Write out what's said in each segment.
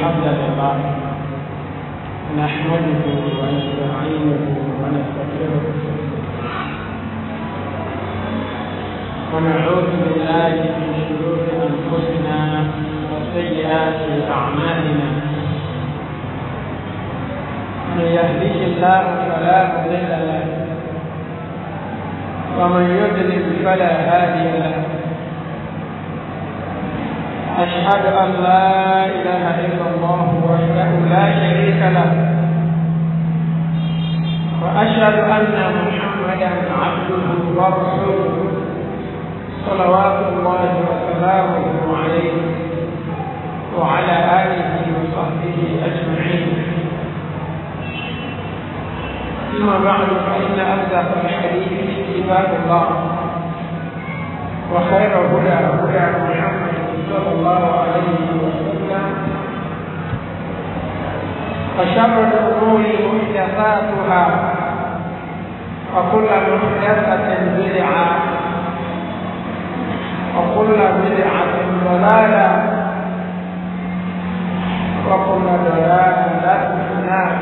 الحمد لله نحمده ونستعينه ونستغفره ونعوذ بالله من شرور انفسنا وسيئات اعمالنا من يهديه الله فلا مضل له ومن يضلل فلا هادي له أشهد أن لا إله إلا الله وحده لا شريك له وأشهد أن محمدا عبده ورسوله صلوات الله وسلامه عليه وعلى آله وصحبه أجمعين ثم بعد فإن أصدق الحديث كتاب الله وخير هدى هدى محمد صلى الله عليه وسلم وشر الأمور محدثاتها وكل محدثة بدعة وكل بدعة ضلالة وكل ضلالة لا النار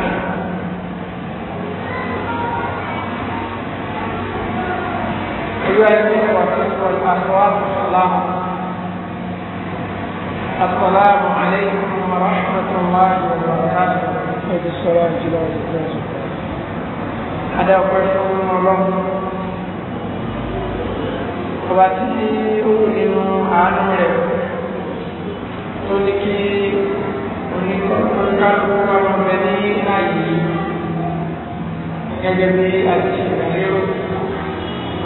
أيها الإخوة الإخوة في الله السلام عليكم ورحمة الله وبركاته هذا السلام جل وعلا هذا قشر الله وباتي أؤمن عنه تلكي oníkàlùkù àwọn ọmọ ní láàyè gẹ́gẹ́ bí àti ìgbàlérò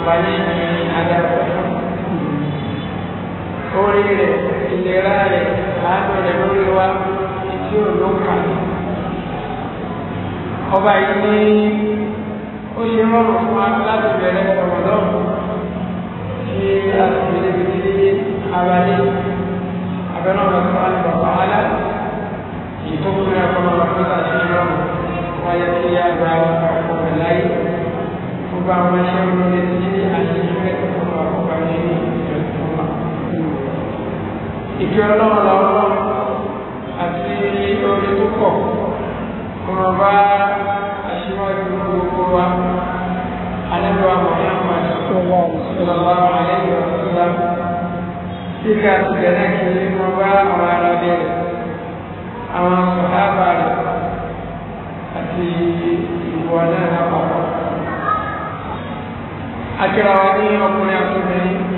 wà ní ìrìn àdàpọ̀ orí rẹ̀ ìlera rẹ̀ àánú rẹ̀ lórí wa tí ò ló kà ní. ọba yìí ní ó ṣe rọrùn fún wa láti bẹ̀rẹ̀ ọ̀rọ̀ náà ṣe àtìlẹ́bìtì abalẹ̀ abẹ́rẹ́ ọ̀rọ̀ fún wa ní bàbá alá ìtòkùnrin akọ́nà ọ̀rọ̀ tó ṣe rọrùn wáyé kí á gba ọkọ̀ rẹ̀ láyé gbogbo àwọn ẹ̀ṣẹ́ olóde ti ní àṣìṣe rẹ̀ ọkọ̀ rẹ̀ nínú ìkẹ́ ọlọ́run lọ́wọ́ àti orí tó pọ̀ kọ́nà bá aṣíwájú gbogbo wa alẹ́lọ́wà Muhammad sallallahu alaihi wa sallam kíkà tìgẹ̀rẹ́ kiri mọ́ bá àwọn arábẹ́ rẹ̀ àwọn sọ̀hábà rẹ̀ àti ìwọ náà lápapọ̀ akẹ́rọ wa ní ọkùnrin àti obìnrin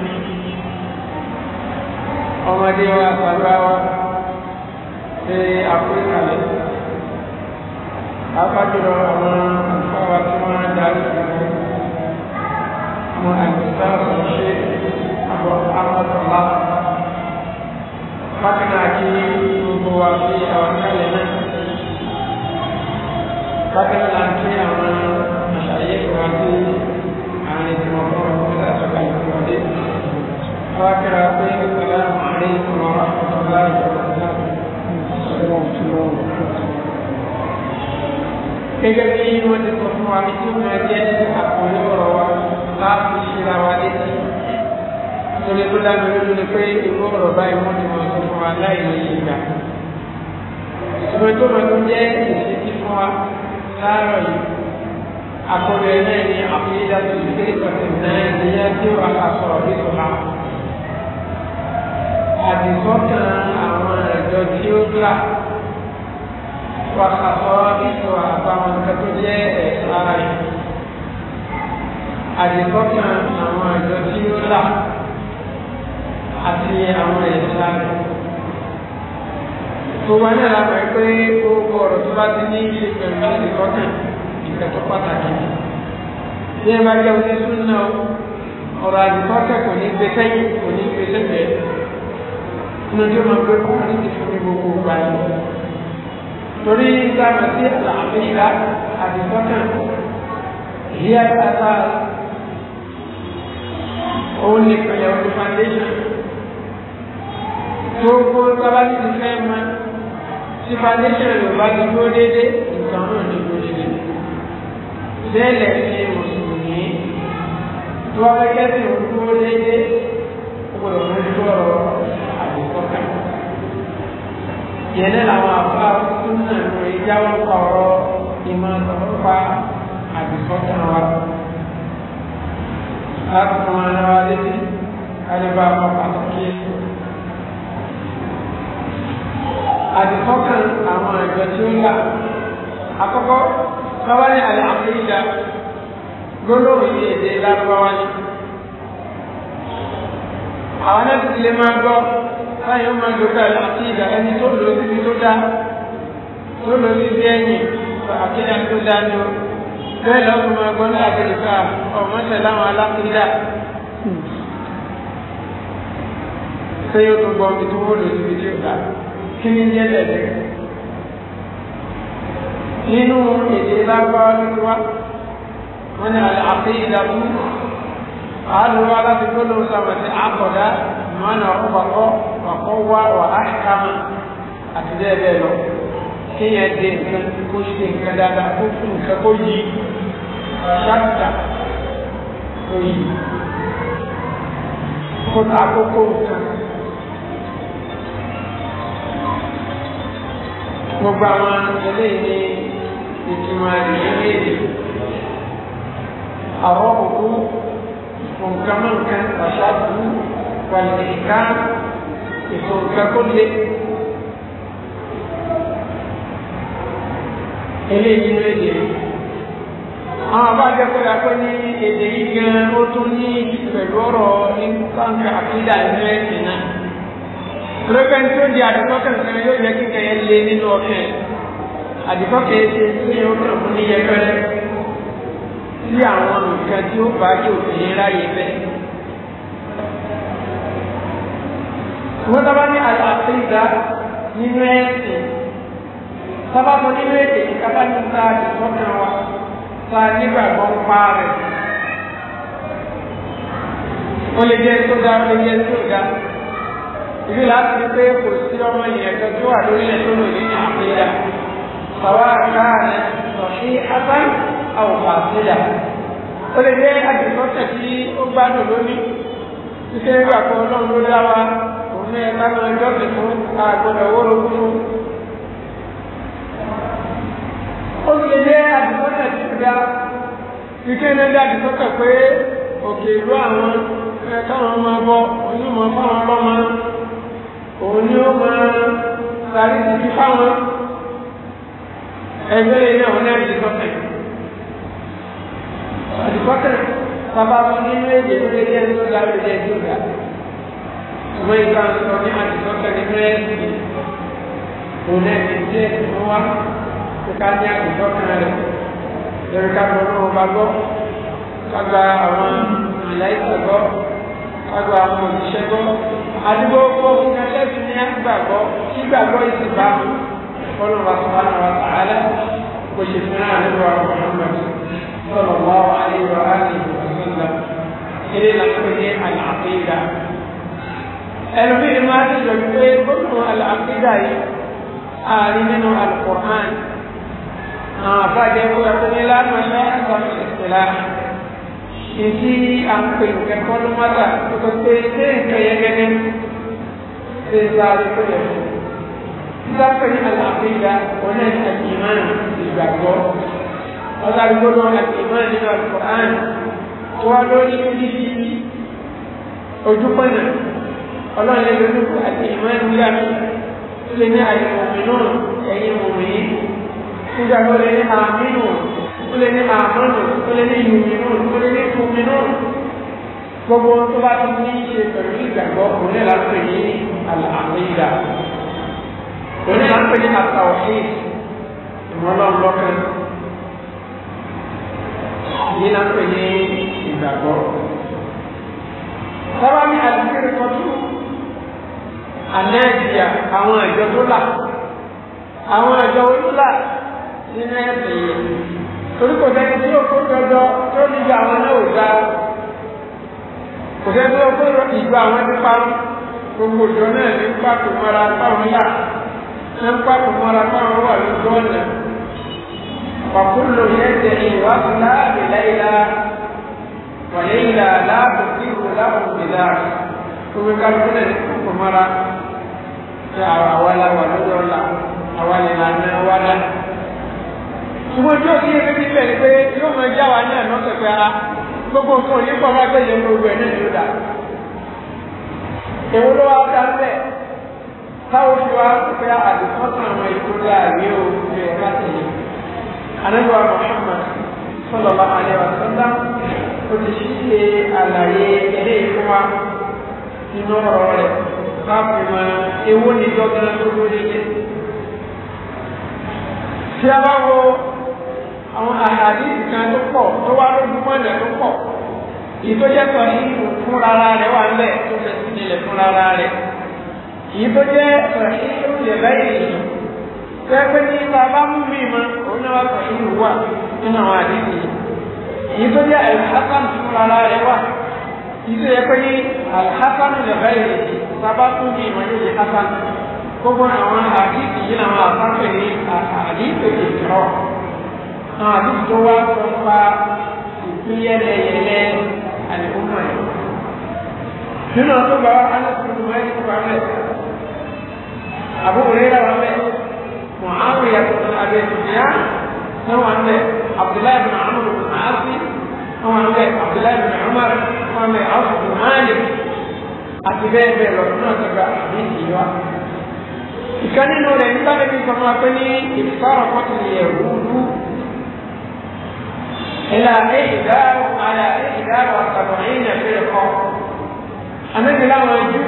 ọmọdé wa àgbàlá wa ṣe àfihàn rẹ̀ apájọlọ àwọn àlùfáà tí wọ́n ń darí ìlú mo àgbẹ̀sá ṣe àbọ̀ amọ̀tọ̀lá bákanná kí gbogbo wa fi àwọn kálẹ̀ náà bákanná kí àwọn àṣàyẹ̀wò àti àrètí ọmọ ọmọ ìgbà tó ọmọdé. آخر آخر السلام عليكم ورحمة الله وبركاته gẹ́gẹ́ bí wọ́n ti sọ fún wa ní tí wọ́n jẹ́ àkọlé ọ̀rọ̀ wa láti ṣíra wa létí lórí tó dáná lórí ni pé irú ọ̀rọ̀ báyìí wọ́n ti wọ́n sọ fún wa láì ní ìgbà ìṣòro tó lọ tó jẹ́ ìṣèjì fún wa láàárọ̀ yìí àkọlé náà ni àfihàn ìdájọ́ ìgbésọ̀tẹ̀ náà ìdíyẹ́ tí ó àkàsọ̀rọ̀ bí tó máa àdìsọ́kàn àwọn ẹ̀jọ́ tí ó gbà wàkàtọ́ ìṣọ̀ àbáwọn nǹkan tó jẹ́ ẹ̀ka rẹ̀ àdìsọ́kàn àwọn ẹ̀jọ́ tí ó là àti àwọn ẹ̀ka rẹ̀ gbogbo ẹni àlàmọ̀ ẹ pé gbogbo ọ̀rọ̀ tó bá ti ní ṣe pẹ̀lú àdìsọ́kàn ìkẹtọ́ pàtàkì ní ẹ bá jẹ́ oníṣúná ọ̀rọ̀ àdìsọ́kàn kò ní gbé sẹ́yìn kò ní gbé sẹ́gbẹ̀ẹ́ lójú ma pé kó ní ti fún mi gbogbo gba yìí torí dáhùn sí àlàáfíà àdìsọ́kàn ìyá ìtàtà òun ní ìpìlẹ̀ òun foundation tó kó tábàlì ti fẹ́ mọ́ tí foundation rẹ̀ bá ti dúró déédé ìtàn náà ti dúró déédé lẹ́lẹ̀ ní mùsùlùmí tó wá fẹ́ kẹ́sì òun dúró déédé ó gbọ́dọ̀ mú dúró ọ̀rọ̀ yẹn náà làwọn àbá tún náà lò rí jáwọ́ ọ̀rọ̀ ìmọ̀ ìtọ́fà àdìsọ́kàn wa. a tún ara wa létí alẹ́bá ọkọ̀ pàtàkì àdìsọ́kàn àwọn àjọ tí ó là àkọ́kọ́ bábá ní àlẹ́ àkéyíjà gbólóhùn ní èdè lárúbáwá ni àwọn náà ti lè máa gbọ́ báyìí ó máa ń gbogbo àlọ́ àti ìdá ẹni tó lò ó bíbí tó dá tó lò ó bíbí ẹ̀yìn àti ìdá tó dá ni ó bẹ́ẹ̀ lọ́kùn máa gbọ́ ní àgbẹ̀dẹ̀ká ọ̀mọ́tẹ̀ láwọn alákìídà ṣé yóò tún gbọ́ ibi tó wó lò síbi tí ó dá kí ni jẹ́ lẹ́lẹ́ nínú èdè lágbára ló wá wọ́n ní àti ìdá tó àlùwá láti gbọ́dọ̀ sàmàtì àkọ̀dá mọ́nà ọ̀pọ̀ wàkọ́wá wà á kàmá àti bẹ́ẹ̀ bẹ́ẹ̀ lọ kéèyàn dé nǹkan kó ṣe nǹkan dáadáa kó fún nǹkan kó yí ṣáàtà kó yí kó ta àkókò nǹkan. gbogbo àwọn eléyìí ní ìtumọ̀ ìdílé àwọn òkú nǹkan mọ̀nkan ọ̀ṣọ́ àbúrú wà ìka ètò nǹkan tó lé eléyìí ló èdè yìí àwọn abájọ pé akpé ní èdè yìí gan ó tún ní pẹ̀lú ọ̀rọ̀ nínú káńkà àkídà nínú ẹ̀sìn náà pẹ̀lẹ́pẹ̀ ní tó di àdìsọ́ kẹ̀kẹ́ yóò yẹ kíkẹ́ yẹn lé nínú ọ̀kẹ́ àdìsọ́ kẹ̀kẹ́ ṣe ní ọ̀kẹ́ òkú ní sí àwọn nǹkan tí ó bá yóò fi ráyè bẹ́ẹ̀. ṣùgbọ́n tábà ní àlàáfíà nínú ẹ̀sìn tábà tó nínú èdè ìkápá ní ta ìtọ́kàn wa ta nígbàgbọ́ ń pa rẹ̀. ó lè jẹ́ tó ga ó lè jẹ́ tó ga ìlú láti rí pé kò sí ọmọ ìyẹn kan tó wà lórí ẹ̀ tó lò ní àfíà sàwọn àkáàrẹ sọ̀hí ásán àwọn àfíà ó lè jẹ́ àdìsọ́tẹ̀ tí ó gbádùn lónìí títí nígbà kan ọlọ́run ló dá wa. ní lágbára jọ́sìn fún àgbọ̀dọ̀ owó lókù fún. ó sì lè jẹ́ ike ní ẹ̀dá àdìsọ́tẹ̀ pé òkè ìlú àwọn káwọn máa bọ onímọ̀ fáwọn ọlọ́mọ òun ni ó máa sáré títí fáwọn ẹgbẹ́ ilé àwọn ní àdìsọ́tẹ̀. àdìsọ́tẹ̀ bàbá wọn ṣùgbọ́n ìgbà sọ ní àdìsọ́tẹ̀ nínú ẹ̀sìn òun náà ti tí ẹ̀sìn mú wá kí ká ní àdìsọ́tẹ̀ rẹ̀ lórí ká gbọ́ lọ́wọ́ bá gbọ́ ká gba àwọn ìlà ìṣẹ̀gbọ́ ká gba àwọn òṣìṣẹ́ gbọ́ àdúgbò gbọ́ ní ẹlẹ́sìn ní àgbàgbọ́ ìgbàgbọ́ ìsìnbámu kọ́lọ́wà sọ́wọ́n àwọn àlẹ́ kò ṣe fún àdúgbò àwọn ọ̀hún صلى الله عليه وآله وسلم إلى ẹlòmíì ni máa ti lòdì pé gbogbo àlàáfíà yìí àárín nínú alukur'an àwọn àbájẹ kó ẹkọ ní lánàá ṣe ẹ̀kọ́ ìṣẹ̀lá ìdí àpè ẹ̀kọ́ ló má dà kó pé ṣé nǹkan yẹn gẹ́gẹ́ ṣe bá a lè pè é sísá ní àlàáfíà òun náà ìmáà ìgbàgbọ́ ọ̀dà gbogbo àtìmáà nínú alukur'an wọ́n lórí ojú pẹ̀lú ọlọ́run lè lóko àti ìmọ̀ẹ́nu yá mi tó lè ní àyè òmìn náà ẹ̀yìn òmìn yìí nígbà tó lè ní àmínú tó lè ní àmọ́nù tó lè ní ìmìnú tó lè ní ìmìnú gbogbo tó bá ti ní ṣe pẹ̀lú ìgbàgbọ́ kò ní láti ní àlàmìlà kò ní láti ní àtàwọ̀hí ìmọ̀lọ́lọ́kan ní láti ní ìgbàgbọ́. Sábà ní àdìsí rẹ̀ kọjú àlẹ́ẹ̀dìyà àwọn ìjọ tó là àwọn ìjọ olúlà nínú ẹ̀sìn yìí torí kò sẹ́ni tí yóò kó jọjọ tí ó níbi àwọn náà ò dá kò sẹ́ni tí yóò kó ìgbà àwọn ti parun gbogbo ìjọ náà ní pàtó mara táwọn yà ní pàtó mọ́ra táwọn wà lójú ọ̀nà wàkúlò yẹn tẹ̀ ìwà fúlá àbẹ̀láyìlá wàlẹ́yìnlá láàbùkí ìwòláwò ìlà òwe kálukú náà kò mọ́ra ṣe àwa la wà lọ́dọ̀ ọ̀la àwa lè là ná wa dá. ṣùgbọ́n tí ó sì yẹ kékeré bẹ́ẹ̀ ni pé yóò máa já wa náà lọ́sẹ̀ pé a gbogbo nǹkan yìí pọ̀ máa gbẹ̀yẹ̀ gbogbo ẹ̀ náà ló dà. èwo ló wá dá bẹ́ẹ̀ táwọn fi wá pé àdìsán kan àwọn ìkórè àrí o ṣe ẹ̀ bá tẹ̀lé. anáwó Muhammad sallallahu alaihi wasallam ó ti ṣe àlàyé eléyìí fún wa nínú ọ̀rọ̀ rẹ̀ káàpì mọ ewu níjọ gan gbogbo nílé tí a bá wo àwọn àhàdí kan tó pọ̀ tó wá lójú mọ́lẹ̀ tó pọ̀ èyí tó jẹ́ sọ̀rí fúnra rẹ̀ wà ńlẹ̀ tó fẹsẹ̀ nílẹ̀ fúnra rẹ̀ èyí tó jẹ́ sọ̀rí ìrúlẹ̀lẹ̀ èyí pẹ́pẹ́ ní ta mú mi mọ́ òun náà wá sọ̀rí ìlú wà nínú àwọn àdéhùn yìí èyí tó jẹ́ rẹ̀ wà ìṣe yẹ pé ní alhassanu lè bẹ́ẹ̀ yìí sábà tún ní ìmọ̀ yóò di hasan gbogbo àwọn àdìsí yìí làwọn àfáfẹ́ ní àdìsí ìṣòro àwọn àdìsí tó wá sọ nípa ìpínyẹlẹyẹlẹ àlùkùnmọ̀ yìí. nínú ọdún bá alásùnmù mẹ́rin tó wà mẹ́ àbúrò rẹ̀ wà mẹ́ mọ̀ àwọn ìyàtọ̀ àbẹ̀tùnìyà náà wà mẹ́ abdullahi bin amadu bin aasi wọn bẹ abdullahi bin umar wọn bẹ asubu malik àti bẹ́ẹ̀ bẹ́ẹ̀ lọ náà ti gba àdéhùn yìí wá. ìkan nínú rẹ̀ nígbà tó ti sọ̀rọ̀ pé ní ìfarọ̀ kan ti yẹ wúlú ìlà ìdáàrú àlà ìdáàrú àtàwọn ẹ̀yìn ẹ̀fẹ́ kọ́. àmẹ́bí láwọn jù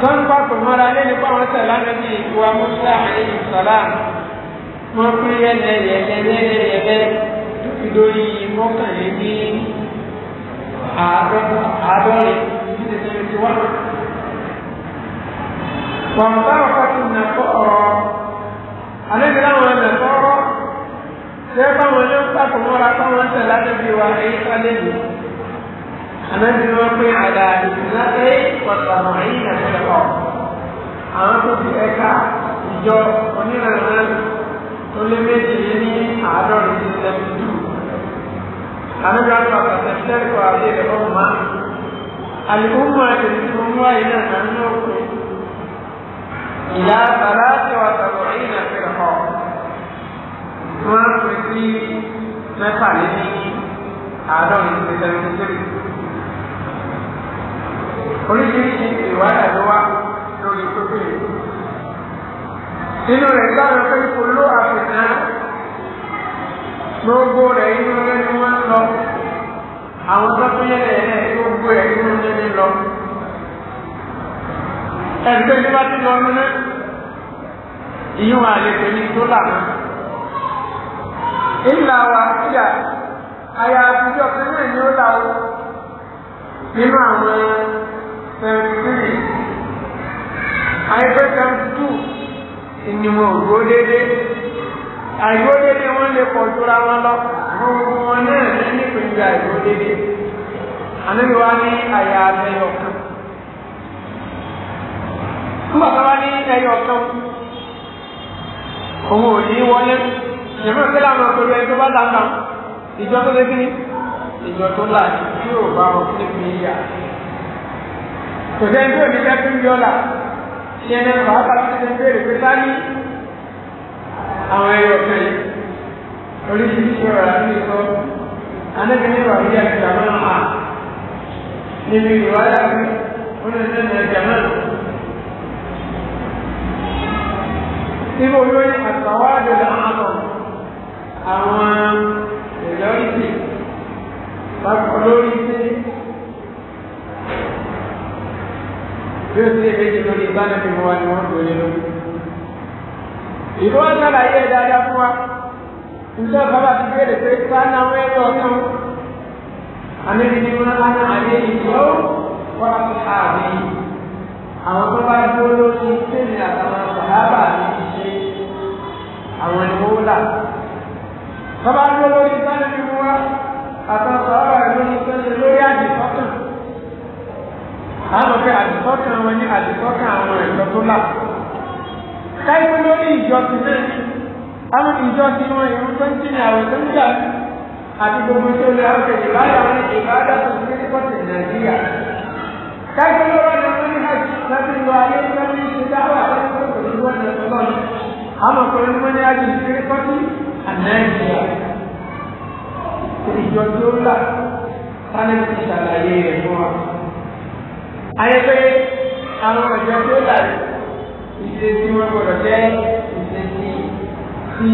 kan bá tòmọ́ra lẹ́nu pa wọn tẹ̀lé ànábì ìwà musa àlẹ́ ìsọ̀lá wọn pín yẹn lẹ́yẹ lẹ́yẹ lẹ́yẹ bẹ́ẹ̀ lórí mọ́kànlélí àádọ́rin ní seventy one. wọ́n bá ọ̀pọ̀tù nàkọ́ ọ̀rọ̀ àlejò láwọn nàkọ́ ọ̀rọ̀ ṣé báwọn yóò pàtó mọ́ra báwọn ń tẹ̀lé àdébí wa èyí sálẹ̀ lò. ànábi wọn pé àdá ìdílé pàtàkì àyìn nàkọ́ àwọn tó fi ẹ̀ka ìjọ onírànlọ́rùn tó lé méjì ní àádọ́rin ní seventy two àmẹ́jọ́ àgbà pàtàkì lẹ́kọ̀ọ́ àbí ẹ̀kọ́ máa alùpùpù àti ìsinmi mú àyè náà náà ní òkú ìyá sàlátì wà sàbọ̀ ẹ̀yìn náà fi rọ̀ wọ́n á pè sí mẹ́fà lé ní àádọ́rin ti sẹ́yìn tí oríṣiríṣi ìwádìí ló wá lórí tó bẹ̀rẹ̀ nínú rẹ̀ gbàgbọ́ gbogbo rẹ̀ inú ilé ni wọ́n ń lọ àwọn tó tún yẹlẹ̀ gbogbo rẹ̀ inú ilé ni lọ. ẹgbẹ́ ní bá ti lọ nínú ìyún àlejò ní tó lànà. ìlà wa ìyà àyà àtijọ́ kan náà ni ó là ó nínú àwọn sẹ́ńtírì àyẹ̀fẹ́ sẹ́ńtù ìnìwọ̀n ògbó àìgbódédé wọn lè pọ̀ jura wọn lọ gbogbo wọn náà ní nípìnlẹ̀ àìgbódédé àníbi wa ní àyà ẹyọ kan nígbà tó bá ní ẹyọ kan òun ò ní wọlé ìyẹ̀mọ̀ kí láwọn ọ̀pẹ̀lú ẹni tó bá dáńdá ìjọ tó lé kí ni ìjọ tó là tí yóò bá wọn níbi ìyà kò sẹ́ni ní bẹ́ẹ̀ tó ń yọ̀ là ṣe ẹni pàápàá tó ti ń béèrè pé sáyé àwọn ẹyọ kan yìí oríṣiríṣi ọ̀rọ̀ àti ìkọ́ anẹ́gbẹ̀ẹ́ wà ní àjàmọ́ à níbi ìwádà pé ó lè sẹ́ni àjàmọ́ síbò lórí àtàwádìí lọ́wọ́ àwọn ìlọ́rìsì bákan lórí sí bí ó ti lè méjì lórí ìbánidìmọ̀ wa ni wọ́n gbòòrè lórí ìlú wa ṣàlàyé dáadáa fún wa nígbà bàbá ti béèrè pé sáná wẹ́rẹ́ ọ̀kan àmì ni wọn á ná àyè ìjọ wọn á fi àmì àwọn tó bá dúró lórí tèmi àtàwọn sàhábà mi ti ṣe àwọn ni wọn là bàbá dúró lórí sáná ni wọn wá àtàwọn sàhábà mi lórí tèmi lórí àdìsọ́kàn àwọn fẹ́ àdìsọ́kàn wọn ní àdìsọ́kàn àwọn ẹ̀ṣọ́ tó là káyipé lórí ìjọsìn náà àwọn ìjọsìn wọn ìrún tó ń tì ní àwẹ̀ tó ń jà àti gbogbo tó lè àwọn ìṣẹ̀lẹ̀ bá yà wọn ìbáradà tó ń gbé pọ̀tì nàìjíríà káyipé lọ́wọ́ ni wọ́n ní hajj láti lọ ayé tó ń ṣe dáwà tó ń tó ní wọ́n ní ọlọ́run àwọn ọkùnrin wọn ní hajj ìṣẹ̀lẹ̀ pọ̀tì nàìjíríà ìjọ tí ó là sálẹ̀ ti ṣàlàyé rẹ̀ fún wa. ayẹyẹ àwọn ìjọ tí ìṣe tí wọ́n gbọ́dọ̀ jẹ́ ìṣe tí tí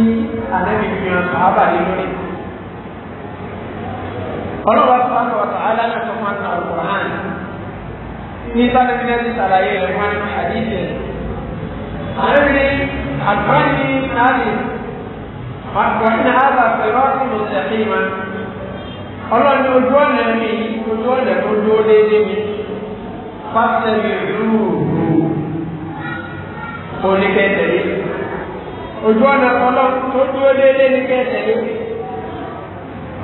ànábì fi hàn sàábà lé lórí. ọlọ́wọ́ tó wọn wọ̀ sàá lánàá tó wọn nà ọ̀pọ̀ hàn ní sálẹ́bí náà ti sàlàyé rẹ̀ wọn ní àdíjẹ́. ànábì àgbáyé náà lè وإن هذا صراطي مستقيما ọlọ́run ní ojú ọ̀nà mi ojú ọ̀nà tó dúró déédéé òní kẹ́ tẹ̀lé ojú ọ̀nà ọlọ́ tó dúró déédéé ní kẹ́ tẹ̀lé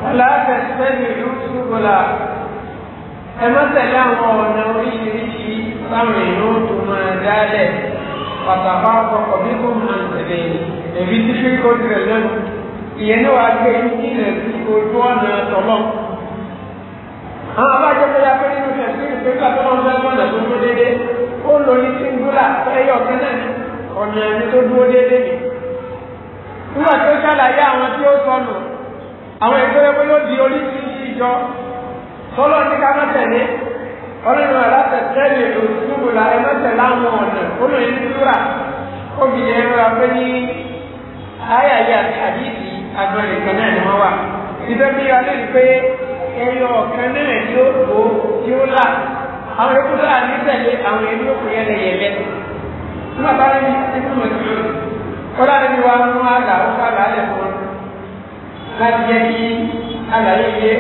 aláàfẹ́ sẹ́yìn ìlú ṣùgbọ́lá ẹ má tẹ̀lé àwọn ọ̀nà oríṣiríṣi táwọn èèyàn tó máa dálẹ̀ pàtàkì ọkọ̀ bí kò máa tẹ̀lé èmi tí fi kó tirẹ̀ lẹ́nu ìyẹn náà wàá gbé yín ilẹ̀ sí ojú ọ̀nà tọ́lọ́ àwọn abájọ tó yá pé nínú ẹ̀sìn ìgbésà tó lọ́nà tó lọ́nà tó tó déédéé ó lò ní singular ẹ̀yọ̀ kan ọ̀nà ẹni tó dúró déédé ni nígbà tí ó ṣàlàyé àwọn tí ó sọnù àwọn ìgbéyàwó ló di oríṣiríṣi ìjọ tọ́lọ́ ní ká má tẹ̀lé ọlọ́run alátẹ̀tẹ̀lẹ̀ òṣùwò la ẹ má tẹ̀lé àwọn ọ̀nà olóyè túra obìnrin ẹ̀rọ afẹ́ ní ayáyé àti àdìsí agbọ̀nrẹ̀ kan náà ni wọ́n wà ìfẹ́ pé ẹyọ ọ̀kan náà yóò àwọn àní tẹ̀lé àwọn nígbà tá a rí ikú mi kọ́lá níbi wa ń mú àgbà ó fà láàyè fún un láti jẹ́ kí àgbáyé yé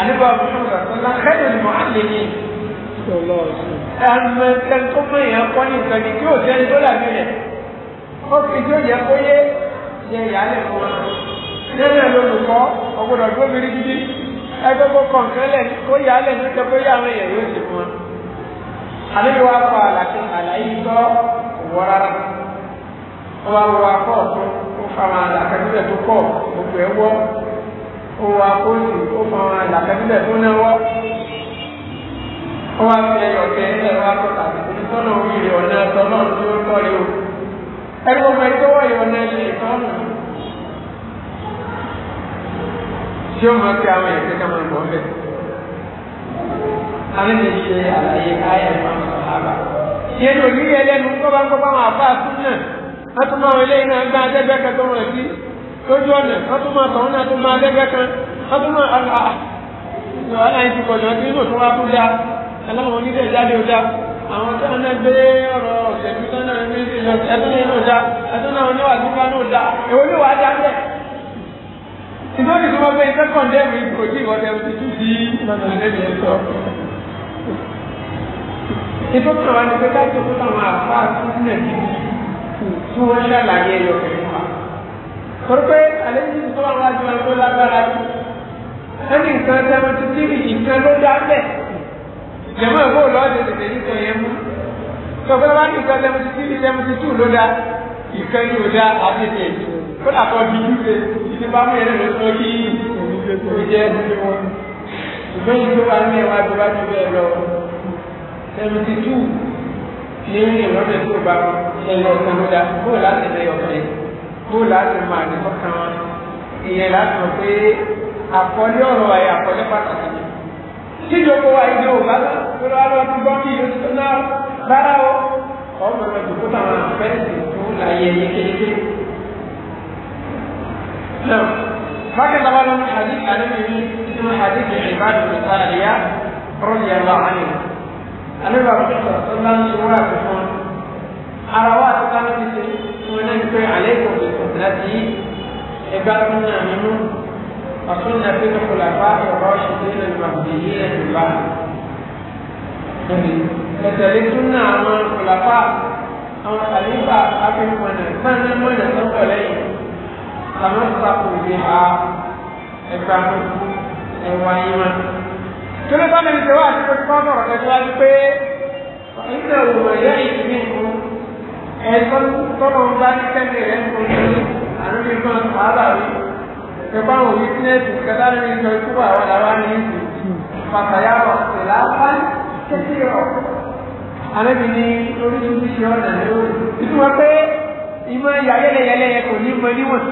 àníbà òṣùwọ̀n sọ̀tọ́lá kẹ́lẹ́ ni mo á lè ní. ẹnu ẹni tó fún èèyàn kọ́ ní ìtọ́jú tí ò sẹ́ni tó dàbí rẹ̀ ó fi tí ó yẹ kó yé yẹ ìyáálé fún wọn. nínú ẹ̀ lolùkọ́ ọ̀gbọ́dọ̀ tó mi rí gidi ẹgbẹ́ kó kàn kẹ́lẹ̀ kó yáálé ní ìjọba yá àwọn èèyàn yóò sì fún wọn. àníbà wa kọ àlàyé ìtọ́ wọ́ rárá wọ́n wá o akọ ọ̀tún ó fa àwọn o tó kọ̀ o ẹ̀ wọ́ o wọ akóòsì ó fa àwọn àlàkẹ́bílẹ̀ o náà wọ́ wọ́n wá fi ẹyọ̀ kẹ́ ẹ̀ wá tọ́ tàbí o ní sọ́nà orí rẹ̀ ọ̀nà ẹ̀tọ́ o tí ó tọ́ yìí o ẹni wọ́n mọ ẹgbẹ́ wọ̀nyí ọ̀nà ẹ̀ṣẹ̀ ìtọ́nù tí ó mọ pé àwọn ẹ̀ṣẹ̀ kan máa ń bọ̀ ọ́ bẹ̀. alẹ́ mi ṣe àlàyé ayé ìyẹn ló yí ẹlẹ́nu tó bá ń kọ́ fáwọn àbá àtún náà wọ́n tún máa eléyìí náà gbá adẹ́gbẹ́ kan tó rẹ̀ sí lójú ọ̀nà wọ́n tún máa tọ̀hún náà tún máa adẹ́gbẹ́ kan wọ́n tún máa àlà aláìní ti kọ̀jọ́ sí inú tó wá tó dá aláwọn onídẹ̀ jáde ó àwọn tó ń gbé ọ̀rọ̀ ọ̀sẹ̀bí tó náà ní ìlú ẹ̀tún ní ìlú dá ẹ̀tún náà ní wà ìtọ́jú àwọn ẹni pé láti òkú táwọn àfáà tún nílẹ̀ níbi tí wọ́n ṣàlàyé ẹyọ kẹrin wa. torí pé àlejò tó wà wájú wọn tó lágbára jù ẹni nǹkan seventy three nǹkan ló dá bẹ́ẹ̀ jẹ̀mọ́ ìwé òlọ́ọ̀dẹ tètè yìí sọ yẹn mú. sọfẹ́ wá ní nǹkan seventy three seventy two ló dá ìkan yìí ò dá àbẹ̀tẹ̀ kó dàtọ̀ bí júwe ìdí bá mú yẹn lọ sọ kí òun jẹ́ ìdí wọn. ìgbẹ́yìn tó wà ní ẹ̀wà tó bá jù bẹ́ẹ̀ lọ seventy two ní ìrọ̀lẹ́ tó bá ẹyọ ọ̀kan ló dá bóò láti ẹyọ ọ̀kan bóò láti máa ní ọ̀kan wọn ìyẹn láti mọ̀ pé àkọlé ọ̀rọ̀ ayé àkọlé pàtàkì ni. tíjọpọ̀ wa ìdí ò bá lọ́wọ́ lọ́wọ́ ti gbọ́ bí yóò tó náà rárá o ọmọ rẹ̀ dùkú táwọn afẹ́rẹ́sì tó láyé ní kékeré. náà bákẹ́lá wa lọ́nà àdìsí àdìsí ìdí ìdí ìdí ìbádùn ìsáàlìyá rọ́ọ̀lì àlọ́ àánìyàn alẹ́ bá fi sọ̀rọ̀ tó láń ṣe wá àti fún ara wa ti ká lóde ṣe fún ẹni pé alẹ́ kò fi sọ̀rọ̀ láti yí ẹgbẹ́ tó ní àmì mú ọ̀tún ní abẹ́lẹ̀ kọlàfà ọ̀rọ̀ ṣètò ilẹ̀ ìmàgbé yìí ẹwà yìí wọn kíló bá mẹ́rin tẹ̀wá àti pé kọ́ sọ̀rọ̀ tẹ̀síwájú pé ìgbà òwò ẹ̀yẹ́ ìsinmi ìlú ẹ̀kọ́ tọ́lọ̀ ń bá ní kẹ́mi rẹ̀ ń kún ní àrùbí kan sábà rí ẹ̀kọ́ àwọn wítínẹ́sì kẹta lórí ìjọ ikú àwọn làwa ní ìlú pàtàyà ọ̀sẹ̀ lápá kékeré ọ̀ àlẹ́bí ní oríṣiríṣi ọ̀nà lórí ìtumọ̀ pé ìmọ̀ yàyẹ́lẹ̀yẹlẹ̀ kò ní mọ níwọ̀n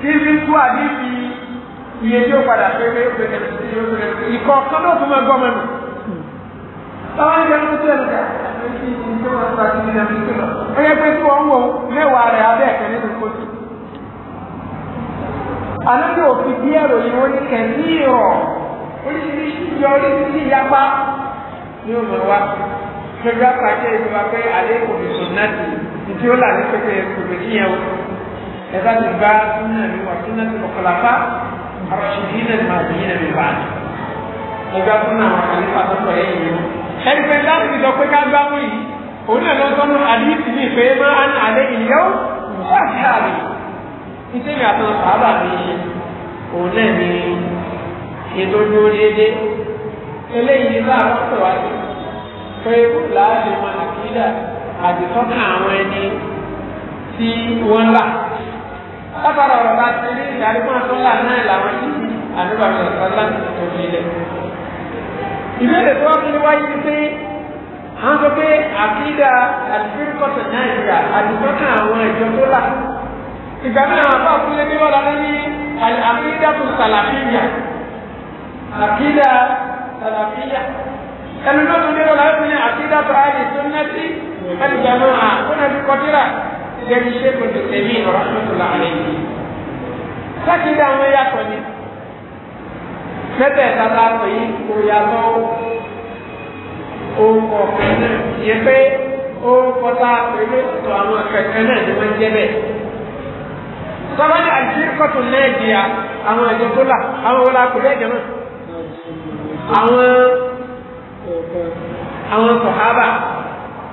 kí n fi kú àdéhùn iye tí ó padà pépé ó pépé ó pépé ikọ̀ kan náà tún máa gbọ́ mẹ́nu. táwọn ẹgbẹ́ ló tẹ̀ lọ́kà ẹgbẹ́ pé tí wọ́n ń wo mẹ́wàá rẹ̀ abẹ́ ẹ̀kẹ́ nínú kóòtù. àlejò òfin bí ẹ̀rọ yìí wọ́n ní kẹ̀mí ìrọ̀ oríṣiríṣi yọrí sí ìyapa ní òmùrù wa. gbẹgbẹ́ pàṣẹ ìjọba pé àlẹ́ òmùsùn náà ti ìdí ó là ní pépé kòtò kíyẹn o. ẹ̀ka ti gba súnà mi wà súnà ti mọ̀kànlá àṣìṣe màdìyẹ mi bá ẹgbẹ́ fún àwọn àlùfáà tó sọ yẹn yìí ẹni pé láti sọ pé ká gbá mú yìí òun náà lọ sọnù àdìsí ní ìpè máa ń àlẹ́ ìyẹ́wò ṣáàṣáàrì nítorí àtàn sábà ní òun náà ní ètò dúró déédéé eléyìí bá a sọ wá sí pé láàbì máa àkídà àdìsọ́kàn àwọn ẹni tí wọ́n là látara ọ̀rọ̀ bá ti rí ìdarí fún àtúnlá náà làwọn ti fi àdúrà rẹ̀ sọ́lá tó fi lẹ̀. ìbéèrè tó wọ́n fi wáyé ni pé à ń sọ pé àkídà àdìfírikọ́tà nàìjíríà àdìfọ́kàn àwọn ìjọ tó là. ìgbà náà àwọn afá fúnlé ní wọ́n lọ ní àkídà tó sàlàfíyà àkídà sàlàfíyà ẹnu náà tó ní wọ́n lọ ní àkídà tó àyè tó nẹ́tí ẹnìjàmọ́ àkónàbí kọtíra. jẹ́ ti ṣe kò tètè ní ìrọ̀ rahmatullah ndị sákìdá àwọn yàtọ̀ ni mẹ́tẹ̀ẹ̀ta tá a pè yí kò yàtọ̀ orúkọ kẹ̀kẹ́ yẹ pé orúkọ tá a pè ní ọ̀tọ̀ àwọn kẹ̀kẹ́ náà ni wọ́n náà di àwọn ẹ̀jẹ̀ tó là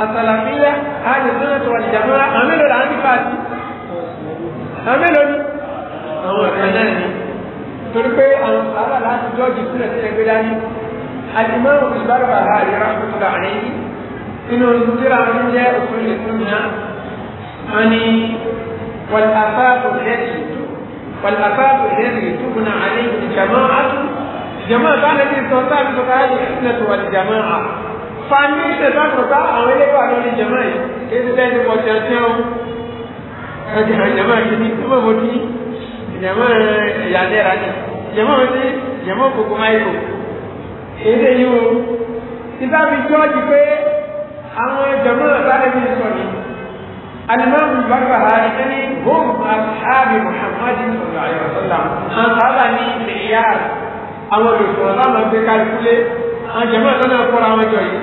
àsàlàfíà àjẹsọ́nà tó wà ní ìjàmọ́ra àwọn mélòó là ń bí fàájì àwọn mélòó ni àwọn ọ̀kan náà ni torí pé àwọn sábà láti jọ́ọ̀jì sílẹ̀ sílẹ̀ gbé dání àjùmọ́ òṣìbárò bàbá àríra òṣìbà àríyí inú olùdíra wọn jẹ́ òṣèlú ìfúnmiya wọn ni wàlàfà òṣèlú wàlàfà òṣèlú ìtúbùnà àríyí ìjàmọ́ àtú jàmọ́ àbánẹ́bí sọ sáà fàmílì sàkùnkà àwọn eléwà lórí jẹmọ yìí kéde lẹni mọ jẹjẹ o ẹjẹ jẹmọ yìí ni jẹmọ mo ti jẹmọ ìyàlẹ rà ní jẹmọ mo ti jẹmọ gbogbo máa yìí o kéde yìí o ìgbà mi jọ́ọ̀jì pé àwọn jẹmọ sáré mi sọ ni alimami bàbá hari ẹni hom ashabi muhammadu sallallahu alaihi wa sallam àwọn sábà ní ìyá àwọn olùsọ̀rọ̀ náà máa gbé kálukú lé àjẹmọ́ lọ́nà fúnra wọn jọ yìí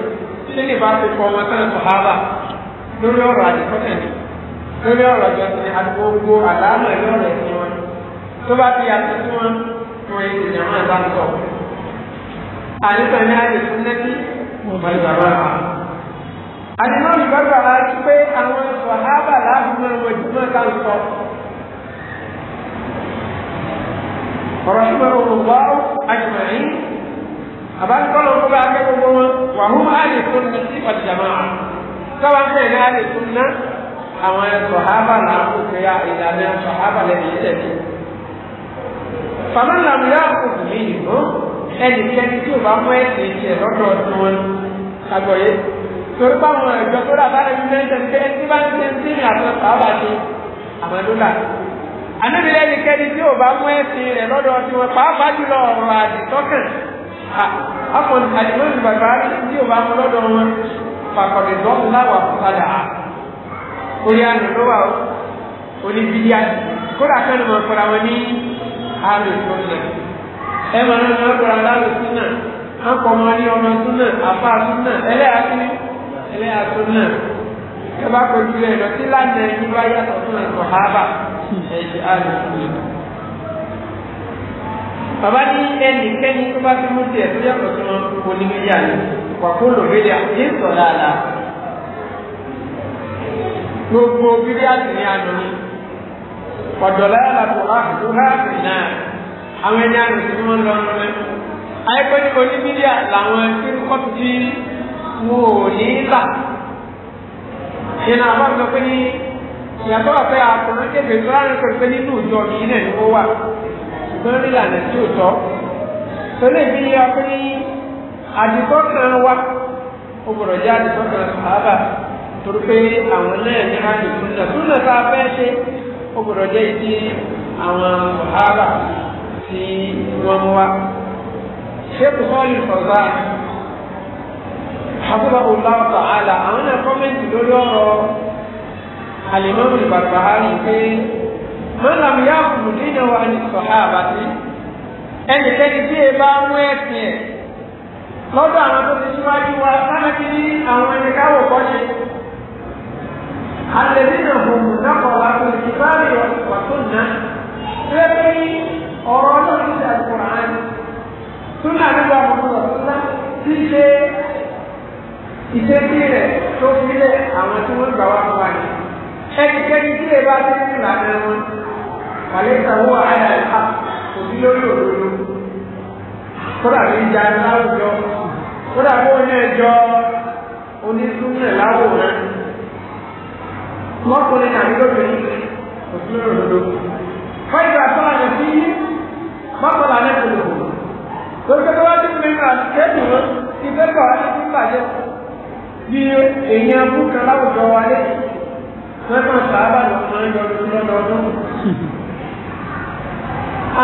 tí lè bá ti fọ wọn tán sọ̀hábà lórí ọ̀rọ̀ àdìsọ́nà ni lórí ọ̀rọ̀ àjọsìn ni àdìgbòǹgbò àlàámọ̀ ẹ̀rọ rẹ̀ sí wọn tó bá ti yàtọ̀ sí wọn wọn yìí ìjẹmọ́ àdáńsọ̀. àdìsọ́ ni àdìsọ́ nẹ́tí mo bá yọ àwọn àwọn. àdìsọ́ mi bá gbàgbà ti pé àwọn sọ̀hábà láàbùmọ̀ wọn jùmọ̀ ká ń sọ. ọ̀rọ̀ àbáńkọ́lọ̀ ń bá akẹ́ gbogbo wọn wà hún àlè tó ní sí ìpàdìjàmá káwá ń tẹ̀lé àlè tó ná àwọn sọ̀hábà làákùn pé ìlànà sọ̀hábà lẹ́nu ìṣẹ̀lẹ̀ ni. fàmílà mi yá kò dùn mí yìí mọ́ ẹnikẹ́ni tí ò bá mú ẹ̀sìn ìṣẹ̀ lọ́dọ̀ tí wọ́n kàgbọ̀yé torí báwọn ẹ̀jọ́ tó dàbá rẹ̀ nílẹ̀ ń tẹ̀ tí bá ń tẹ̀ tí ní àtọ̀ sọ̀hábà ni àmàdúlà anábìlẹ́nikẹ́ni tí ò bá mú ẹ̀sìn rẹ̀ lọ́dọ̀ tí wọ́n pàápàá jùlọ ọ̀rọ̀ akọni alimọni bàbá tí o bá mú lọ́dọ̀ wọn pàkọlẹ dọọmù láwà padà orí àná ló wà ó oníbíyà kódà kánú mọ fọlá wọn ní alùsùnà ẹ máa ń lọ fọlá lálùsùnà akọmọ ní ọmọ súnà àfa súnà ẹlẹ́yà sí ẹlẹ́yà súnà ẹ bá kojú rẹ lọ sí lánàá ẹni bá yàtọ̀ fún ẹ̀kọ́ hábà ẹ̀ ṣe alùsùnà bàbá ní ẹnikẹ́ni tó bá fi mú tiẹ̀ tó yẹ kọ̀tún lọ onímẹ̀yà ni wàkó lòmílẹ̀ àti sọ̀rọ̀ àlà gbogbo bíríàtì ní àná ni ọ̀dọ̀lá àlàkò àkùkù háàbì náà àwọn ẹni àná tí wọ́n lọ rẹ àìpẹ́ ní onímẹ̀yà làwọn kírúkọ́tù tí wò ní là ìnà àbáwọ̀ pé ní ìyàtọ̀ àfẹ́ àkùnrin kébè tó rárẹ̀ pẹ̀lú pé nínú ìjọ mi náà ni ó wà tó ń rí lànà tí ò tọ́ tó lè fi yá pé àdìkọ́ kan wá ó gbọ́dọ̀ jẹ́ àdìkọ́ kan sàábà torí pé àwọn náà ní àjò súnà súnà tá a fẹ́ ṣe ó gbọ́dọ̀ jẹ́ ìdí àwọn sàábà tí wọ́n wá. sheikh sọ́ọ̀lì fọ̀zá hafizahu allah ta'ala àwọn náà kọ́mẹ́ntì lórí ọ̀rọ̀ alimami barbahari pé mọ́làm yá kùnú nínú wa ní sọ̀há àbátí ẹnikẹ́ni tí èèbá mú ẹ̀sìn ẹ̀ lọ́dọ̀ àwọn tó ti síwájú wa sáàbí àwọn ẹni káwọ̀ kọ́ ṣe alẹ́dínà hùwù nákọ̀ wà kò sí báàrí wà tó nà ṣé pé ọ̀rọ̀ náà ti dà kọ̀ án tó náà nígbà gbogbo ọ̀túnlá tí ṣe ìṣesí rẹ̀ tó fi lé àwọn tí wọ́n gbà wá fún wa ní ẹnikẹ́ni tí èèbá ti ń rà náà wọn. فليس هو على الحق òbí lórí òdodo kódà bí ìjà láwùjọ kódà bó ní ẹjọ́ onísúnlẹ̀ láwòrán lọ́kùnrin tàbí lóbìnrin òbí lórí òdodo. fáìlì àtọ́lá ní sí mọ́kànlá ní kòlòkò lóṣù tó wá sí mẹ́ta kẹ́dùn ìfẹ́kọ̀ọ́ wá sí bàjẹ́ bí èèyàn búkan láwùjọ wa lé mẹ́tàn sábà lọ́kùnrin lọ́dọọdún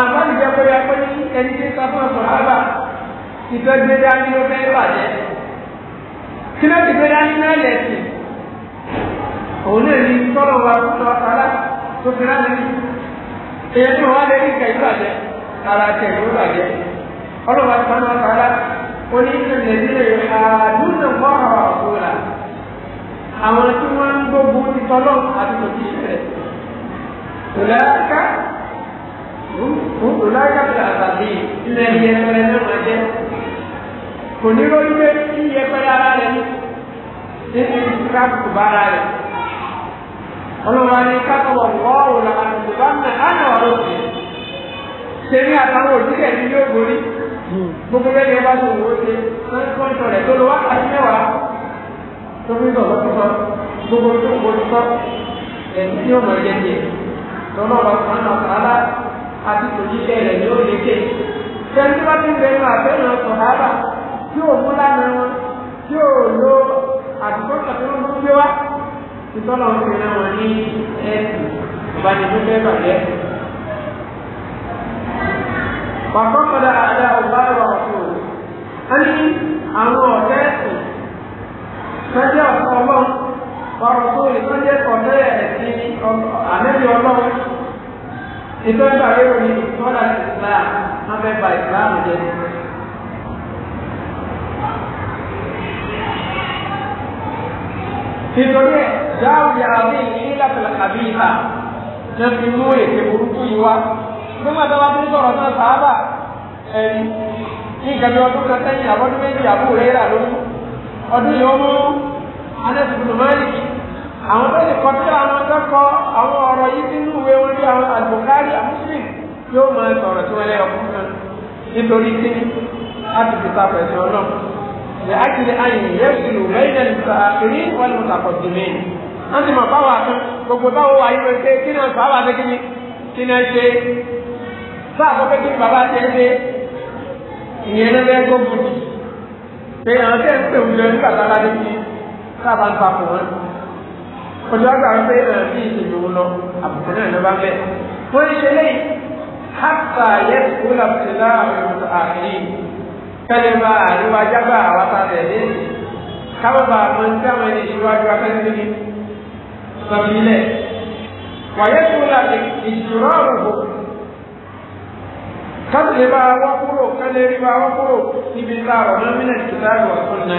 àǹfààní jẹ́ pé ya pé ní ẹni tí sábà sọ̀rọ̀ ìfẹ́ gbé dání ló fẹ́ bàjẹ́ kí ló ti gbé dání náà lẹ̀sìn òun náà ní tọ́lọ̀ wa lọ sára tó fi rán lẹ́yìn èyí tó wá lẹ́yìn kẹ́ ìbàjẹ́ ara tẹ̀ ló bàjẹ́ ọlọ́wà sọ́nà sára ó ní ìṣẹ̀lẹ̀ àdúgbò mọ́ra òkúra àwọn tí wọ́n ń gbógun ti tọ́lọ̀ àti tòkí ìṣẹ̀lẹ̀ ọlọ́yà fún àtàbí ilẹ̀ yẹpẹrẹ náà máa jẹ́ kò ní lórí pé kí yẹpẹrẹ ara rẹ̀ ní níbi kíláàsì bá ara rẹ̀ ọlọ́wà ni kákọ̀ wọ̀ wọ́ọ̀rù làwọn àtùbá ń náà ánà ọ̀rọ̀ sí ṣe ní àtàwọn òṣìṣẹ́ ní yóò borí gbogbo bẹ́ẹ̀ ni ẹ bá tó wò ó ṣe kọ́ńtọ̀ rẹ̀ tó lọ wákàtí mẹ́wàá tó fi dọ̀ lọ́tọ́ sọ gbogbo tó kọ́ ẹ̀sìn tí ó ẹ̀jẹ̀ tiẹ̀ lọ́nà ọ̀rọ̀ kan náà àti tòjíṣẹ́ rẹ̀ ní òyìnbó. Ṣẹ́ni tí wọ́n ti ń bẹnu àbẹ́yàn sọ̀hábà tí ò mú lánàá wọn tí ò lo àdìgbọ́sọ̀ tí wọ́n mú gbé wá. Ìtọ́lọ̀ ń pinna wọn ní ẹ̀sìn ìbánidúgbẹ́ bàjẹ́. Bàbá padà àdá ọ̀gá ọ̀rọ̀ ọ̀tún. A ní àwọn ọ̀gá ẹ̀sìn sọ́jẹ́ ọ̀sán ọlọ́run. Bàbá òṣèlú sọ́jẹ́ ọ̀gá ìtọ́jú àyẹ̀wò ní ìtọ́lá ti Islam wọ́n fẹ́ ba Islam jẹ́. nítorí ẹ̀ dáhùn yà á ní ìlà tẹ̀lé àbí ìhà jẹ́ fi mú ètè burúkú yìí wá. nígbà tó bá tún sọ̀rọ̀ náà sáábà ẹ̀rí nǹkan bí ọdún kan sẹ́yìn àbọ̀dún méjì àbúrò rẹ̀ rà lórí ọdún yìí ó mú anẹ́sùn mọ́lìkì àwọn tó lè kọ sí àwọn akẹ́kọ̀ọ́ àwọn ọ̀rọ̀ yìí sínú ìwé wọn bí àwọn àlùbùkárì àmúṣìlì yóò máa sọ̀rọ̀ tí wọ́n lé ọkùn kan nítorí kí láti fi sáfẹ̀ sí ọ náà lè ákìlì ayìn yẹ́sùlù mẹ́jẹ̀lì sàkiri wọn lè sàkọ̀ jìnnì wọ́n ti mọ̀ báwa kan gbogbo báwo wà yí pé kí náà sábà ṣe kíni kí náà ṣe sáà tó pé kí bàbá ṣe ń ṣe ìyẹn náà bẹ́ẹ̀ gbógun pé àwọn tẹ́ ń pè wùlọ nígbà tá a bá dé sí sábà ń pa kò wọ́n ọjọ́ àgbà ń pé ẹ̀rọ sí ìṣèlú lọ àbùkù náà ló bá bẹ̀. wọ́n ń ṣe lẹ́yìn hàtà yẹ kó làbùtìlá àwọn àmì kẹ́lẹ́ bá àríwá jágbà àwátà tẹ̀lé kábàbà àwọn tí àwọn ẹni ìṣíwájú afẹ́fẹ́ ni sọ̀bílẹ̀. wàyẹ kó làbì ìṣòro àrùbọ̀ kásìlè bá wọ́n kúrò kẹ́lẹ́ rí bá wọ́n kúrò níbi tá a rọ̀ mọ́ mílẹ̀ kìtà náà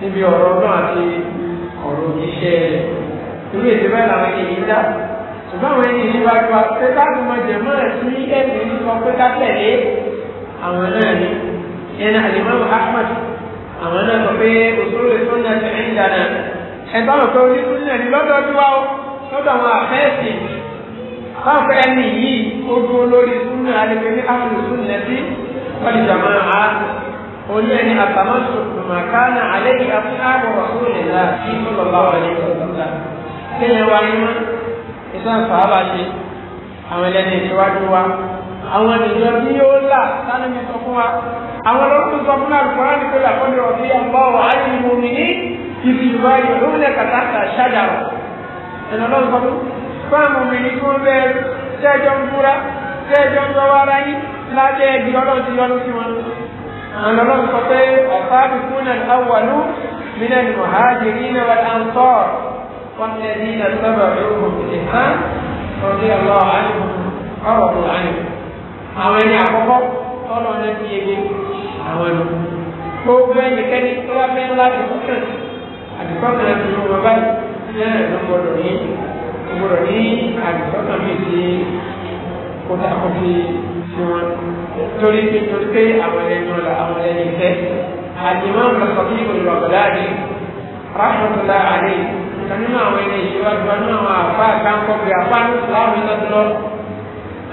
níbi ọ̀rọ̀ náà irú èdè bẹ́ẹ̀ làwọn èyí ń dá ṣùgbọ́n àwọn èyí ń bá gba pé káàkiri máa jẹ mọ́ ẹ̀sìn ní ẹ̀sìn ní sọ pé ká tẹ̀lé àwọn náà ni ẹni àlìmọ́mù Ahmad àwọn náà sọ pé òṣòro lè tún náà tẹ̀lé ń dáná ẹ̀bá wọn pé oníkùn náà ni lọ́dọọdún wa ó lọ́dọ̀ àwọn àfẹ́ẹ̀sì báwọn pé ẹni yìí ó dúró lórí súnà alẹ́gbẹ́ ní áfíríkà súnà sí wọ́n jàmọ́ a olú ẹni àtàmọ́sọ̀tò màkánà alẹ́ yìí àti àbọ̀ wà fún ìlà sí ọlọ́lá wà ní ọ̀dọ́ kéèyàn wá ní mọ́ ìtàn sàábà ṣe àwọn ẹlẹ́ni ìṣíwájú wa àwọn ènìyàn tí yóò là sánú mi sọ fún wa àwọn ọlọ́run sọ fún àlùkòrá ní pé làkọ́ni ọ̀bí ọgbà ọ̀ ayé mo mi ní ìfìwà ìrúlẹ̀ kàtàkà ṣáàdàrọ̀ ẹ̀nà ọlọ́run sọ fún fáàmù mi ní kí wọ́n bẹ́ẹ̀ tẹ́jọ́ ń búra tẹ́jọ́ ń lọ́wọ́ ara yín lábẹ́ ẹ̀dì ọlọ́run ti yọnu sí wọn. àwọn ọlọ́run sọ pé ọ̀fà àbíkú náà والذين تبعوهم بإحسان رضي الله عنهم ورضوا عنه àwọn ẹni àkọ́kọ́ tọ́lọ́ náà ti yege àwọn ẹni gbogbo ẹnikẹ́ni tó bá fẹ́ láti sọ́kàn àdìsọ́kàn ti mú wọn báyìí náà ló gbọdọ̀ ní gbọdọ̀ ní àdìsọ́kàn mi ti kó dàpọ̀ sí sí wọn torí pé torí pé àwọn ẹni ọ̀la àwọn ẹni tẹ́ àdìmọ́ ọ̀la sọ̀kì ìgbòho ọ̀gá láàrin rahmatulah alayhi ọ̀kan nínú àwọn ẹni ìṣèwádìí wọn nínú àwọn àfa àtàǹkọ́ pé àfa ní ìsìláàmù iná tó lọ.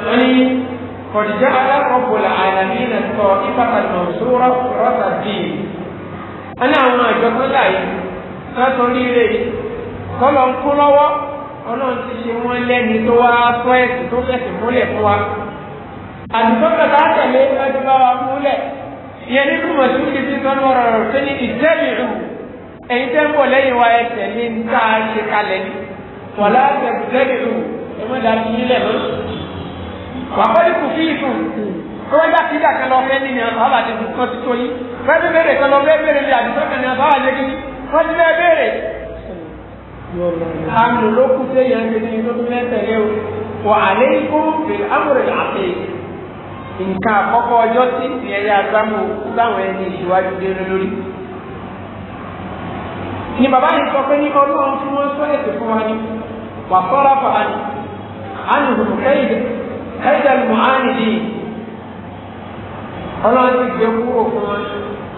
wọ́n ní kọ̀díjà alákọ̀ọ́bùlà àlàmì ìnà sọ ìpàkàtà òṣòro rọ́tà bíi. wọ́n ní àwọn àjọpọ̀ láyé wọ́n tó líle kọ́lọ̀ ń kú lọ́wọ́ ọlọ́run ti ṣe wọ́n lẹ́ni tó wá fọ́ ẹ̀sìn tó fẹ̀sìn múlẹ̀ fún wa. àdúgbò kàtà tẹ̀lé wọ́n ti bá wa múlẹ̀. ìyẹn nínú mọ̀tún ti fi sọ́nù ọ̀rọ̀ rẹ̀ sí ní ìtẹ́lẹ̀ ẹ̀yin tẹ́ ń bọ̀ lẹ́yìn wa ẹsẹ̀ ní nta ṣe kalẹ̀ ní wàlá tẹ̀gbẹ́rù ẹ̀mọ́dà ti nílẹ̀ lọ́sí. wàkọ́lì kù wọ́n kan lọ fẹ́ nínú àwọn àbàdì kan ti tó yín fẹ́ bí béèrè kan lọ fẹ́ béèrè bí àdúgbò kan ní wọ́n ti àmì ló sí ti ní o wà á nǹkan àkọ́kọ́ ọjọ́ tí ìyẹn ni bàbá yìí sọ pé ní ọlọ́run tí wọ́n sọ ẹ̀sìn fún wa ni wà fọ́ra fà á ní ànìhùn kẹ́yìn ẹ̀jẹ̀ mọ̀ á nìyí ọlọ́run ti gbé kúrò fún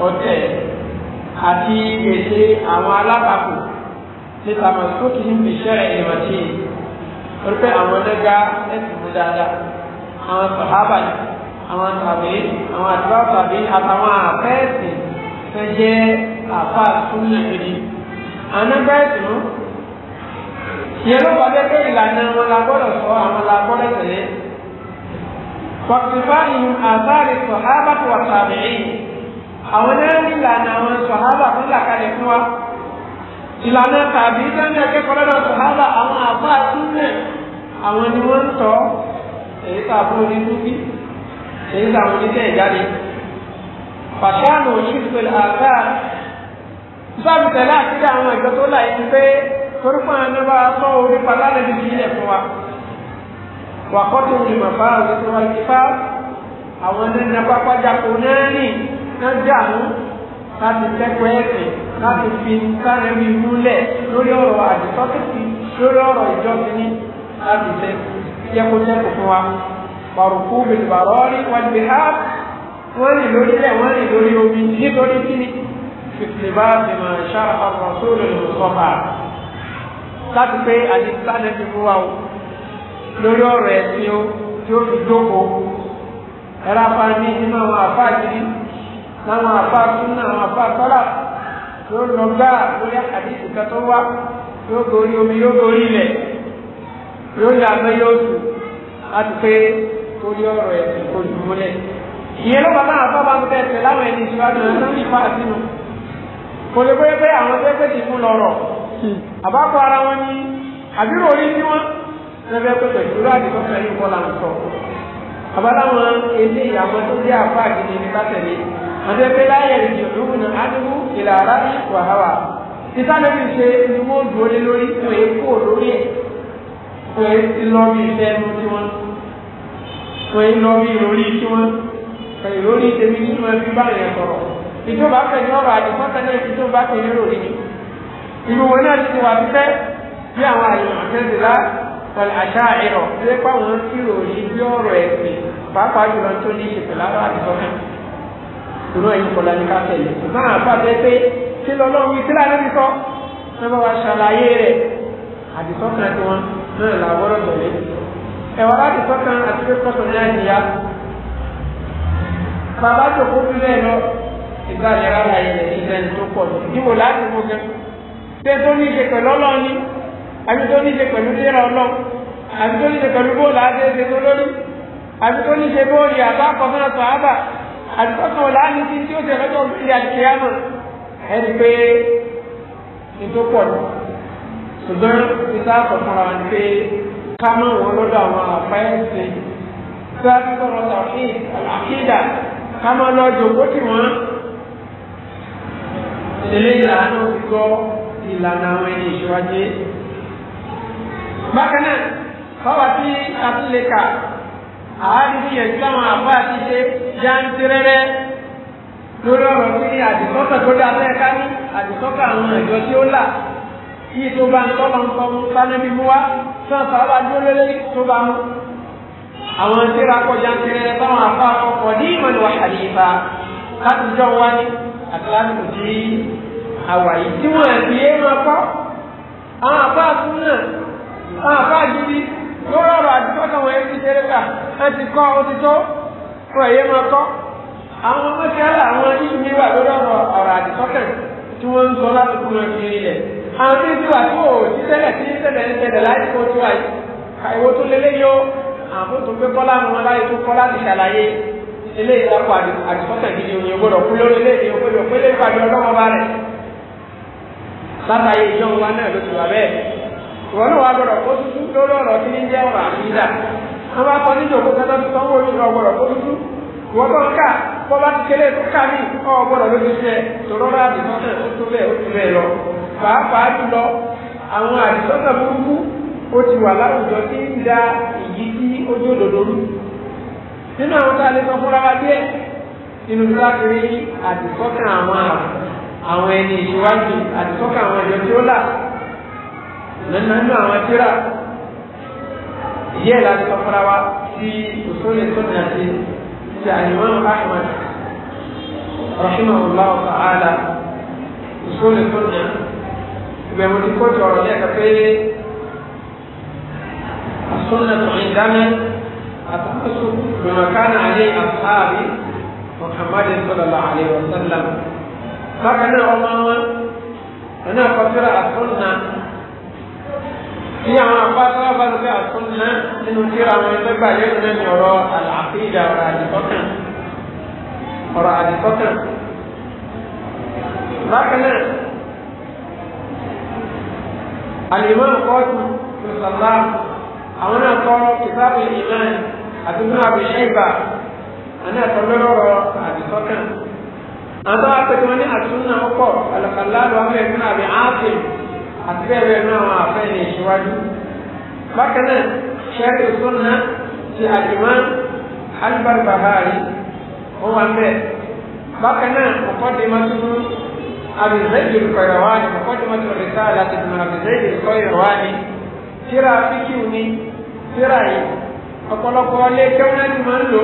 ọ̀tẹ̀ àti èdè àwọn alábàákù ní tàmásókì níbi iṣẹ́ ìrìnàjì orí pé àwọn ẹlẹ́gà ẹ̀sìn mú dáadáa àwọn sàhábà yìí àwọn tàbí àwọn àdúrà tàbí àtàwọn àfẹ́ẹ̀sì fẹ́ jẹ́ àfáà súnlẹ̀ gidi. Ana bẹ́ẹ̀ sì mú ló wà ìlànà wọn la gbọ́dọ̀ sọ àwọn la gbọ́dọ̀ tẹ̀lé fọ̀tìfáàlì àbáàlì sọ̀hábà tó wà tàbíyì àwọn náà ní ìlànà àwọn sọ̀hábà tó là fún wa ìlànà tàbí sẹ́ńdẹ̀ akẹ́kọ̀ọ́ lọ́dọ̀ sọ̀hábà àwọn àbá àtúnlẹ̀ àwọn ni wọ́n ń tọ́ èyí tó àbúrò ní èyí tó àwọn oníṣẹ́ ìjáde pàṣẹ àná òṣìṣẹ́ sábì tẹ̀lé àtijọ́ àwọn ìjọ tó là yìí pé torúkọ àwọn ẹbá sọ orí padà lẹ́bi fi ilẹ̀ fún wa wà kọ́tù ní màfá òun tó wá ní fá àwọn ẹnẹ́nà pápájáko náà nì náà jà mú láti kẹ́kọ̀ọ́ ẹ̀sìn láti fi sáré mi múlẹ̀ lórí ọ̀rọ̀ àdìsọ́tìsì lórí ọ̀rọ̀ ìjọsìn ní láti tẹ yẹkọjẹkọ fún wa pàrọ̀kú bèbàrọ̀ rí wọn gbé ha wọ́n rìn lórílẹ̀ wọ́n rìn lórí omi nítorí kíni fi ittibāʿi mā sharaʿa ar-rasūl al-Muṣṭafā láti pé àdìsílẹ̀ ti fún wa o lórí ọ̀rọ̀ ẹ̀sìn o tí ó fi jókòó ẹ̀rọ afáàní nínú àwọn àfáà kiri láwọn àfáà tún náà àwọn àfáà tọ́lá tó lọ gbá lórí àdìsí kan tó wá yóò gorí omi yóò gorí ilẹ̀ yóò yà mẹ́ yóò tù láti pé torí ọ̀rọ̀ ẹ̀sìn kò jù múlẹ̀ ìyẹn ló bàbá àfáà ń bẹ̀ẹ̀ tẹ̀ láwọn ẹni ìṣúra náà lórí ìfáà sínú kò lè bóyá pé àwọn tó pèsè fún lọ́rọ̀ hmm. àbákọ ara wọn ní àbírò orí tí wọn lẹfẹ pẹpẹ ìṣòro àdìgbò pẹ̀lú ìkọlà ń sọ àbáláwọn ilé ìyàwó tó jẹ àpá àgbègbè ní sátẹlẹ àti pé láyé rìn jù lóhùn náà ádùkú ìlà ara wàhálà ìtàlẹ́ fi ṣe ni wọ́n dúró lé lórí fún èkó lórí ẹ̀ fún èsì lọ́bí iṣẹ́ ẹnu tí wọ́n tí wọ́n ìjọba fẹ́ ní ọ̀rọ̀ àdìgbọ́n tẹ́lẹ̀ ìjọba fẹ́ ní ròrí ni ìlú wọn náà ti wà fífẹ́ bí àwọn àyàn àtẹ́sílá pẹ̀lú àṣà ìrọ̀ tí ó pàwọn sí ròyìn bí ọ̀rọ̀ ẹ̀sìn pàápàá jùlọ tó ní ìṣètò lára àdìgbọ́n ìró ẹ̀yìn kọlá ní ká tẹ̀lé ṣùgbọ́n àpàtẹ pé kí lọ́lọ́run wí sílá lórí sọ ẹ bá wa ṣàlàyé rẹ̀ àdìsọ́kàn tiwọn náà làwọ́rọ̀ tẹ̀lé ẹ̀wà àdìsọ́kàn àti pé kọ́sọ̀ ní àyíyá bàbá jòkó fi bẹ́ẹ̀ lọ ìgbà yẹn ara yẹn lẹ́yìn lẹ́yìn tó pọ̀ jù níbo láti mú gẹ́ ṣé tó ní ṣe pẹ̀lú ọlọ́ọ̀ni àbí tó ní ṣe pẹ̀lú tẹ́ra ọlọ́ àbí tó ní ṣe pẹ̀lú bóòlù àdéhùn tó lórí àbí tó ní ṣe bóòlù àbá kọ̀ọ̀kan tó àbà àti kọ́kọ́ láàánú tí tí ó ṣe lọ́jọ́ ìdílé àdìkíyàmọ̀ ẹni pé ní tó pọ̀ ní ṣùgbọ́n títà àkọ́kọ́ra ni pé ká wọn lọ́dọ̀ àwọn àfáyẹ̀sì sábì sọ̀rọ̀ tàfíì àkídà ká mọ̀ wọ́n eléyìí àánú fi kọ́ ìlànà àwọn ẹni ìṣíwájú. bákan náà báwa tí a ti lè kà àádìí gbìyànjú táwọn àbá àti ṣe já ń tẹ́rẹ́rẹ́ lórí ọ̀rọ̀ sí àdìsọ́kàn tó dáa fẹ́ ká ní àdìsọ́kàn àwọn ẹ̀jọ́ tí ó là yìí tó bá ń tọ́lọ̀ ń kọ́ mú sánẹ́bí mú wá sàn sábà dúró lórí tó bá mú. àwọn tíra kọjá ń tẹ́rẹ́rẹ́ táwọn àbá ọkọ̀ ní ìmọ̀ ìwà àti lásìkò tí àwàyí tí wọ́n ti yé máa kọ́ àwọn àbá àtún náà àwọn àbá gidi tó rọrọ̀ àdúgbò kan wọ́n ti ṣeré kà wọ́n ti kọ́ ó ti tó wọ́n yé máa kọ́ àwọn mọ́kẹ́lá àwọn ìṣúní wà lórí ọ̀rọ̀ ọ̀rọ̀ àdìsọ́kẹ̀ tí wọ́n ń sọ lásìkò náà fi rí rẹ̀ àwọn tí ti wà tó ti tẹ́lẹ̀ tí tẹ́lẹ̀ ń tẹ́lẹ̀ láti kó tó wáyé àìwó tó lélẹ́yọ́ àwọn tó gbé kọ́lá nu wọn láyé tó kọ́lá ti ṣàlàyé eléyìí lápò àdìsọ́tẹ̀ gidi òyìn gbọ́dọ̀ kú lórí eléyìí ògbọ́dọ̀ pé lè pàdé ọlọ́mọ bá rẹ̀ látàyè ìjọ wa náà ló ti wà bẹ́ẹ̀ ìwọ náà wà gbọ́dọ̀ kó tuntun lórí ọ̀rọ̀ tí ní jẹ́ ọ̀rọ̀ àbíyá wọ́n bá kọ́ níjọ kó kẹ́tọ́ tó sanwó oṣù náà gbọ́dọ̀ kó tuntun ìwọ tó ń kà bọ́ bá ti kélé tó kà ní ọ̀ gbọ́dọ̀ ló ti ṣe tòrọ́ àdìsọ́tẹ̀ ó tó bẹ́ẹ̀ ó ti bẹ́ẹ̀ lọ pàápàá jùlọ àwọn àdìsọ́tẹ̀ burúkú ó ti wà láwùjọ tí ń da ìyí tí ojú òdòdó rú nínú àwọn tá a lè sọ fúnra wa díẹ̀ nínú tó láti rí àdìsọ́kàn àwọn àwọn ẹni ìṣíwájú àdìsọ́kàn àwọn ìjọ tí ó là nínú àwọn tíra díẹ̀ láti sọ fúnra wa sí òṣòlè sọ́nà àti ti àyùmọ́ Ahmad rahimahullah ta'ala òṣòlè sọ́nà ìbẹ̀wò ní kóòtù ọ̀rọ̀ lẹ́ẹ̀ka pé asọ́nà tó ń dáná. أتمسك بما كان عليه أصحاب محمد صلى الله عليه وسلم فكان عمر أنا فترة السنة في عام فترة فترة السنة لنثير من تبع لنا يرى العقيدة والعقيدة ọ̀rọ̀ àdìsọ́kàn bákanáà alìmọ́ ọ̀kọ́tù ìsọ̀lá àwọn náà kọ́ kìtàbù ìlànà àti mú àbíṣẹ́ ìgbà àní àtọ́lọ́rọ̀ àdìsọ́kàn. àtọ́ àpẹtẹ wọn ní àtúnná ọkọ̀ alàkàlálù amẹ́ fún àbí áàtì àti bẹ́ẹ̀ bẹ́ẹ̀ náà àwọn àfẹ́ ní ìṣíwájú. bákan náà ṣẹ́ẹ̀kì sunna ti àjùmọ́ alibar bahari wọn wà mẹ́. bákan náà ọkọ̀ dè má tún àbí zẹ́jì kọ̀yọ̀wá ni ọkọ̀ dè tíra fíkìú ni tíra yìí ọ̀pọ̀lọpọ̀ ilé kẹ́wọ́nẹ́tì máa ń lò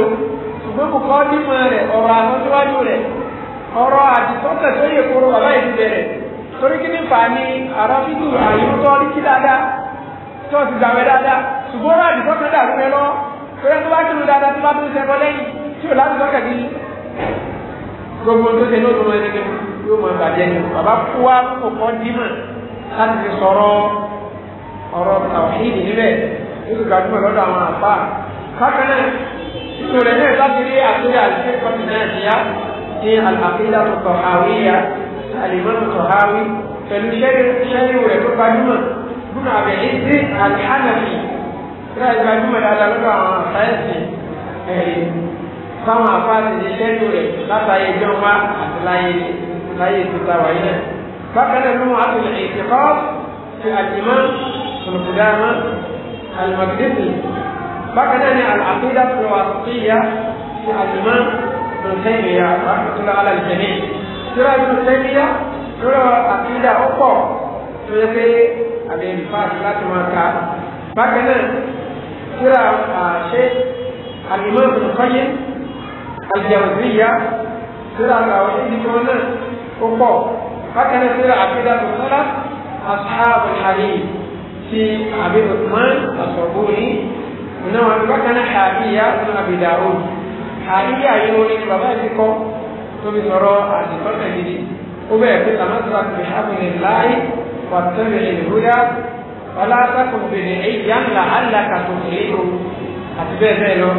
ṣùgbọ́n bùkọ́ dímọ̀ rẹ̀ ọ̀rọ̀ àtọ́síwájú rẹ̀ ọ̀rọ̀ àdìsọ́tẹ̀ tó yẹ kóró wà láì ti bẹ̀rẹ̀ torí kí ní fà ní àrọ́fíìkù àyíkútọ́ rí kí dáadáa tó ti gbàwẹ̀ dáadáa ṣùgbọ́n ọ̀rọ̀ àdìsọ́tẹ̀ dàrú rẹ lọ pé tó bá tún dáadáa tó bá tún ṣẹbọ lẹ́yìn tí ò láti sọ́kẹ̀ kí gbogbo tó ṣe lóòótọ́ mọ́ ẹni yóò mọ ìbàjẹ́ ni bàbá kú wa ọ̀rọ̀ tàwíìdì níbẹ̀ níbi gbajúmọ̀ lọ́dọ̀ àwọn àpá bákan náà nínú rẹ̀ náà lábìrí àtúnyà àti kọ́tù náà níyà ní àlàfíà tó kọ̀ àwíyà àlìmọ́tò kọ̀ àwí pẹ̀lú sẹ́yìn rẹ̀ tó gbajúmọ̀ nínú àbẹ̀yìn sí àti ànàfì rẹ̀ gbajúmọ̀ dáadáa lọ́dọ̀ àwọn sáyẹ́ǹsì ẹ̀yìn táwọn àpá ti di sẹ́yìn rẹ̀ látàyè jọba àti láyé láyé tó táwa yẹn bákan náà القدامى قدامة المقدسي فكان العقيدة الواسطية في الإمام ابن تيمية رحمة الله على الجميع ترى ابن تيمية ترى عقيدة أخرى ترى أبي الفاس لا تماكا فكان ترى شيخ الإمام ابن القيم الجوزية ترى الأولين كمان أخرى فكان ترى عقيدة أخرى أصحاب الحديث ti àbí Uthman àsọ̀bùnì náà bákan náà àbíyá fún àbìdàwò àbíyá yìí wọ́n ní bàbá yìí kọ́ tóbi sọ̀rọ̀ àdìsọ́tẹ̀ gidi ó bẹ̀rẹ̀ pé tàmásìlá ti hàbìnì láì wàtẹ́bì ìhúdá ọlátàkùn bèrè ẹ̀yà ńlá aláka tó kéré o àti bẹ́ẹ̀ bẹ́ẹ̀ lọ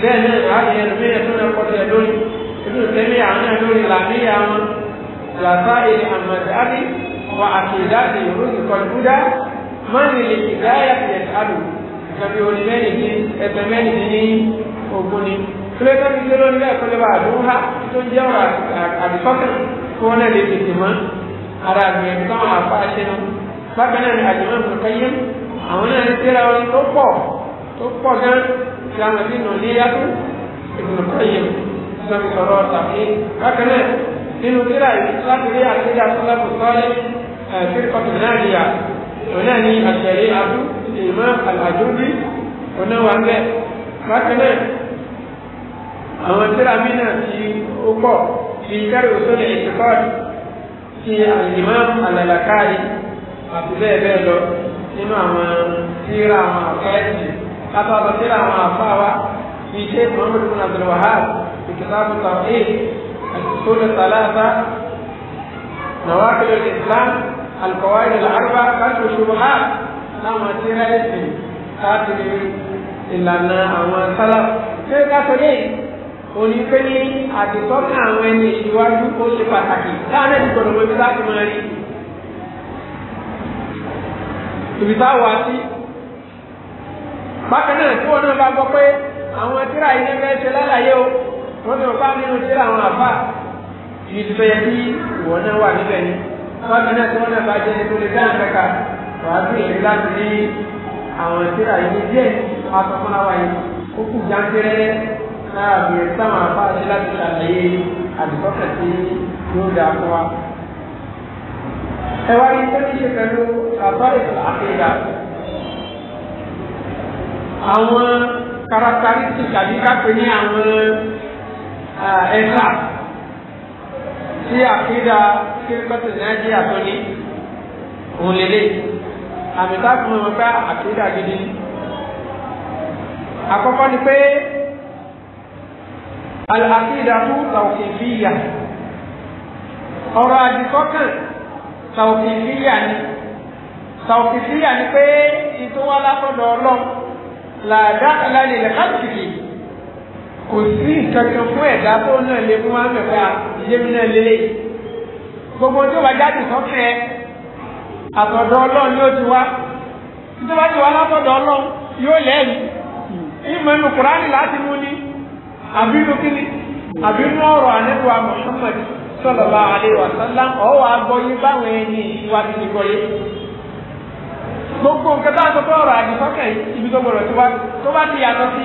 bẹ́ẹ̀ náà láàyè ẹlòmíràn tó náà kọ́tọ̀ ẹ̀ lórí ibùdó tẹ́lẹ̀ àwọn náà lórí làmíyà wọn làbáyé àmàdáàbí wà àkèdá ìròyìn kọ̀ọ̀dúdá mọ́rin lè ti gáyà ti ẹ̀ka lò nàbí orin mẹ́rin ní ẹgbẹ́ mẹ́rin ní ogún ni kílódé tó ti dé lórí bẹ́ẹ̀ kó lè bá àdúrà ha tó ń jẹ́ ọ̀rọ̀ àdìsọ́kẹ̀ kó wọn lè tètè mọ́ ara àgbẹ̀yẹ̀ tó àwọn afá ṣe nù bákan náà ni àjọyọ̀ nǹkan kẹ́yẹ́ àwọn náà ń tẹ́ra wọn tó pọ̀ tó pọ̀ gan ti àwọn tí nù ní yàtọ̀ ìgbìmọ̀ kẹ́yẹ́ ọ̀nà ni àṣẹ̀rí abú ìmọ̀ àjòjì ọ̀nà wà ń bẹ̀ bákan náà àwọn tíramì náà ti ó pọ̀ ti kárì òṣèlú ìtìkọ́ọ̀dù ti àyìnmọ́ àlàlàkáàrí àti bẹ́ẹ̀ bẹ́ẹ̀ lọ nínú àwọn tíra àwọn àfẹ́ẹ̀sì látàtọ̀ tíra àwọn àfáwa ti ṣe muhammadu bin abdul wahab ìkìtàbù tàwíì àti sólù tàlàtà nàwákìlì islam alukọ̀wáyé làárúbá káṣù ṣubúhá láwọn àti rẹ́ẹ̀sì káàkiri ìlànà àwọn sálà. ṣé káṣọdé òní pé ní àdìsọ́kà àwọn ẹni ìṣíwájú ó ṣe pàtàkì láàárín ìgbọ̀nà wọn bí láti máa rí. ibi tá a wà sí. bákan náà tí wọn náà bá gbọ́ pé àwọn tíra yìí ní fẹ́ẹ́ ṣe lálàyé o wọ́n ti rọ̀ bá nínú tíra àwọn àbá ìdí tó yẹ kí ìwọ náà wà níbẹ̀ ni bákan náà tí wọ́n náà bá jẹ́ ẹni tó lè dá nǹkan kan wàá gbìyànjú láti rí àwọn ìṣẹ́ra yìí díẹ̀ aṣọ fúnra wa yìí ó kù jáńtẹ́rẹ́ náà gbìyànjú táwọn afáàṣẹ láti ṣàlàyé àdìsọ́kẹ̀ tí yóò dáa fún wa. ẹ wá rí tó ní ṣe pẹ̀lú àtọ́lẹ̀ àfẹ́dà àwọn karakitaristics àbí kápẹ́ ní àwọn ẹ̀ka tí àkídà kíríkọ́tì nàìjíríà tó ní òun lélẹ̀ àmì táàkùn wọn pé àkídà gidi ni. àkọ́kọ́ ni pé àkídà tó tàwùkìfìyà ọ̀rọ̀ àdìsọ́kàn tàwùkìfìyà ni tàwùkìfìyà ni pé ìtọ́wálá tọ́dọ̀ ọlọ́run làdá ìlànà ìlẹ̀kàtìkì. kò sí nǹkankan fún ẹ̀dá tó náà lè mú wá mẹ́fà náà lélẹ̀ gbogbo tó bá jáde sọ́kẹ́ àtọ̀dọ̀ ọlọ́run yóò ti wá tó bá ti wá látọ̀dọ̀ ọlọ́run yóò lẹ́yìn ìmọ̀ inú kùránì láti mú ní àbínú kíni ọ̀rọ̀ sọlọ agbọ́yé báwọn ẹni ìwà ti ti gbọ́yé gbogbo nǹkan tó ọ̀rọ̀ àdìsọ́kẹ́ ibi tó gbọ́dọ̀ tó bá ti yàtọ̀ sí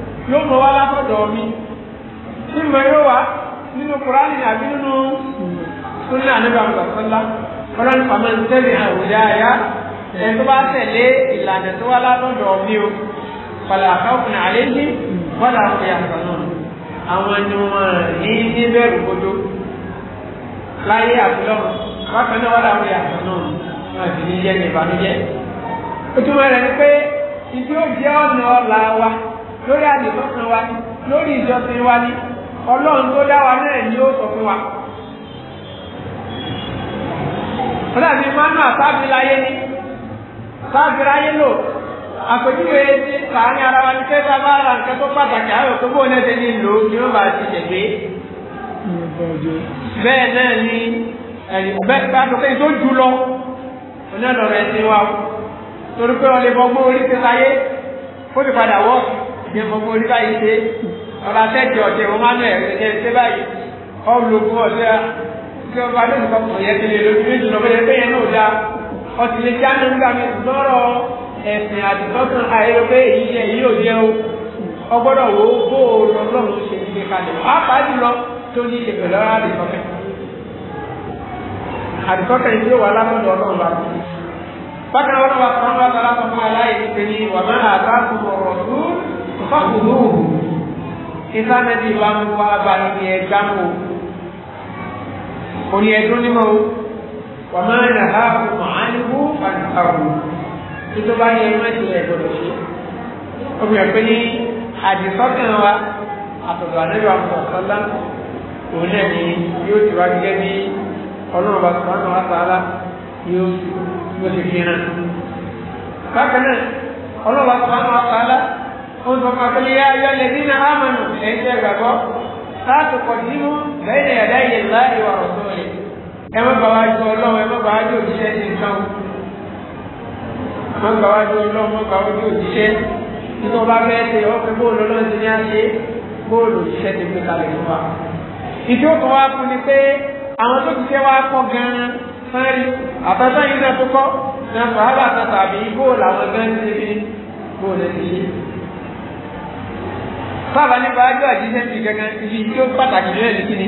yóò mọ wá látọ̀dọ̀ mi tí mo yóò wá nínú kuraani àbí nínú sunna níbi àwọn ọ̀sánlá ọlọ́run pàmò ń tẹ̀lé àwùjá ayá ẹ̀ tó bá tẹ̀lé ìlànà tó wá látọ̀dọ̀ mi o falakawuna aleji wala yasanu àwọn ẹni wọn ní ní bẹ̀rù gbọ́dọ̀ láyé àbúlọ bákan náà wala yasanu wọn sì ní yẹ ní ìbànújẹ́. ó túmọ̀ rẹ̀ ni pé ìdí ó jẹ́ ọ̀nà ọ̀la wa lórí àdìsọ́sìn wa ni lórí ìjọsìn wa ni ọlọ́run tó dá wa náà ni ó sọ fún wa. ọlọ́run ìmánú àtàbíláyé ni sábìláyé lò àpèjúwe ti sàárín ara wa ni pé bá bá ra nǹkan tó pàtàkì àwọn òkú bóun náà ṣe ní lò ó ni ó bá ti ṣègbè. bẹ́ẹ̀ náà ni bẹ́ẹ̀ bá tó kéyìn tó jù lọ onídọ̀rọ̀ ẹ̀sìn wa torí pé wọ́n lè bọ́ gbó orí ti láyé ó ti padà wọ́ọ̀kì ní gbogbo orí báyìí ṣe ọba tẹ́tì ọ̀tẹ̀ wọn máa ń ẹ̀ ẹ̀ ṣe báyìí ọ̀bùlùkù ọ̀tẹ̀ kí ọba tó nǹkan kọ̀ yẹ kele lójú méjì lọ bẹ́ẹ̀ bẹ́ẹ̀ náà dá ọtí lè já ní nígbà mi lọ́rọ̀ ẹ̀sìn àdìsọ́sìn àìrò pé èyí yẹ èyí ò yẹ o ọgbọ́dọ̀ wo bó o lọ lọ́run ṣe ìgbé kalẹ̀ wá pàdé lọ tó ní ṣe pẹ̀lú ara àdìsọ́kẹ́ àdìsọ́kẹ́ yìí wà lábọ́dọ̀ ọlọ́run wa bákan náà wọn wà sọ́nà wọn sọ́nà fún aláìsí pé ní wàmẹ́ àtàkùn ọ̀rọ̀ tó fábùlù ìsánẹ́bí bá mú wá bá ní ẹgbá mú o ní ẹdún nímọ̀ o wà máa ń ha ọmọ àníkú àníkàwò títí bá yẹ ẹgbẹ́ ìṣẹ̀lẹ̀ ìgbọ́dọ̀ ṣe a pé ní àdìsọ́kàn wa àtọ̀dọ̀ ànábì wa mọ̀ sọ́lá òun náà ni yóò ti wá gẹ́gẹ́ bí ọlọ́run bá sọ́nà wa sàálà yóò yóò ti fi hàn. bákan náà ọlọ́run bá sọ́nà wa sàálà ó sọ fún akẹ́lẹ́yà ayọ́lẹ̀ nínú àmọ́nù ẹ̀jẹ̀ gbàgbọ́ láti pọ̀ nínú bẹ́ẹ̀ yàrá yẹn láì wà ọ̀tọ̀ rẹ̀ ẹ má bàa wá ju ọlọ́run ẹ má bàa wá ju òjíṣẹ́ ní nǹkan má bàa wá ju ọlọ́run má bàa wá ju òjíṣẹ́ nínú ọba bẹ́ẹ̀ ṣe ọ̀fẹ́ bóòlù ọlọ́run ti ní àṣẹ bóòlù òjíṣẹ́ ti gbé kalẹ̀ fún wa. wa fún ni pé àwọn tó ti fẹ́ wá kọ́ gan-an sáré àtàtà yìí náà tó kọ́ náà sọ̀rọ̀ bàbá nípa ajọ́ àjíṣẹ́ ti kankan ibi tó pàtàkì nílẹ̀ ní kíni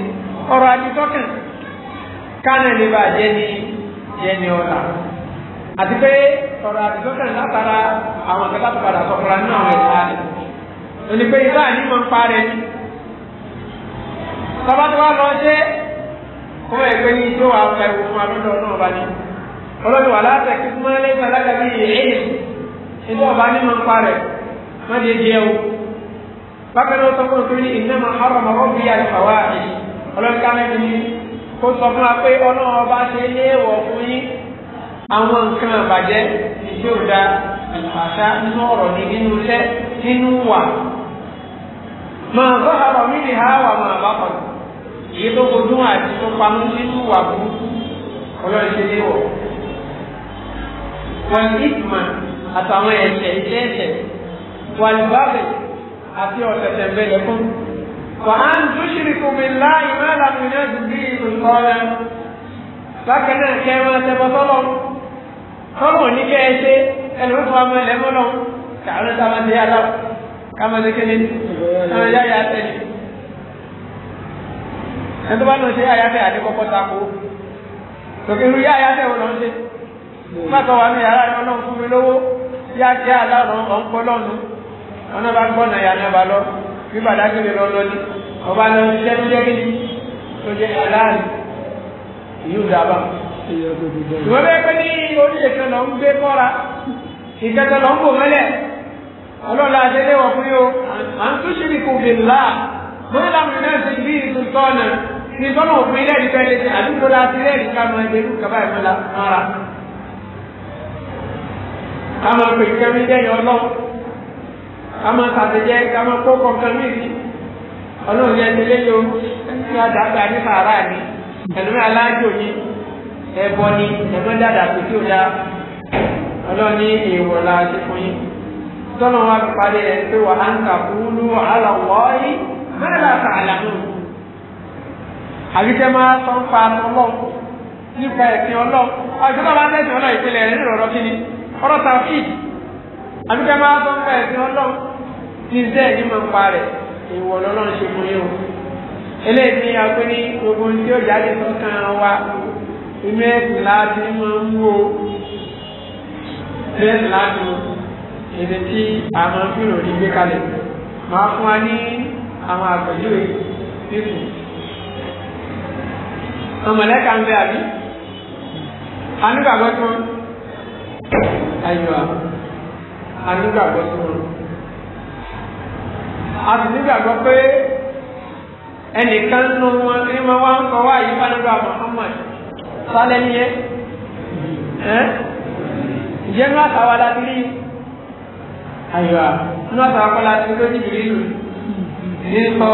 ọ̀rọ̀ àdìtọ́kàn kánà lè bá jẹ́ ní jẹ́ni ọ̀la àti pé ọ̀rọ̀ àdìtọ́kàn látara àwọn ìjọba tó padà sọ̀kọ̀ra nínú àwọn ẹ̀ka rẹ̀ òní pé ìlà ní mọ̀ ń parẹ́ ni bàbá tó wá lọ ṣe kó ẹ̀ pé ní tó wà fẹ́ wo fún alọ́dọ̀ náà bá ní ọlọ́dún wà látẹ̀ kí fún mọ́lẹ́gbẹ̀ẹ́ lágbàbí ìyẹn ìdí ọba ní mọ̀ ń parẹ́ mọ́ bákan náà sọ fún un pé ní ìnáma harama rọ́bì àlùfáwá yìí ọlọ́ọ̀ká mẹ́rin ni kó sọ fún wa pé ọlọ́run ọba ṣe léèwọ̀ fún yín àwọn nǹkan àbàjẹ́ ìṣe òda àṣà nínú ọ̀rọ̀ ní nínú iṣẹ́ nínú wà máa bọ́ àrọ̀ mí ni háwà máa bá pọ̀ èyí tó fojú àti tó pamọ́ nínú wà burúkú ọlọ́run ṣe léèwọ̀ wọ́n ní ìtumọ̀ àtàwọn ẹ̀ṣẹ̀ iṣẹ́ wọ́n àti ọ̀tẹ̀tẹ̀ bẹ̀rẹ̀ fún. wà á ń dúṣìrì kù mí láì má làmì náà ju bí nǹkan rẹ. bákan náà kẹ́ ẹ máa tẹ́mọ sọ́lọ́ sọ́lọ́ ní kẹ́ ẹ ṣe ẹlòmí fún ọmọ ẹlẹ́mọ́ lọ kàánú sábà ní yàrá kàmọ́tò kéde àwọn yá yà tẹ̀lé. ẹni tó bá lọ ṣe àyàfẹ́ àdékọ́kọ́ tako tòkè irú yá àyàfẹ́ wọn lọ ṣe má wà ní yàrá rẹ fún mi lówó yá kí wọn náà bá gbọ́ náà yà náà bá lọ bí bàdágìrì lọ lọ ní ọba lọ sí jẹ́kíjẹ́kí ni tó jẹ́ aláàrí ìyóò dábà. ìwọ bẹ́ẹ̀ pé ní oríṣi kan lọ ń gbé kọ́ra ìkẹta lọ ń bò mẹ́lẹ̀ ọlọ́la àtẹ́lẹ́ wọ̀ fún yóò à ń túnṣe ní kò bìlá bóyá làwọn náà ti bí ìtúntọ́ náà ní tọ́nà òfin ilé ẹ̀rí fẹ́ẹ́ lé àdúgbò la ti rẹ́ẹ̀rí ká máa lè kaba ìmọ̀lá ara. a máa pè kẹ́mi lẹ́yìn ọlọ́run ká máa tàtẹ̀jẹ́ ká máa kó kọ̀ọ̀kan mí ni ọlọ́run yẹn ti léyò ní àdàgbà ní sàárà ni ẹ̀lómi aláàjò ni ẹ̀bọ ni ẹ̀gbọ́n dàdà kò tí ò dá ọlọ́run ní èèwọ̀ la ti fún yín tọ́nà wa fi parí ẹ̀ pé wà á ń kà kúlú àlọ́wọ́ yìí bẹ́ẹ̀ la kà àlàmú. àbíkẹ́ máa sọ ń pa ọlọ́run nípa ẹ̀sìn ọlọ́run àbíkẹ́ máa bá tẹ̀sìn ọlọ́run ìpínlẹ̀ rẹ̀ nírọ̀rọ̀ kí ni ọ̀rọ̀ tàfíì àbíkẹ́ máa sọ ń pa ẹ̀sìn ọlọ́run tí ń sẹ́yìn ní máa ń pa rẹ̀ ìwọ lọ́lọ́run ṣe fún yín o eléyìí ni a pé ní gbogbo ohun tí ó jáde tó kàn wá inú ẹ̀sìn láti máa ń wò ó inú ẹ̀sìn láti wò èdè tí àwọn fílò ní gbé kalẹ̀ máa fún wa ní àwọn àpèjúwe fífò ọmọlẹ́ka ń bẹ àbí anúgbàgbọ́ ayọ̀ anúgbàgbọ́ tí a sì nígbàgbọ́ pé ẹnìkan nínú wọn ní wọn wá ń kọ wá yìí fánibà Muhammad sálẹ̀ nìyẹn ǹjẹ́ ní àtàwọn aládìrí àyà ní àtàwọn akọ́lá ti lójú ìrírí ní sọ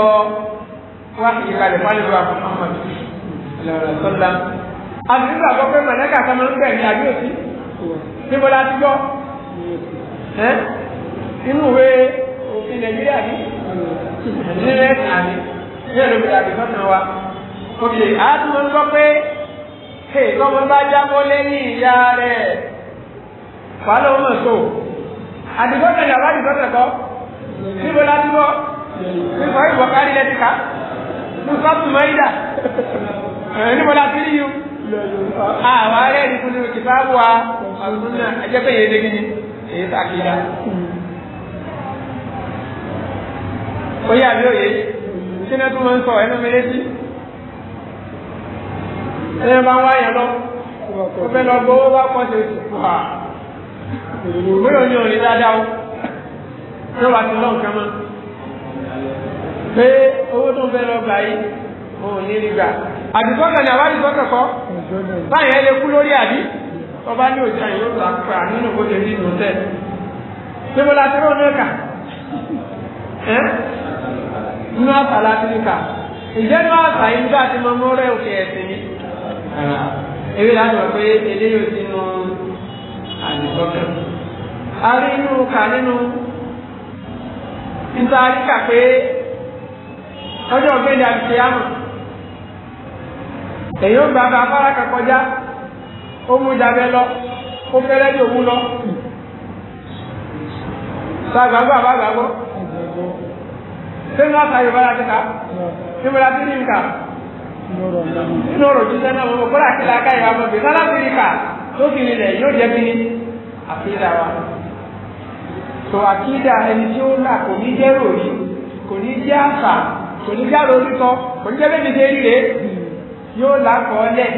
wá sí ìkàlẹ̀ fánibà Muhammad lọ́rọ̀ sọ́lá a sì nígbàgbọ́ pé mọ̀lẹ́kà kan máa ń bẹ̀ ní àdúrósí níbo la ti gbọ́ inú ìwé òfin nàìjíríà ní us àní ní ẹ̀rọ ìgbà àbí sọ́nà wa òkè àádùn ń gbọ́ pé hey lọ́mọ bá jábọ́ lẹ́yìn ìyá rẹ̀ wà lóun mọ̀ so àdìgbọ́sẹ̀ yàrá àdìgbọ́sẹ̀ kọ́ níbo la dúró nípa ìwọ kárí lẹ́tí ká nípa tùmọ̀ìdà níbo la ti rí yìí àwọn arẹ́ẹ̀dì fún mi kìfà wà àlùmọ́nà ẹ̀jẹ̀ pé yéé dégé ni èyí oyé àbí òye kí ni máa ń sọ ẹnu mi létí ẹni bá ń wá yẹn lọ ó lọ gbowó bá pọ̀ sí oṣù wà mélòó ni òní dáadáa o ní wàá ti lọ nǹkan mọ́ pé owó tó ń fẹ́ lọ gbà yìí òun ní rí gbà àdìgbò kan ní àwárí tó kẹ́kọ̀ọ́ báyìí ẹ lè kú lórí àbí ọba ní òjá yìí ó sà pé àánú kó lè rí ìmọ̀tẹ́ ṣé mo la ti rò ní ọkà ẹ́. nínú àṣà láfíríkà ìjẹ́ nínú àṣà yìí nígbà tí mo mú rẹ̀ òkè ẹ̀sìn mi. ewé láti wọ̀ pé eléyìí ò sínú àdìsọ́kẹ́. a rí inú kà ka ìtaríkà pé ọjọ́ ọ̀gbẹ́ni ndị àmọ̀ èyí eyi gba bá afárá kan kọjá fẹ́ńgá ta yorùbá la ti ta hmm. yorùbá la ti ní nǹkan n'ọ̀rọ̀ jíjẹ náà mo kọ́ra kí la ká yorùbá mọ̀ bí sálá ti ní ká tó ti ní lẹ̀ yóò jẹ́ bí ní àfihàn wa. tó àkídà ẹni tí ó là kò ní jẹ́ ròrí kò ní jẹ́ àṣà kò ní jẹ́ ròlítọ́ kò ní jẹ́ bébí ṣe ríre yóò lákọọ́lẹ̀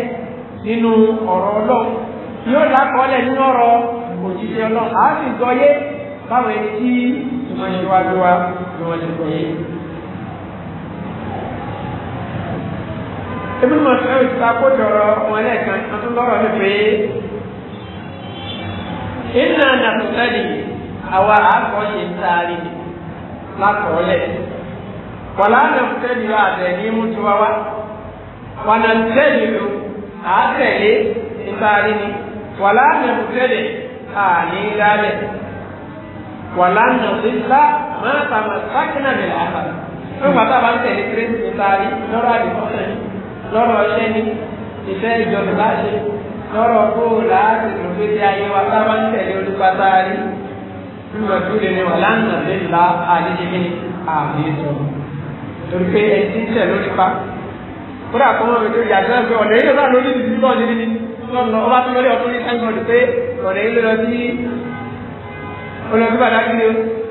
nínú ọ̀rọ̀ ọlọ́run yóò lákọọ́lẹ̀ nínú ọ̀rọ̀ òjíṣẹ́ ọlọ́run àá sì gbọ́ yé báwọn ẹni tí tí wọ́n ṣe wájú wa bí wọ́n ṣe pé. ebi mọ̀ sí ẹ̀rù títa kó jọrọ wọn lẹ́ẹ̀kan tuntun lọ́rọ̀ mi pé iná nàfẹ́lì àwa àkọ́ṣe sáré látọ̀ọ́lẹ̀ wàlá nàfẹ́lì wa àtẹ̀lé mú tiwa wá wà nàfẹ́lì lu àtẹ̀lé ìtàrí ni wàlá nàfẹ́lì àní lálẹ́ wàlá nà lílá máa tàmà sákìnà nílẹ̀ àbá fún bàtà bá ń tẹ̀lé kérésì tó taari lọ́rọ̀ àdìmọ́sẹ̀ ni lọ́rọ̀ ọṣẹ́ ni ìfẹ́ ìjọba láṣẹ lọ́rọ̀ kóòlà àti ìrògbèsè ayé wa tá a bá ń tẹ̀lé olùkọ́ taari ńlọdúnlé ni wàlá nà lílá àdéjẹ́gẹ́ àmì sọ torí pé ẹni tí ń tẹ̀ lórí pa kódà kó wọn lórí yàtọ̀ ẹgbẹ́ ọ̀dẹ̀ yìí lọ́dún lórí ìdílé ọ̀dẹ̀ yìí lọ́dún ọba olóògbé bàtà kí ni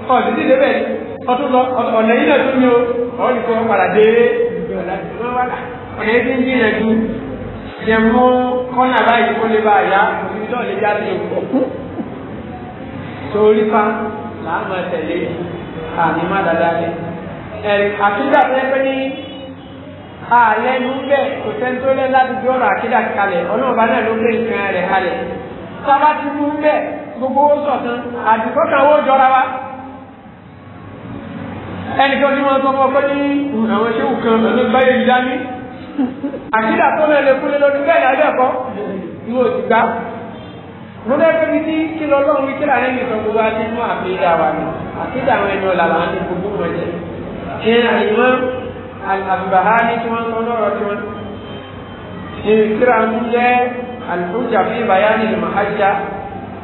o ọ̀sìn ti débẹ̀ ọtún lọ ọ̀nà yìí náà tún ní o ọ̀hún ni kò wọ́n padà dé ọ̀nà yìí ti ń jìnà ju jẹ̀mú kọ́nà báyìí kó lè bá a yá òbí náà lè já sí òkú torí pa làwọn ẹ̀tẹ̀lé àmì má dáadáa ní ẹ̀rì àkídà tó yẹ pé ní ààlẹ́ ló ń bẹ̀ kò sẹ́ni tó lẹ́ ládùúgbò ọ̀rọ̀ àkídà kalẹ̀ ọlọ́ọ̀bá náà ló gbé nǹkan rẹ̀ kalẹ̀ sábà ti mú bẹ́ẹ̀ gbogbo owó sọ̀tán àdìgbò kan owó jọra wa ẹnìkan ní wọn sọ fún ọkọ ní hmm, àwọn ṣéwù kan lọ́dún báyé ń dání àkídà tó náà lè kúlé lórí bẹ́ẹ̀ lábẹ́ ẹ̀kọ́ ìwọ ti gbá mo lẹ́gbẹ́ mi ní kí lọ lọ́run wí kíra ẹni sọ gbogbo àti mú àfihàn wa ni àkídà àwọn ẹni ọ̀la làwọn ti gbogbo wọn jẹ ṣe àyìnbó àbùbàhá ní tí wọ́n sọ lọ́rọ̀ tí wọ́n ṣe kíra ń jẹ́ àlùkò jàpé bàyá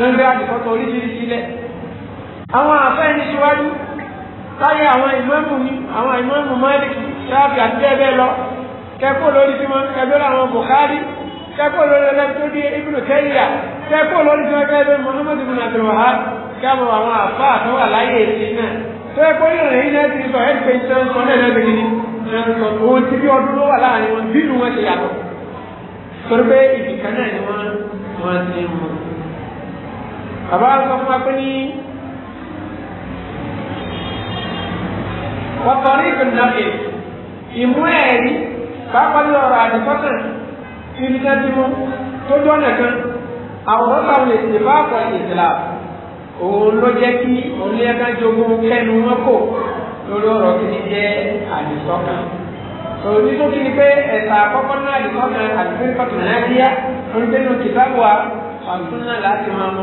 lórí àdìkọ́tọ̀ oríṣiríṣi lẹ̀. àwọn àfẹ́ni síwájú táyé àwọn ìmáàmù ni àwọn ìmáàmù Málíkì ṣáàbì àti bẹ́ẹ̀ bẹ́ẹ̀ lọ kẹ́kọ̀ọ́ lórí tí wọ́n kẹ́kọ̀ọ́ lórí àwọn Bukhari kẹ́kọ̀ọ́ lórí ẹlẹ́ni tó dé Ibn Taymiyya kẹ́kọ̀ọ́ lórí tí wọ́n kẹ́kọ̀ọ́ lórí Muhammad ibn Abdul Wahhab kẹ́mọ̀ àwọn àfa àtọ́wà láyé èsì náà tó yẹ kó yẹn rèé náà ti sọ ẹ́ pé ṣe ń sọ náà náà bẹ́ẹ̀ ni òun ti bí ọdún ló wà láàrin wọn bí inú wọn ṣe yàtọ̀ torí pé ìdìkan náà ni wọ́n ti ń mú àbá sọ fún wa pé ní wọ́n tọ́rí ìpínlẹ̀ ìmú ẹ̀rí pápá lọ́rọ̀ àdìsọ́nà ibi tẹ́ ti mú tó jọ́nà kan àwọn ọ̀sán lè ṣe bá pọ̀ ìsìlá òun ló jẹ́ kí òun lé ẹgbẹ́ jogún kẹ́nu wọn kò lórí ọ̀rọ̀ kìíní jẹ́ àdìsọ́kàn. òun ní tó kí ni pé ẹ̀sà àkọ́kọ́ náà àdìsọ́kàn àdìsọ́kàn náà yá onígbẹ́nu kìtàbù wa àdìsọ́kàn náà láti máa mú.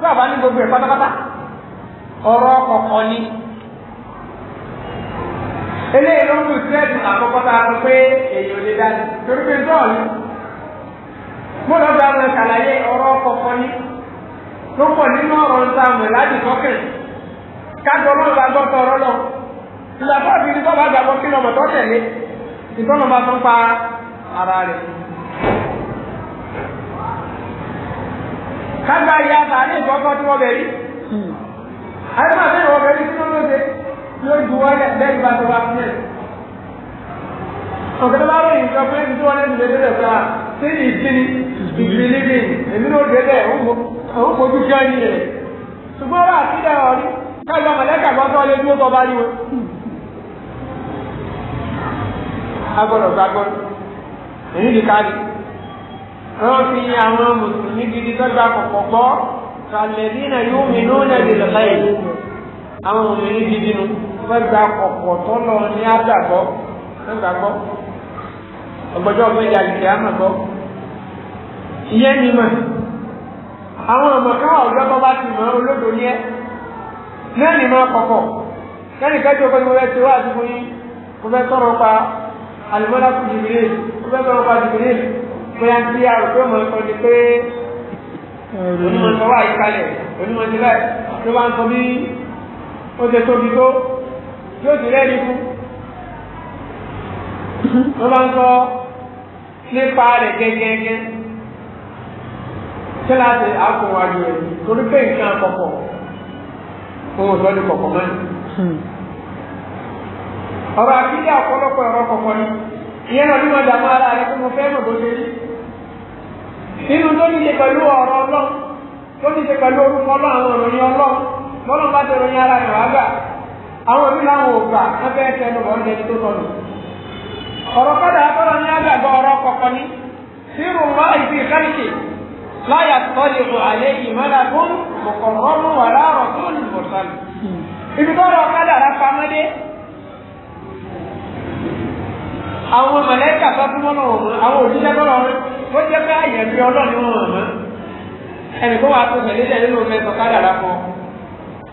tí a bá ní gbogbo ẹ̀ pátápátá ọ̀rọ̀ kọ̀ọ̀kan ni eléyìí ló ń kú sẹ́ẹ̀dì àkọ́kọ́ tá a sọ pé èèyàn lè dájú torí pé bọ́ọ̀lù mo lọ bá wọn ṣàlàyé ọ̀rọ̀ kọ̀ọ̀kan ni tó pọ̀ nínú ọ̀rọ̀ ń sàmù láti kọ́kẹ́ kájọ náà bá gbọ́ sọ̀rọ̀ lọ ìyàtọ̀ àti ìdíkọ́ bá gbàgbọ́ kí lọ́mọ tó tẹ̀lé ìtọ́nà bá tún pa ara rẹ̀ kágbá ya ta ní ìkọ́kọ́ tí wọ́n bẹ̀ rí. àyẹ̀wò àti ìwọ̀n bẹ̀ rí kí wọ́n lóde ló ju wọ́n lẹ́yìn bá tó wá fún ẹ̀. ọ̀gá bá ròyìn sọ pé ibi tí wọ́n lẹ́nu lébẹ́ rẹ̀ fún wa sí ìdíni ìbílíbì èmi ló dé bẹ́ẹ̀ òun fojú kí ọ́yìn rẹ̀. ṣùgbọ́n wà á kí lẹ́ ọ̀rí káàgbọ́n mọ̀lẹ́kà gbọ́dọ̀ lé dúró tó bá rí wọn. agbọ́dọ̀ èyí ni ká wọ́n fi àwọn mùsùlùmí gidi tọ́jú àkọ́kọ́ gbọ́ kàlẹ́bí náà yóò mi ní òun ẹ̀dẹ̀ lọ́la yìí àwọn mùsùlùmí gidi nu wọ́n gba àkọ́kọ́ tó lọ ní àdàgbọ́ wọ́n gbà gbọ́ ọgbọ́jọ́ ọgbẹ́ ìyá àlùkè àmọ̀ gbọ́ ìyẹn ni mà àwọn àmọ̀ká ọ̀dọ́ tó bá ti mọ̀ olódò ní ẹ náà ni máa kọ̀kọ̀ kẹ́ni kájú ọkọ̀ ni mo fẹ́ ti wá àdúgbò yín mo fẹ́ tọrọ pa àlùmọ́lá bóyá tí a rò pé ọmọ ẹ̀kọ́ ni pé onímọ̀ ìfọwọ́ àyíkalẹ̀ onímọ̀ ìfọwọ́ tó bá ń sọ bí ó ṣe tóbi tó yóò sì rẹ́ẹ̀rí fún wọ́n bá ń sọ nípa rẹ̀ gẹ́gẹ́gẹ́ ṣé láti àkùnwájú rẹ̀ torí pé nǹkan àkọ́kọ́ òun ò ni, ní kọ̀kọ̀ mọ́ni hmm. ọ̀rọ̀ àkíyà ọ̀pọ̀lọpọ̀ ẹ̀rọ kọ̀kọ̀ ni ìyẹn náà ní wọ́n dààmú ara rẹ̀ pé mo fẹ́ mọ̀ bó ṣe rí nínú tó ní ṣe pẹ̀lú ọ̀rọ̀ ọlọ́run tó ní ṣe pẹ̀lú orúkọ ọlọ́run àwọn ìròyìn ọlọ́run mọ́lọ́n bá ti ròyìn ara rẹ̀ wá gbà àwọn òbí làwọn ò gbà wọ́n fẹ́ tẹnu bọ̀ ọ́njẹ tó sọnù. ọ̀rọ̀ kọ́dà akọ́rọ̀ ní àgbàgbọ́ ọ̀rọ̀ kọ̀ọ̀kan ní sírù wá ìfi ìkárìkì láyà tọ́lẹ̀ kò àlẹ́ ìmọ̀lá fún mọ̀kànrọ́mù wà láàrọ̀ tó ní ó jẹ́ pé àyẹ̀ mi ọlọ́ọ̀ni wọn hàn mọ́ ẹnì kó wàá tó sẹ̀lé sẹ̀lé ló fẹ́ sọ kádà rà fún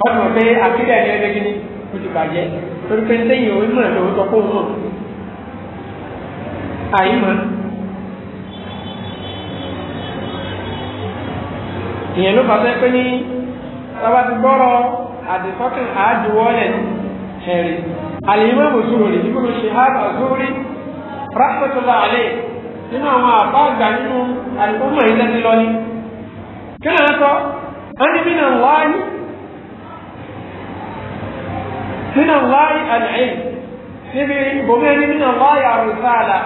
ọ ọdún pé àkílẹ̀ ni ẹgbẹ́ gidi ó ti bàjẹ́ torí pé sẹ́yìn òun mọ̀ lòun sọ fóun mọ̀ àyímọ̀ ìyẹn ló fà sẹ́ pé ní sábà ti gbọ́rọ̀ àdìsọ́kàn àádìwọ́lẹ̀ ẹ̀rí àlèyé mọ̀ mọ̀ sùúrù rẹ̀ nígbà tó ṣe hàbà sórí rákòtò láàlẹ́ nínú àwọn àbá àgbà nínú àdìgbòmọ̀ yìí lẹ́ni lọ ni kí ló ń sọ ẹnìmínà wáyé nínà wáyé àlẹ́ níbi ìbòmí ẹnìmínà wáyé àrùsáàlà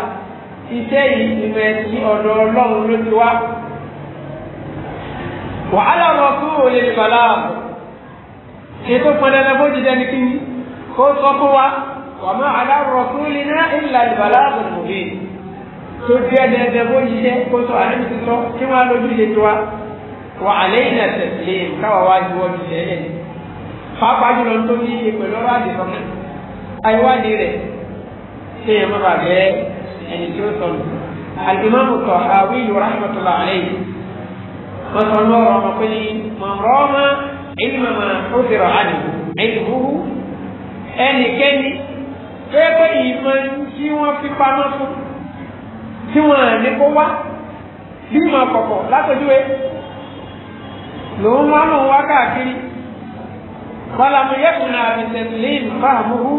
iṣẹ́ yìí ìmọ̀ ẹ̀sìn ọ̀dọ̀ ọlọ́run ló ti wá wàhálà wọn kú òye ìbàlá àbọ̀ ètò pẹlẹbẹ bó ti dẹni kíni kó sọ fún wa wàmọ́ àdá rọ̀ fún lina ìlà ìbàlá àbọ̀ nìyí tó jẹ́ dandan bó ṣiṣẹ́ kó sọ àlẹ́ ti sọ kí wọ́n á lójú ṣe tiwa wà àlẹ́ yìí náà tẹ̀lé káwa wá ju ọdún ṣe ẹ̀yẹ ni pàápàá jùlọ tó ní ìpèlú ọ̀rọ̀ àdìsọ mi àìwádìí rẹ̀ ṣe é mọ́ra bẹ́ ẹni tí ó sọnù alimami Tahawi rahmatullahi alayhi wọ́n sọ ní ọ̀rọ̀ ọmọ pé mọ̀rọ́mọ́ ìlúmọ̀mọ́ ó ti rọ̀ àdì ẹ̀dùnmúhù ẹnikẹ́ni pé pé ìmọ̀ tí wọ́n fi pamọ́ fún tí wọ́n ní kó wá bí mọ̀ kọ̀kọ̀ látọ̀júwe lòun wá mọ̀ wá káàkiri wàlámù yẹ́kùnà àbìsẹ̀lẹ́yìn fáàmùhù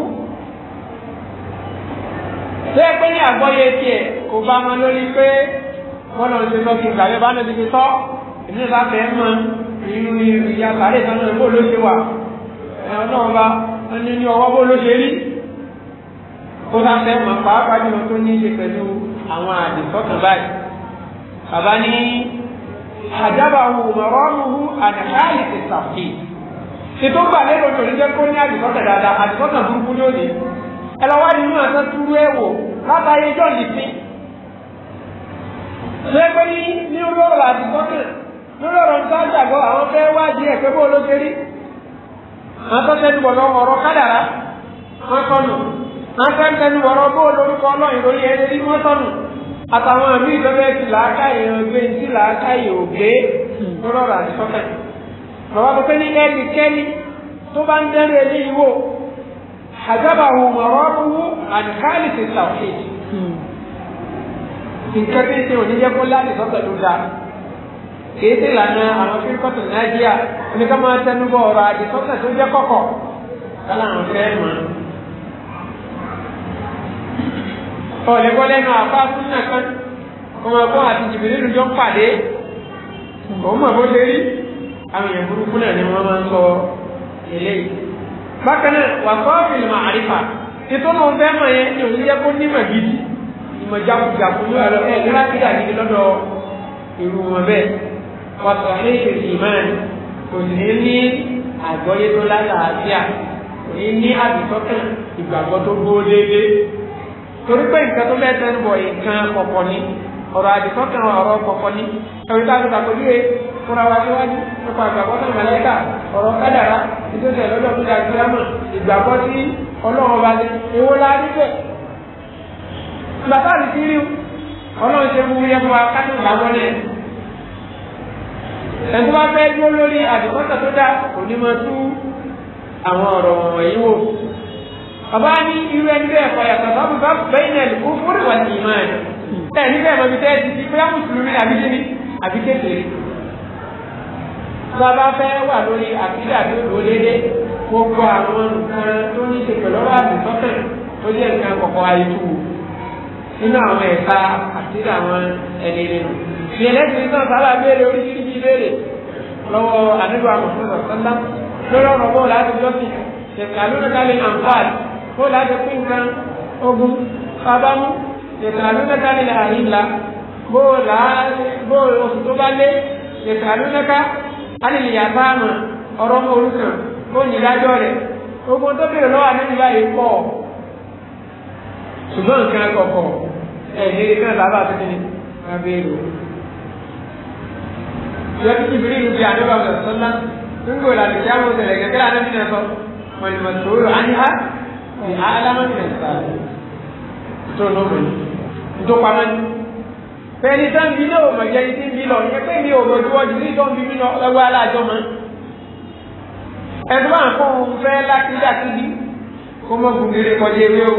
tó yẹ pé ní àgbọ́yé tiẹ̀ kò bá wọn lórí pé wọ́n lọ sí sọ́kì ìgbàlẹ́ bá lọ́ọ́ ti fi sọ́ ìdílé bá fẹ́ mọ ìlú ìyá sàárè sanu ẹ̀ bó ló ṣe wà ẹ̀rọ náà bá ẹni ní ọwọ́ bó ló ṣe rí kó sáfẹ́ mọ̀ pàápàá jùlọ tó ní í ṣe pẹ̀lú àwọn àdìsọ́kàn báyìí bàbá ní àjábàwò mọ̀rọ́mùhù àdàkáàlì ti sàfì ètò gbà lérò tòní jẹ́ kó ní àdìsọ́kàn dáadáa àdìsọ́kàn burúkú lónìí ẹ lọ wá nínú àtọ́ túrú ẹ̀ wò látàrí ẹjọ́ nìfín lẹ́gbẹ́ ní ní rọrọ̀ àdìsọ́kàn lórí ọ̀rọ̀ nípa àjàgbọ́ àwọn fẹ́ wádìí ẹ̀ pé bó ló ṣe rí wọ́n kọ́ wọ́n fẹ́ tẹnu ọ̀rọ̀ bó lórúkọ ọlọ́run lórí ẹni rí wọ́n sọnù àtàwọn àmì ìdọ́fẹ́ ti làákà èèyàn gbé ní ti làákà èèyàn gbé lọ́rọ̀ àdìsọ́kẹ̀. bàbá tó pé ní ẹnikẹ́ni tó bá ń dẹ́rù ẹni ìwò àjábà òun ọ̀rọ̀ ọ̀rọ̀ àdìkáàlì ti tàwọ̀kì. nǹkan tí ń ṣe òní jẹ́ kó ládìsọ́kẹ̀ ló dáa kìí sì lànà àwọn fíkọ́tù ọ̀lẹ́gbọ́ lẹ́nu àbá súnà kan ọmọ ẹ̀gbọ́n àti jìbìrìlù jọ ń pàdé òun mọ̀ bó ṣe rí àwọn èèyàn burúkú náà ni wọ́n máa ń sọ eléyìí. bákan náà wà kọ́ fìlìmọ̀ àrífà ìtọ́nà ọ̀fẹ́ mọ̀ yẹn ni òun yẹ kó nímọ̀ gidi ìmọ̀ jagunjagun ló ẹ̀rọ ẹ̀ gíráfíà gidi lọ́dọ̀ irú wọn bẹ́ẹ̀ wà sọ ní ìṣèṣì ìmáà kò ní ní àgbọ́yé tó lálàáfíà kò ní ní àbìsọ́kàn ìgbàgbọ́ tó gbó déédéé torí pé nǹkan tó bẹ́ẹ̀ tẹnu bọ̀ nǹkan kọ̀kọ̀ ni ọ̀rọ̀ àdìsọ́ kan ọ̀rọ̀ kọ̀kọ̀ ni ẹ̀rí tá a gbọ́dọ̀ àpèjú rẹ̀ fúnra wa níwájú nípa ìgbàgbọ́ náà mẹ́lẹ́kà ọ̀rọ̀ kádàrá ìgbésẹ̀ lọ́dọ̀ tó dà sí ẹ̀mọ̀ ìgbàgbọ́ sí ọlọ́run ọba ni èwo la rí bẹ́ẹ̀. bàtà rí sí ríu ọlọ́run ṣe mú yẹ fún wa kátó ìgbàgbọ́ ni ẹ̀. ẹ̀tú wa fẹ́ dúró lórí àdìsọ́tà tó dá òní máa tú àwọn ọ̀rọ̀ wọ̀nyí wò bàbá ní irú ẹni bẹ́ẹ̀ fọyà bàbá bàbá bẹ́yìn náà kó fúri wà ní ìmọ̀ ẹ̀ ẹ̀ ní bẹ́ẹ̀ mọ̀bí tẹ́ẹ̀ ti fi bóyá mùsùlùmí àbí kíni àbí kékeré bàbá fẹ́ wà lórí àkídà tó lò lédè gbogbo àwọn nǹkan tó ní ṣe pẹ̀lú ọ̀rọ̀ àdìsọ́kàn tó jẹ́ nǹkan kọ̀kọ́ ayé tó wù nínú àwọn ẹ̀ka àti àwọn ẹni nínú. ìyẹlẹ́sìn náà sábà béèrè oríṣiríṣi béèrè lọ́wọ́ àdúgbò àmọ̀fún ọ̀sán lórí ọ̀rọ̀ bọ́ọ̀lù àti jọ́sìn ṣèkà lórí kálí àǹfààní de na kó láti pín nǹkan ogun fábámú ìkàlù mẹ́ta nílẹ̀ àyíǹda bó oṣù tó bá lé ìkàlù mẹ́ta ánìlẹ̀ yàtọ̀ àmà ọ̀rọ̀ mọ́ olùkàn kó ní ìdájọ́ rẹ̀ ogun tó bèrè lọ́wọ́ àdéhùn báyìí pọ̀ ṣùgbọ́n nǹkan kọ̀ọ̀kọ̀ ẹ̀ ní ìdíkan bàbá àtúntì abéèrè yọtí jìbìrì ìlú bíi àdébàbà sọ́lá ń gbòòlà lè jáwọ́ tẹ̀lẹ̀ gẹ́gẹ́ àdébìnrin sọ mọ̀lùmọ̀tò àníhà ní alámọ̀tìmẹ̀ sáré tó ló mọ̀ ní tó pamọ́ ní. pẹ̀lú sáńbí náà ò mọ̀ jẹ́ ní síbi lọ yẹ pé mi ò mọ̀ ju ọjọ́ ní tó ń bí mi lọ lọ́wọ́ aláàjọ mọ́. ẹ̀dùn àpò òun fẹ́ lákìdàkìdì kó mọ̀ gùnlére kọjá ewé o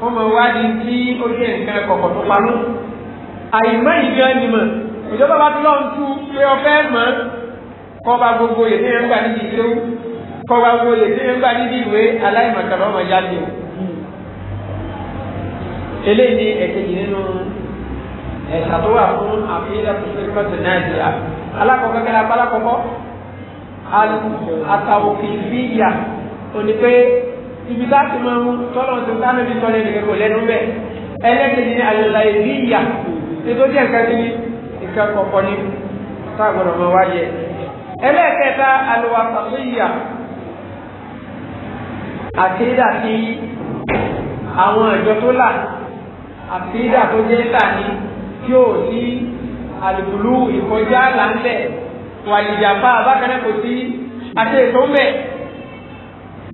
kó mọ̀ wádìí tí ó jẹ́ nǹkan kọ̀kọ̀ tó pamọ́. àyìnbá ìgbé ẹni mọ̀ ìjọba bá ti lọ́ọ́ tú pé ọ kọ́wa wo lè fi nígbà níbi ìwé aláìmọ̀kànlá ọmọ ya ni o eléyìí ni ẹ̀kejì nínú ẹ̀ka tó wà fún àfihàn pẹ̀lú nàìjíríà alákọ̀ọ́kọ́ kẹ́lẹ́ abálákọ̀ọ́kọ́ àtàwòkìlìyà òní pé ibi tá a ti máa mú tọ́lọ̀ tó dáná bí sọ́ni ẹ̀dẹ̀kẹ́ kò lẹ́nu bẹ́ẹ̀ ẹlẹ́kejì ni àlùlà ìlíyà ètò díẹ̀ nǹkan ti ní nǹkan kọ̀ọ̀kan ní táwọn ọmọ wáyé ẹlẹ́kẹta àlùwàsàlíyà àkídà tí àwọn ìjọ tó là àkídà tó jẹ́ sàní tí ò sí àlùbùlù ìkọjá làǹlẹ̀ wàlìjàpá abákaná kò sí àti ètò ń bẹ̀.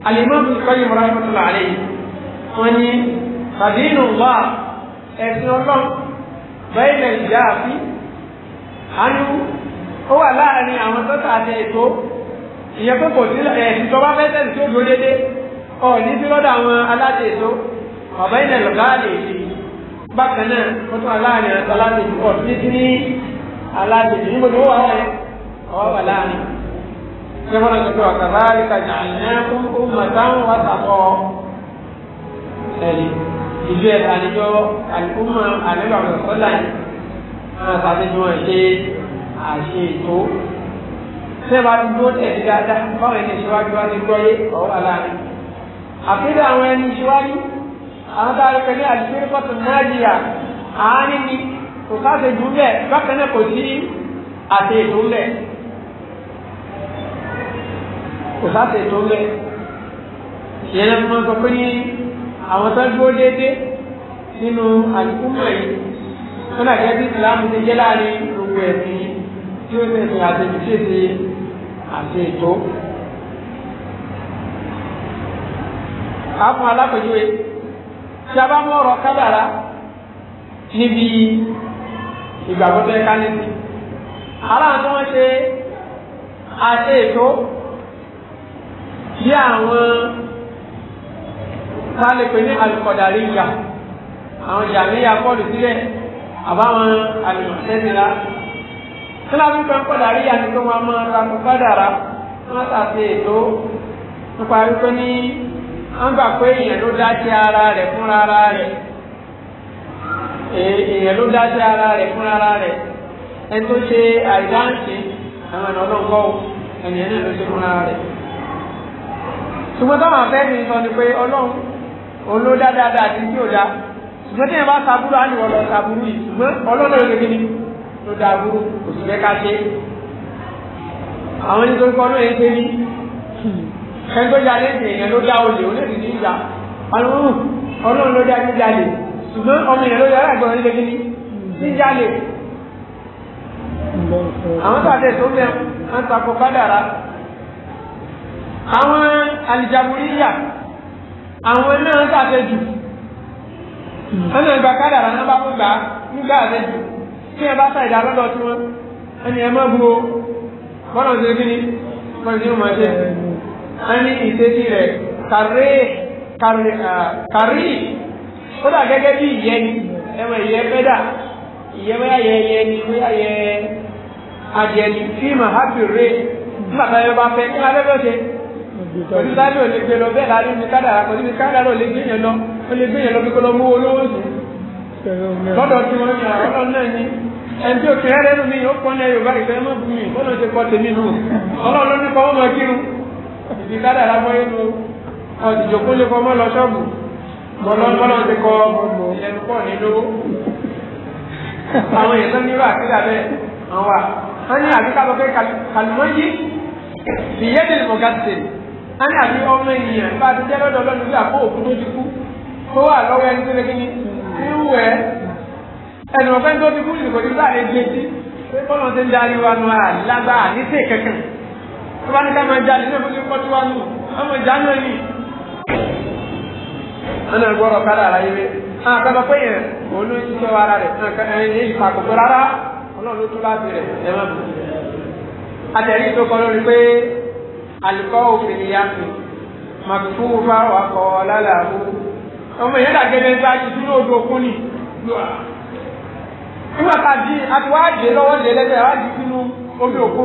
alimami kọ́yìn mọ́ra fún tùlọ̀ àlẹ́ yìí wọ́n ní sàdínù wà ẹ̀sìn ọlọ́run bẹ́ẹ̀ nà ìjà àfi àánú ó wà láàrin àwọn tọ́ta àti ètò ìyẹn pé kò sí ẹ̀sìn tó bá fẹ́ sẹ́ni tó dúró déédéé ọ ní sí lọ́dọ̀ àwọn aláṣẹ ètò ọ̀bẹ ilẹ̀ lọ́gáàlì èsì bákan náà ó tún aláàrin àti aláṣẹ ètò ọ̀ sí sí ní aláṣẹ níbo ni ó wà láàrin ọwọ́ wà láàrin. ṣé wọ́n lọ sọ pé ọ̀kàrà ìkàjà ẹ̀kún ọmọdáhùn wà sàkọ́ ẹ̀rí ìlú ẹ̀ àlejò àlùkùmọ̀ àlejò àwọn ọ̀sọ́là yìí wọ́n sàbẹ̀jú wọn ṣe àṣe ètò ṣé wàá dúró tẹ̀síwájú báwọn ẹni ṣíwájú wá ti gbọ́ yé ọ̀wọ́ aláàrin àpéjọ àwọn ẹni ìṣíwájú àwọn tá a rí pẹ̀lú àdìgbére pọ̀tù nàìjíríà àárín ni kò sáàtì jù ńlẹ̀ bákan náà kò sí àti ètò ńlẹ̀ kò sáàtì ètò ńlẹ̀ ìyẹn náà fún ọ sọ pé ní àwọn tó ń dúró déédéé nínú àdìgbòmọ̀ yìí wọn àgbẹ̀ bí ìsìlámù ti jẹ́ láàrin gbogbo ẹ̀sìn tí ó ń sẹ̀sìn àti ìṣèṣe àti ètò. a fún alápèjúwe tí a bá kádàrá níbi ìgbàgbọ́ tó yẹ wọ́n ṣe àṣẹ ètò tí àwọn sálẹ̀ ní alùpàdàrí àwọn jàmíyà bọ́ọ̀lù sílẹ̀ àbáwọn àlùmọ̀tẹ́nira síláàbí pé ń pàdàrí an gbà pé èèyàn ló dá sí ara rẹ̀ fúnra ara rẹ̀ èèyàn ló dá sí ara rẹ̀ fúnra ara rẹ̀ ẹ tó ṣe àìdáǹsì àwọn ẹ̀nà ọlọ́gbọ́ náà ló ṣe fúnra ara rẹ̀ ṣùgbọ́n táwọn afẹ́mi sọ ni pé ọlọ́run òun dáadáa àti tí ò dá ṣùgbọ́n tí yẹn bá saburú àníwọ̀ lọ saburú yìí ṣùgbọ́n ọlọ́run ló ló burú kò sì ẹni tó jalè ní èèyàn ló dá olè olè ní ọlọ́run ló ṣùgbọ́n ọmọ ló ní ní àwọn wọn àwọn àwọn jù náà bá fún gbà nígbà jù ẹ bá ìdá lọ́dọ̀ tí ẹni ẹ má bu o bọ́lá kí ni bọ́lá wọ́n ní ìṣesí rẹ̀ kàrí kàrí ó dà gẹ́gẹ́ bí ìyẹ́ ni ẹ̀wọ̀n ìyẹ́ fẹ́dà ìyẹ́ bóyá yẹ ẹyẹ ni bóyá yẹ adìẹ ni tí mà á fi rè nígbà tó yẹ bá fẹ́ kí wọ́n fẹ́ fẹ́ ṣe òtún sáré ò lè gbé lọ bẹ́ẹ̀ láti ní kádàrà kò níbi kádàrà ò lè gbé yẹn lọ ó lè gbé yẹn lọ bí kò lọ mú olówó sùn lọ́dọ̀ tí wọ́n yà ọ́ ni ẹ̀ńtí òkè rẹ̀ nù mí ó pọ́n lẹ́yìn Yorùbá ìfẹ́ mọ́ fún mi ìdí kádàrá bọ́ yín lu ọ̀dìjọ́kúnlé kọ́ mọ́ lọ ṣọ́ọ̀bù mọ́lọ́mọ́lọ́ ti kọ́ ìyẹn pọ̀ nínú àwọn èèyàn tó ní ìwà àti ìdàbẹ̀ àwọn wà wọ́n ní àbíká lọ pé kàlùmọ́ yí ìyẹ́dẹ̀ lè mọ̀gá tẹ̀ wọ́n ní àbí ọmọ ènìyàn bá ti jẹ́ lọ́dọ̀ lọ́dún bí àpò òkú tó ti kú tó wà lọ́wọ́ ẹni tó lé kíní níwú ẹ ẹnu ọ̀fẹ́ tó ti kú ìdìbò nígbà lè di etí pé bọ́lá ti ń darí wa nu àlágbá àníṣe kankan tó bá ní ká máa jalè náà fún kọ́tù wa nù ọmọ ìjà náà ni. ọ̀nà ìgbọ́rọ̀ kára àlàyé rẹ̀ àwọn akẹ́kọ̀ọ́ pé yẹn òun ló ń sọ ara rẹ̀ ẹ̀yìn ìfàkókò rárá ọlọ́run ló tún láti rẹ̀ ẹ̀ má bù. àtẹ̀rí tó kọ́ lórí pé àlùkò òfin ìyá mi màkùkù bá wà kọ́ lálàbù ọmọ ìyá dàgẹ́gẹ́ bá ti dúró odò òkú ni nígbà tá a di àti wá dé lọ́wọ́ dé lẹ́gbẹ̀ẹ́ wá di sínú omi òkú.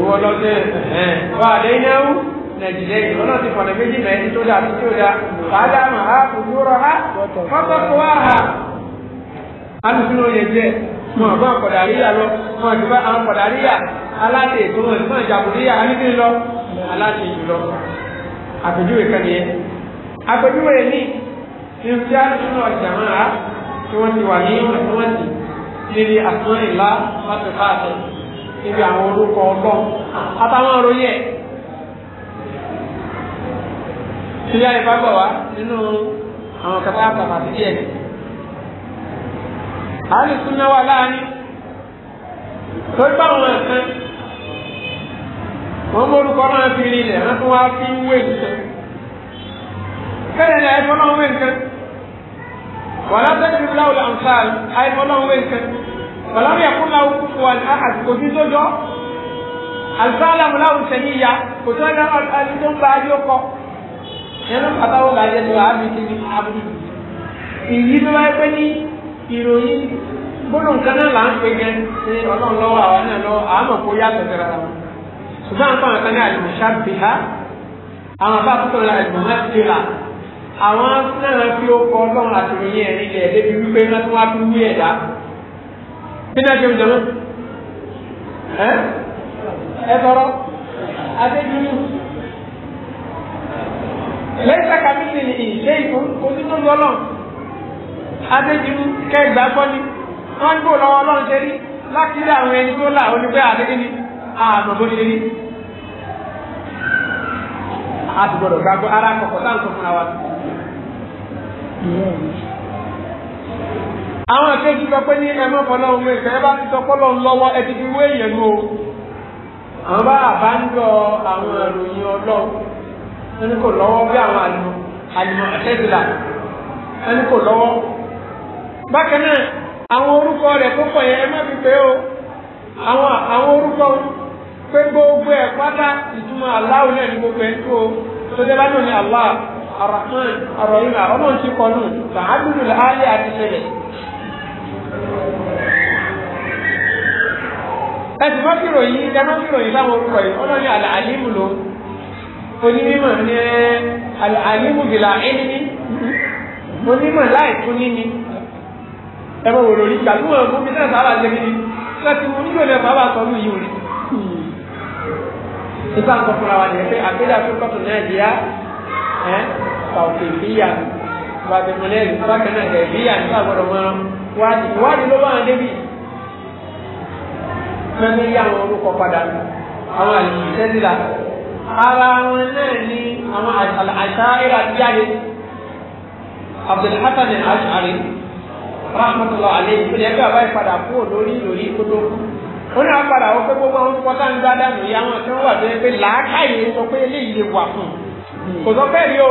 owó lọ́dẹ wà lẹ́yìnáwó nàìjíríà yìí lọ́nà ti fọ̀nà méjì náà ẹni tó dà àti tó dà fàádámà á òwúrọ̀ á fọ́tọ̀kọ̀ wá ha. alùpùpù ló yẹ jẹ mọ àbọ̀ àkọ̀dàríyà lọ mọ àdúgbò àwọn àkọ̀dàríyà aláṣẹ ètò wọn ìfọ̀n ìjàkùnríyà alíbi lọ aláṣẹ jùlọ àpèjúwe kan yẹn àpèjúwe ní ìfúyà nínú ọjà máa tí wọ́n ti wà ní ìwọ̀n tí wọ́n ti nílé àtúnrìnlá pátẹ́pátẹ́ níbi àwọn orúkọ ọgbọ́n àtàwọn òròyìn ẹ̀. Ṣílẹ̀ ìfagbọ̀ wá nínú àwọn kẹta àtàkàtì díẹ̀. Àálù súnmọ́ wà láàárín torí báwọn ẹ̀sán wọ́n mórúkọ náà fi rinlẹ̀ wọ́n tún wá fi ń wé nǹkan. Kẹ́lẹ́ ni àìfọ́nà wé nǹkan. Wàlá tẹ́tí láwùlà ń sáà àìfọ́nà wé nǹkan wàlámù ẹ̀kún náà kú fún wọn àsìkò tí tó jọ àlùfáàlámù láwùn sẹ́yìn ìyá kò tó ẹgbẹ́ ẹni tó ń gba ayé ọkọ nínú bàbá wo làjẹ tó àbí ti di aburú ìyí tó wáyé pé ní ìròyìn gbọ́dọ̀ nǹkan náà là ń pè yẹn ní ọlọ́run lọ́wọ́ àwọn náà lọ́wọ́ àmọ̀ kó yàtọ̀ síra wọn ṣùgbọ́n àwọn kan ní àlùmọ̀ṣá bì á àwọn bá tó tọ̀lá àlùmọ̀ṣá ti rà àwọn náà fi ó kọ ọlọ́run àtìrìyìn ẹ̀rí lẹ̀ débi wípé wọ́n tún wá fi wí ẹ̀dá kíni ẹ kéwìn jẹmọ ẹ ẹ sọ̀rọ̀ adéjúlù lẹ́yìn sáka mi ti ní ìṣe ìkó onítọ̀ lọ́lọ́ adéjúlù kẹgbà gbọ́ni wọ́n ń gbò lọ́wọ́ ọlọ́run ṣe rí lákìlí àwọn ẹni tó là ó ní pé àdéjì ni àmọ̀ bó ṣe rí a ti gbọdọ̀ gbàgbọ́ ara kọ̀kọ̀ táwọn sọ fún wa. àwọn àkejì sọ pé ní ẹmọ fọlọ ohun ẹsẹ ẹ bá ti sọ pọlọ ń ẹ ti fi wé nu o àwọn bá àbá ń lọ àwọn àròyìn Ọlọ́run ẹni kò lọ́wọ́ bí àwọn àlùmọ àlùmọ àtẹsílà ẹni kò lọ́wọ́ bákan náà àwọn orúkọ rẹ̀ tó pọ̀ o àwọn àwọn orúkọ gbogbo ẹ̀ pátá ìtumọ̀ aláwo náà ní gbogbo ẹ̀ o tó dé bá lónìí nù ẹsùn má fi ròyìn ẹ má fi ròyìn láwọn orúkọ yìí ọlọ́ni àlàálímù ló onímọ̀ ní àlàálímù bìlà ẹni onímọ̀ láì tún níní ẹ bá wòlò rí gbàgbọ́ wọn fún mi náà sábà ṣe kí ni láti mú nílò lẹ́fọ̀ àbá sọ mí yìí rí. ìgbà ń kọ́ fúnra wa ní ẹgbẹ́ àgbélé àfikọ́tù nàìjíríà ẹ̀ kà òkè fìyà mi bàtẹ̀mọ̀lẹ́rì bákan náà ẹ̀bí àti àgbọ̀dọ̀ wọn wádìí ìwádìí ló bá wọn débi fẹ́mi yí àwọn orúkọ padà àwọn àlùfẹ́sílà ara wọn náà ní àwọn àṣàìrà jáde Abdulhasan al-Ash'ari rahmatullahi alayhi tó lè gbé àbáyé padà kúrò lórí ìròyìn tó tó kú wọn náà padà wọ pé gbogbo àwọn pọtà ń dáadáa nù yá wọn kan wà tó yẹ pé làákàyè sọ pé eléyìí lè wà fún kò sọ bẹ́ẹ̀ rí o.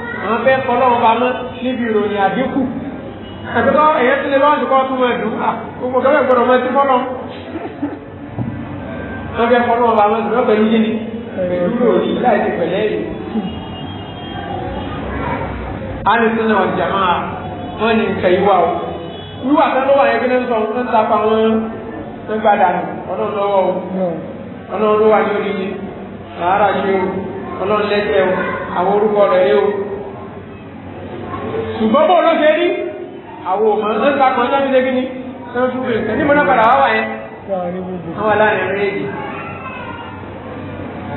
àwọn fẹ́ kọ́ lọ́wọ́ pamọ́ níbi ìròyìn àdínkù àtúkọ́ èyẹ tí lè lọ́wọ́ àtúkọ́ tó máa dùn gbogbo kẹ́lẹ́ gbọ́dọ̀ máa ti fọ́lọ́ wọ́n fẹ́ kọ́ lọ́wọ́ pamọ́ ṣùgbọ́n pẹ̀lú yé ni pẹ̀lú ìròyìn láì ti pẹ̀lẹ́ yìí. alẹ́sìn náà jàmá wọ́n ní nǹkan ìwà o wíwà kan ló wà yẹn kíni sọ ń tapa wọn ń gbàdà ọlọ́run lọ́wọ́ o ọlọ́run ló wà lórí yìí ṣùgbọ́n bó ló ṣe rí àwọn òmò ń ta kan jáde lẹ́gbẹ́ ní ẹnu tó bẹ̀rẹ̀ tẹ̀lé mọ́nà padà wá wà yẹn wọ́n wà láàrin ẹ̀rọ èyí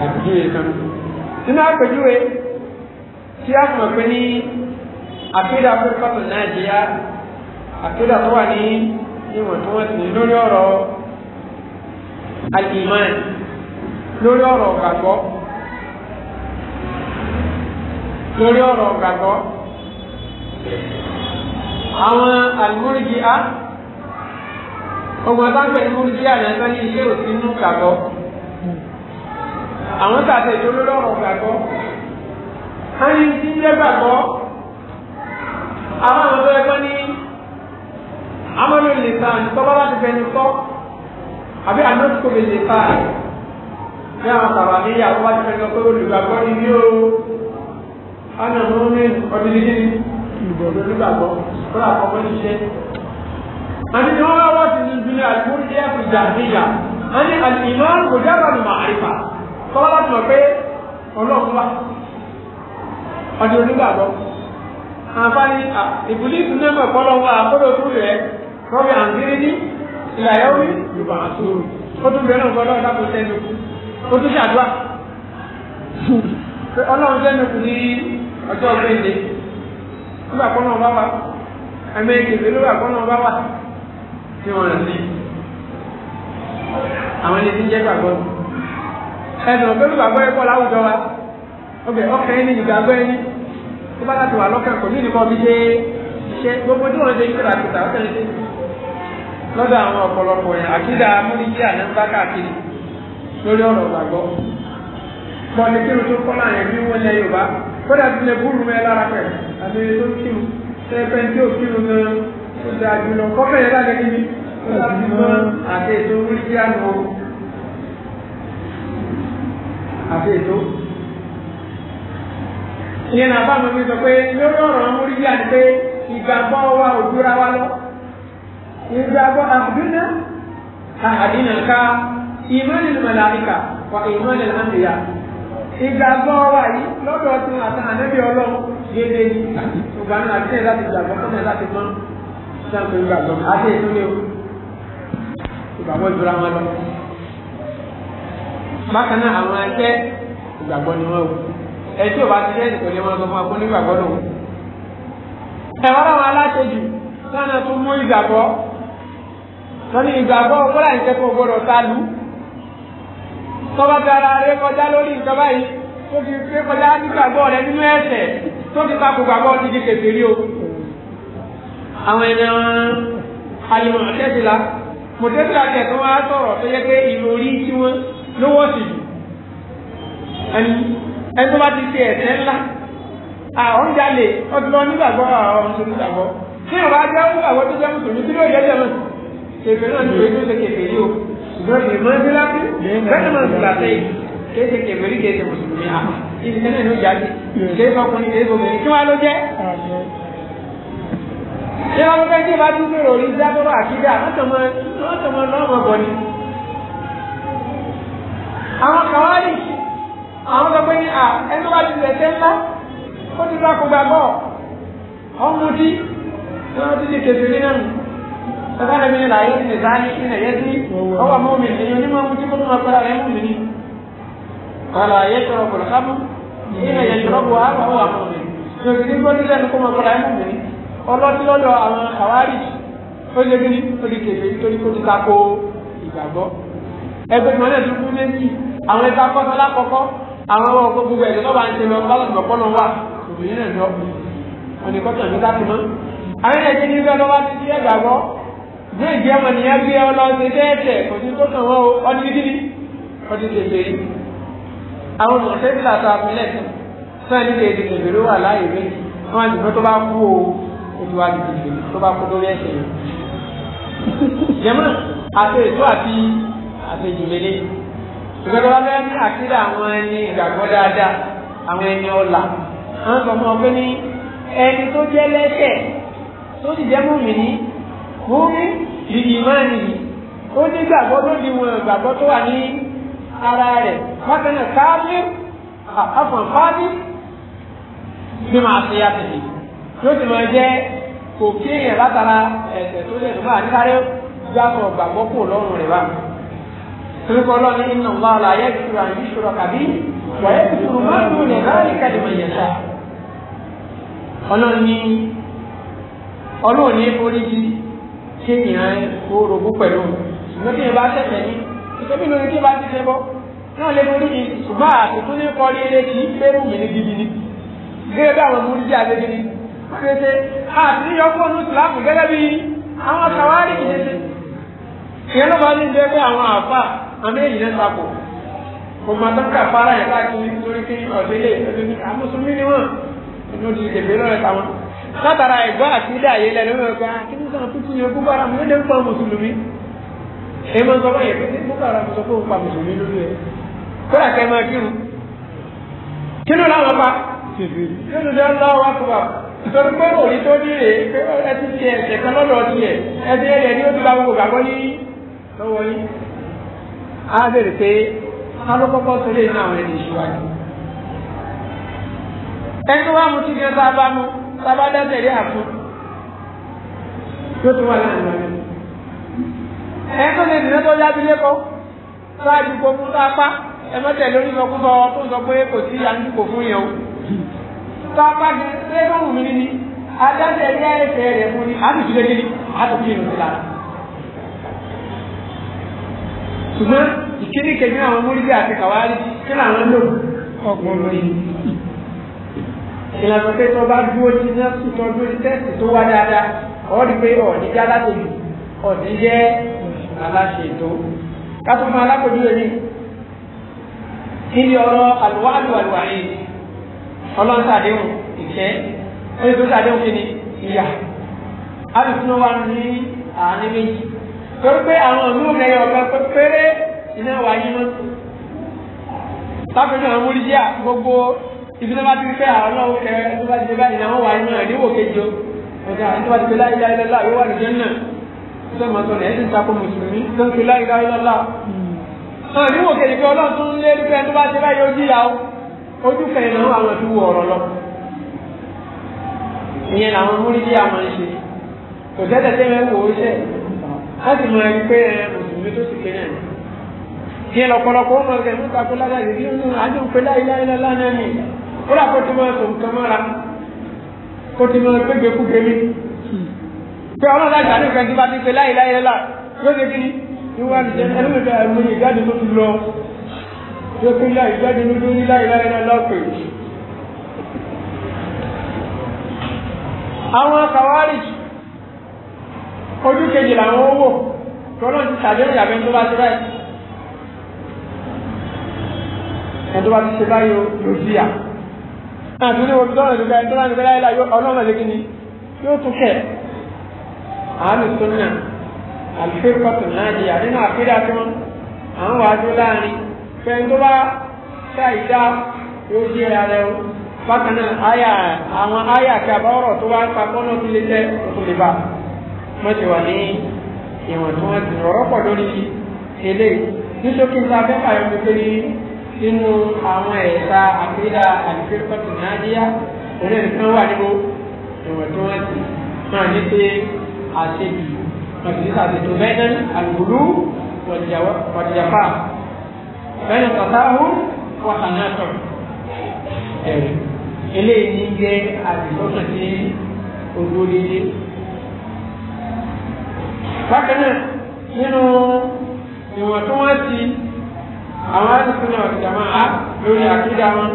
àpèjúwe kan nínú àpèjúwe tí a mọ̀ pé ní àkéde afẹ́fẹ́ nàìjíríà àkéde tó wà ní ìwọ̀ntúnwọ̀nsì lórí ọ̀rọ̀ alìmán lórí ọ̀rọ̀ gbàgbọ́ lórí ọ̀rọ̀ gbàgbọ́. àwọn àlùmọ́rìjì a ọgbọ̀n táǹpẹ̀ ní múrìjì àyẹ̀ntán ní iṣẹ́ òsín nù àwọn tàtẹ̀ tó ló lọ́rọ̀ tí ń jẹ́ gbàgbọ́ àwọn àwọn tó ẹgbẹ́ ní amadu lè ta àtúntọ́ láti fẹ́ ní sọ́ àbí lè lè ní àwọn sàrà ní olùgbàgbọ́ kọ́lá àkọ́kọ́ ní iṣẹ́. àti tí wọ́n bá wá sí ní kò kọ́lá láti mọ̀ pé ọlọ́run wá ọdún àǹfààní ìbùlí mọ̀ kọ́lọ́ wa rẹ̀ rọ́bì ní yorùbá àtúrò ó tún bẹ̀rẹ̀ dákun sẹ́nu ó tún ṣàdúrà ọlọ́run sẹ́nu kù ní ọjọ́ nígbà kan náà bá wà ẹ̀mí ìgbésẹ̀ nígbà kan náà bá wà tí wọ́n rẹ̀ sí àwọn ẹni tí ń jẹ́ gbàgbọ́ ẹnu ọ̀gbẹ́ ló gbàgbọ́ ẹ̀kọ́ láwùjọ wa ọbẹ̀ ọkẹ́ ẹni ìgbàgbọ́ ẹni tó bá láti wà lọ́kàn kò ní ìdíkọ́ bí ṣe ṣe gbogbo tí wọ́n ṣe yíṣẹ́ làkùtà ó tẹ̀lé lọ́dọ̀ àwọn ọ̀pọ̀lọpọ̀ yẹn àkídà amúnijíà ní bá káàkiri lórí ọ̀rọ̀ gbàgbọ́ bọ́ọ̀lù kí n tó kọ́ láàyè bí wọ́n lẹ Yorùbá kódà ti lè búrú mẹ́ lára pẹ̀lú àbí tó kírun sẹ́pẹ́ tí ò kírun gan ó da jùlọ kọ́fẹ́ yẹn láti kí ni ó láti mọ àti ètò orí kí á nù àti ètò. ìyẹn náà bá mi sọ pé lórí ọ̀rọ̀ orí yà ni pé ìgbàgbọ́ wa ò dúra wa lọ ìgbàgbọ́ àdúnà àdínà ìmọ̀lẹ́lẹ́mọ̀lẹ́ àríkà wà ìmọ̀lẹ́lẹ́mọ̀lẹ́ àríkà ìgbàgbọ́ wa yìí lọ́dọ̀ tún àtàn ànẹ́bí ọlọ́run yéde ni ìgbà náà àti ẹ̀ láti gbàgbọ́ tó náà láti mọ́ sáǹpé ìgbàgbọ́ àti ètò ní o ìgbàgbọ́ ìdúrà wọn lọ. bákan náà àwọn ẹgbẹ́ ìgbàgbọ́ ni wọ́n o ẹ tí o bá ti dé ẹ̀sìn kò ní wọn sọ fún akó nígbàgbọ́ lòun. ẹ wọ́n láwọn aláṣejù sáà náà tún mú ìgbàgbọ́ sọ ní ìgbàgbọ́ kó láì jẹ́ kó gbọ́dọ̀ sálú tọ́ba tara rẹ kọjá lórí nǹkan báyìí tó fi ré kọjá nígbàgbọ́ rẹ nínú ẹ̀ṣẹ̀ tó fi ta kò gbàgbọ́ ti di kèfèrí o. àwọn ẹni wọn alimọ àtẹsíla mọtẹsíla tẹ tó wá sọ̀rọ̀ tó yẹ pé ìlú orí tí wọn lówó sì jù ẹni ẹni tó bá ti ṣe ẹ̀ṣẹ̀ ńlá àwọn jalè ọtí lọ nígbàgbọ́ àwọn ọmọ nígbàgbọ́ tí ìwà jẹ́ àwọn tó jẹ́ mùsùlùmí tí yóò yẹ jẹ́ mọ̀ kèfèrí náà ti ṣùgbọ́n ìmọ̀lẹ́bílá tí bẹ́ẹ̀ máa ń gbà sẹ́yìn kéde kèmẹ́rì kéde mùsùlùmí àmọ́ ìdílé náà ló jáde kéde ọkùnrin kéde obìnrin kí wọ́n á ló jẹ́. ṣé wọ́n fẹ́ tí ìbá tún bèrè orí ìjà tọrọ àkídà lọ́tọ̀mọ lọ́mọ bọ̀ ni. àwọn kàwárì àwọn sọ pé ní à ẹni wá ti tẹ̀tẹ̀ ńlá ó ti lọ́kùnrin gbàgbọ́ ọmọdé wọ́n ti di kèfèrè náà sọ́kàdé mi nà yóò ní sáyé ní nà yẹ́sí ọwọ́ mọ́ mi nìyí onímọ̀ mú tí kò tó lọ́kọ́ rẹ̀ mú mi ní. ọ̀là yẹ tọrọ kò lọ́kọ́ mú ìnà yẹ tọrọ kò wá wà wà mọ́ mi. yòókì ní gbọ́dí lẹ́nu kó mọ̀ kọ́ rẹ̀ mú mi ní. ọlọ́tí lọ́dọ̀ àwọn àwárí ó lé bí ó lè kéde nítorí kó ti ta ko ìgbàgbọ́. ẹgbẹ́ mi wọlé dúkú méjì àwọn ẹgbẹ́ akọ́tọ́ lákọ́kọ́ àwọn ọmọ ọkọ gbogbo ẹ̀dẹ̀ lọ́ba ń ṣe lọ bá lọ́sọ̀rọ̀ pọ́nà wà òbí yẹn lọ òní kọ́tọ̀ ní ká ti mọ́. àwọn ẹ̀jẹ̀ ní bẹ́ẹ̀ lọ́wọ́ ti di ẹgbàgbọ́ ní ìdí ọmọ nìyẹn gbé ọ lọ sí dẹ́ẹ̀tẹ̀ kò sí tó kàn wọ́n o ọdún gidi ọdún tètè yìí àwọn mọ̀tẹ́bílà tó apilẹ̀ tó sẹ́ni lè di tèbèrè wà láàyè méjì wọ́n á dìbò tó bá kú o ojú wa di tèbèrè tó bá kú lórí ẹ̀sẹ̀ yìí. jẹ́mọ́ àti ètò àti àtẹ̀jùmẹ́lẹ́ ìgbẹ́dọ̀ wa bẹ́ẹ̀ ní àkídà àwọn ẹni ìgbàgbọ́ dáadáa àwọn ẹni ọ̀la wọ́n sọ fún ọ pé ní ẹni tó jẹ́ lẹ́sẹ̀ tó sì jẹ́ mọ̀mí ní múmi ìdí ìmánì ó ní gbàgbọ́ ló di wọn gbàgbọ́ tó wà ní ara rẹ̀ bákan bí máa ṣe ya yóò ti máa jẹ́ kò kí èèyàn látara ẹ̀sẹ̀ tó lè gbàgbọ́ gbàgbọ́ kò lọ́rùn rẹ̀ Tolukọ lọ ní iná wà kàbí dùn kàdé sá. Ọlọ́run ní ọlọ́run kéèyàn ó rogún pẹ̀lú ṣùgbọ́n kéèyàn bá ṣẹ̀ṣẹ̀ ní ìtọ́bí lórí kí bá ti ṣe bọ́ náà lè borí ni ṣùgbọ́n àtúntò ní kọ́rí eré kì í pẹ́rù mi ní gidi ni gẹ́gẹ́ bí àwọn múrí jẹ́ àgbègbè ni wọ́n ti ṣe àti níyọ fóònù ìsìláàmù gẹ́gẹ́ bí àwọn kàwárí kì í ṣe ìyẹn ló máa ń jẹ́ pé àwọn àfà àmì èyí náà takò kò máa tó fara yẹn láti lórí kí ọ̀dẹ́lẹ̀ látara ẹ̀gbọ́n àkídà yìí lẹ́nu mẹ́rin pé akíní ah, sọ̀rọ̀ tó tún yẹ boko haram ló dé ń pa mùsùlùmí èmi sọ fún yẹn pé boko haram sọ pé ó pa mùsùlùmí lórí ẹ kódà kẹ́ máa kírun kínú làwọn pa kínú jẹ́ lọ́wọ́ àkùbà torí pé òní tó ní rè é ti ti ẹ̀sẹ̀ kan lọ́dọ̀ ti ẹ̀ ẹ̀sẹ̀ ẹ̀rẹ̀ ni ó ti ba gbogbo gbàgbọ́ ní lọ́wọ́ yìí á bèrè pé alókọ́kọ́ sọ lè ní àwọn ẹni ìṣíwájú ẹni tó wá mu ti gẹ́gẹ́ bá mú. sábà dáṣẹ̀rí àfún tó tún wà láàrin ọ̀rẹ́ lè tó kò fún sápá tó sọ pé sí àdúgbò fún yẹn o sápá gẹ wù mí ni rẹ̀ fún ni ṣùgbọ́n àwọn ìlànà pé tó bá dúró ní nọ́ọ̀sì tó dúró ní tẹ́sì tó wá dáadáa ọ̀ rí pé ọ̀ní jẹ́ alátòjù ọ̀ní jẹ́ aláṣetò kátó fún alákòjú ẹni níbi ọ̀rọ̀ àlùwádù àlùwárí ọlọ́sàdéhùn ìfẹ́ oye tó sàdéhùn kí ni ìyà alùpùpù wa ní àárín méjì torí pé àwọn ìlú rẹ̀ ọ̀gá péré iná wà yín mọ́ tábìlì àwọn múlíjà gbogbo ibi tó bá ti fẹ́ àwọn ọlọ́wọ́ kẹ ẹ tó bá ti fẹ́ báyìí náà wà nínú ẹ̀ níwò kejì o ọ̀gá ẹ tó bá ti fẹ́ láyé láyé lọ́la yóò wà ní jẹ́nà tó máa sọ̀rọ̀ ẹ ti takò mùsùlùmí tó ń fẹ́ láyé láyé lọ́la. ọ̀n níwò kejì pé ọlọ́run tó ń lé pé tó bá ti fẹ́ yóò jìyà o ojú fẹ̀ náà àwọn tó wù ọ̀rọ̀ lọ. ìyẹn làwọn múrí bí àwọn ń ṣe kò tẹ́tẹ̀ tẹ́ mẹ́ wò ó ṣe láti mọ ẹni pé mùsùlùmí ó rà kó ti máa tó nǹkan mọ́ra kó ti máa gbégbé kú gbémi pé ọlọ́dà ìgbà ní ìfẹ́ntì bá ti pé láyé láyé lá yóò ṣe kí ni ìwà nìjẹ́ ẹlòmíkà ẹ̀mí ìjáde tó ti lọ do pín láyé ìjáde lójú ní láyé láyé náà lọ́pẹ̀. àwọn kàwárì ojú kejì làwọn owó tọ́lọ́ ti tàbí ìyàbẹ̀ do bá ti báyìí ẹ̀dọ́ bá ti ṣe báyìí lòdì à àtúndì wo bí tọ́lá nígbà tọ́lá nígbà láyé láyé ọlọ́run lè kí ni yóò tún kẹ̀ àánú sunna àlùfẹ́ pọ̀tù náà di àdínà àfẹ́dá tí wọ́n àwọn wàá dúró láàrin fẹ́ẹ́ tó bá ṣàyídá yóò jẹ́ ara ẹ̀ bákan náà àyà àwọn àyà kí àbáwọ̀rọ̀ tó wá ń pa pọ́nà tó lè tẹ́ tó lè bá wọ́n ti wà ní ìwọ̀n tí wọ́n ti rọ̀rọ̀ pọ̀ lórí eléyìí ní ṣókí ńlá fẹ́ nínú àwọn ẹ̀ka àfihàn àdìsẹ́kọ̀tì nàdíyà onírìn kan wà níbo ìwọ̀ntúnwọ̀nsì náà ní pé àṣejù màtìlísà àtètò bẹ́ẹ̀ àlùbùrú wọ̀dìjàpá bẹ́ẹ̀ tọ́táhù wàhánátọ̀ eléyìí ní jẹ́ àdìsọ́kàn tí ojú líle. bákan náà nínú ìwọ̀ntúnwọ̀nsì àwọn alùpùpù ọ̀dàmà á lórí àkídà wọn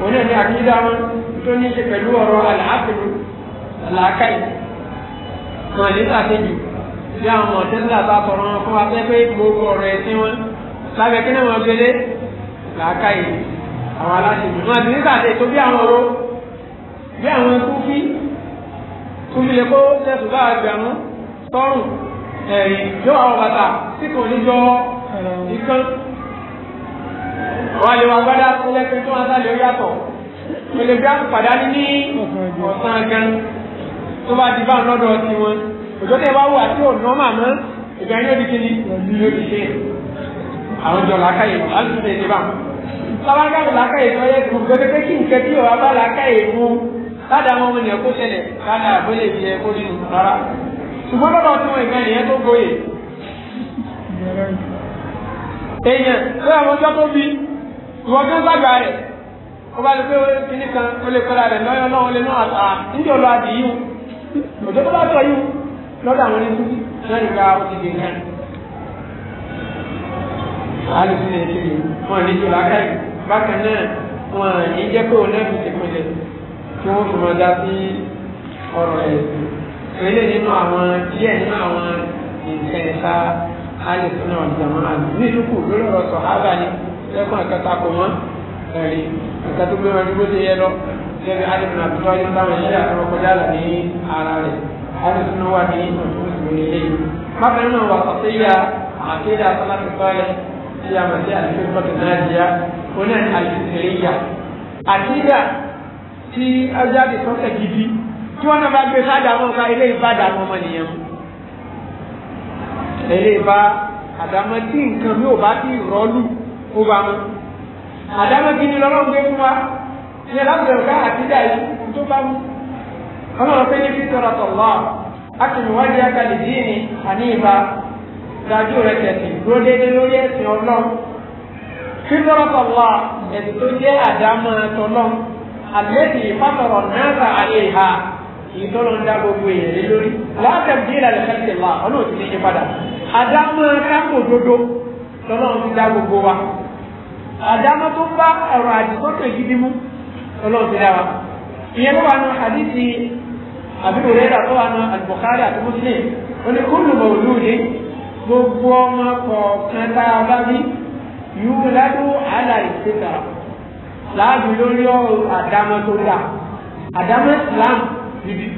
òun ní àkídà wọn tó ní ṣe pẹ̀lú ọ̀rọ̀ àlàáfíìlú làákàyè wọn ní sàkéjì bí àwọn mọ̀tẹ́lá bá sọ̀rọ̀ wọn fún wa pé pé gbogbo ọ̀rọ̀ ẹ̀sìn wọn lábẹ́ kí náà wọn gbélé làákàyè àwọn aláṣẹjù wọn àti nígbà tẹ tó bí àwọn oró bí àwọn kúfí kúfí lè kó tẹ̀sùn bá àgbẹ̀rún tọ́rùn ẹ̀yìn yóò àwọn bàtà tí kò ní jọ ìkan àwọn àlewà gbádá tó lẹ́sìn tó wọn sáré yàtọ̀ pèlè bí àtùpàdá ní ní ọ̀sán gan tó bá di bá lọ́dọ̀ ti wọn òjò tẹ wá wù àti ònà màmá ìgbà yóò di kiri yóò di ṣe àwọn jọ làákàyè lọ láti ṣe ìdíbà sábàgàbù làákàyè tó yẹ kó gbẹgbẹ pé kí nǹkan tí ò wá bá làákàyè mú láti àwọn ọmọ ènìyàn kó tẹlẹ káàdà àbẹlẹ ìdí ẹ kó nínú rárá ṣùgbọ́n lọ́dọ̀ tí wọn ìgbà èèyàn pé àwọn ọjọ́ tó bí ìwọ́n tó sàgbà rẹ̀ ó bá lè pé kíní kan ó lè kọ́ra rẹ̀ lọ́yọ́ náà ó lè náà à níbi ọ̀lọ́ àdì yìí òjò tó bá tọ̀ yìí lọ́dọ̀ àwọn ẹni tó náà nígbà òkèdè náà. àlùsí lè ṣe yìí wọn ní ìjọba káyì bákan náà wọn ní jẹ́ pé òun náà fi ṣe pínlẹ̀ tí wọ́n fi máa dá sí ọ̀rọ̀ ẹ̀sìn. eléyìí nínú àwọn alẹ́ sọ́nà ọ̀jàmọ́ àná ní ìlúkù lórí ọ̀rọ̀ sọ̀ ábà ni lẹ́kùn àkàtà kò wọ́n ẹ̀rí nǹkan tó gbé wọn dúró ṣe yẹ lọ lẹ́bi alẹ́ sọ́nà àbúrò ayé táwọn ẹ̀yẹ àtọwọ́ kọjá là ní ara rẹ̀ alẹ́ sọ́nà wà ní ọ̀tún tí ajáde sọ́kẹ̀ gidi tí wọ́n náà bá gbé sáàdà wọn ká ilé ìbàdàn ọmọ nìyẹn mú ẹlẹ́ẹ̀bá àdámọ́ tí nǹkan mi ò bá ti rọ́ọ̀lù ó bá mú àdámọ́ kí ni lọ́lọ́run gbé fún wa ní alábẹ̀rẹ̀ ká àtijọ́ ìlú tó bá mú ọlọ́run pé ní fífọ́ra tọ̀lọ́ akínúwájú akalẹ̀ díì ni àníyìnbá dájú rẹ̀ tẹ̀sí dúró déédéé lórí ẹ̀sìn ọlọ́run fífọ́ra tọ̀lọ́ ẹ̀sìn tó jẹ́ àdámọ́ tọ̀lọ́run àlẹ́ ìtọ́lọ̀ ń dá gbogbo èèyàn lé lórí látẹ̀bí ìlànà fẹ́ǹtì wa ọlọ́run ti ní ṣe padà àdámọ́ kápò dodo tọ́lọ́run ti dá gbogbo wa àdámọ́ tó bá ọ̀rọ̀ àdìsọ́kè gidi mú ọlọ́run ti dá wa ìyẹn ló wà nù àdìsí àbíkò rẹ́dà tó wà nù àlùbọ̀kárì àti mùsùlùmí ó ní kúlù mọ̀lúùdì gbogbo ọmọ kọ̀ọ̀kan tá bá bí yúú ládùú àlàyé ṣèkà láàbù níbí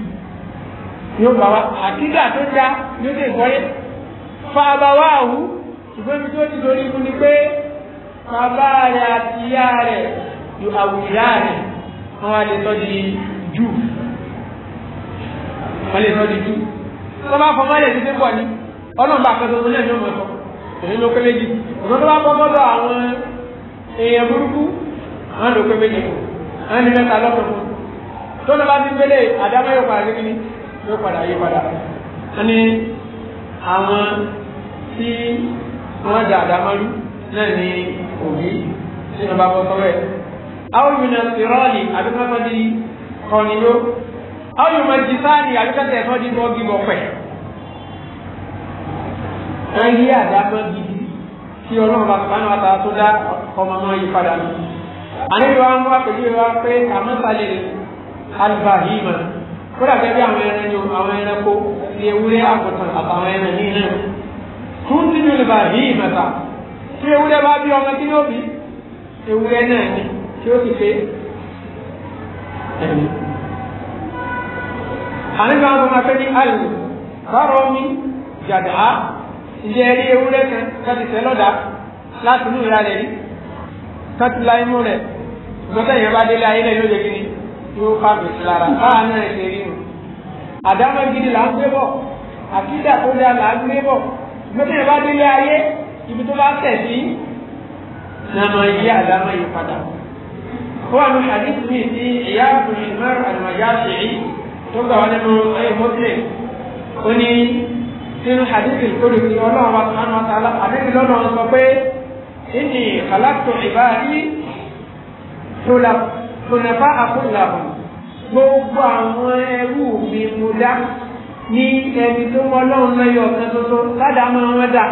yóò bá wa àkídà tó dá ní oṣù ìkọ́yé fàbáwá àwù ṣùgbọ́n ibi tó ti dorí ikú ni pé bàbá rẹ̀ àti ìyá rẹ̀ yóò àwùjá rẹ̀ wọ́n wá lè tọ́jú jù wọ́n lè tọ́jú jù tó bá fọmọ́ lè títí pọ̀ ní ọlọ́run bá fẹ́ tuntun náà ní ọmọ ẹ̀kọ́ èyí ló pé méjì ọ̀sán tó bá fọmọ́ lọ àwọn èèyàn burúkú wọ́n lò pé méjì wọ́n ní mẹ́ta lọ́kùnrin tó ló bá ti gbélé àdámọ́ yóò padà gírí yóò padà yí padà wọ́n ní àwọn tí wọ́n dà àdámọ́ rú náà ní òbí tí wọ́n bá bọ́ sọ́wọ́ ẹ̀. àwọn ìrìnà sírọ́ọ̀lì àbíkọ́sọ́ di kọ́niyó àwọn ìrìnà jìsáàlì àbíkọ́sọ́ ẹ̀kọ́ di bọ́ọ̀gì bọ̀pẹ̀. wọ́n yí àdámọ́ gidi tí ọlọ́run bá sọ́kànnà wàtà tó dá ọmọ náà yí padà. àníbi wa ń wá pẹ̀lú wa pé àmọ́sálẹ̀ alifahima kódà gẹ́gẹ́ àwọn ẹran ní àwọn ẹranko ní ewúrẹ́ àgùntàn àtàwọn ẹran ní iná tún nínú alifahima ta tí ewúrẹ́ bá bí ọmọ kí ni ó bí ewúrẹ́ náà ni tí ó ti pé ẹ̀mí. àníbà àwọn ọmọ akẹ́ni alù rárá omi jàdá ilé ẹrí ewúrẹ́ kan káti tẹ́ lọ́dà láti inú ìlà rẹ̀ yìí káti inú rẹ̀ gbọ́dọ̀ yẹn bá délé ayé rẹ̀ yóò jẹ́ kí ni yóò ká gbèsè lára báà náà ṣe rí o àdámọ́ gidi là ń gbé bọ̀ àkídà tó lé àlà ń gbé bọ̀ mẹtẹrẹ bá délé ayé ibi tó bá tẹ̀ sí nàmọ yí àdámọ́ yìí padà ó wà ní hadith mi ti ìyá àbùrù mẹ́rin àdùmáyá ṣèyí tó gbà wọn nínú ayé mọ́tìlẹ̀ ó ní nínú hadith ìkórè tí ọlọ́run wa sọ́nà wa sàlá àdébí lọ́nà sọ pé ìní kàlákùn ìbáyé tó lápò. kùnàfà àkùnlàhùn gbogbo àwọn ẹrú mi mo dá ní ẹni tó mọ ọlọ́run ọ̀kan tuntun ládàámọ́ wọn dà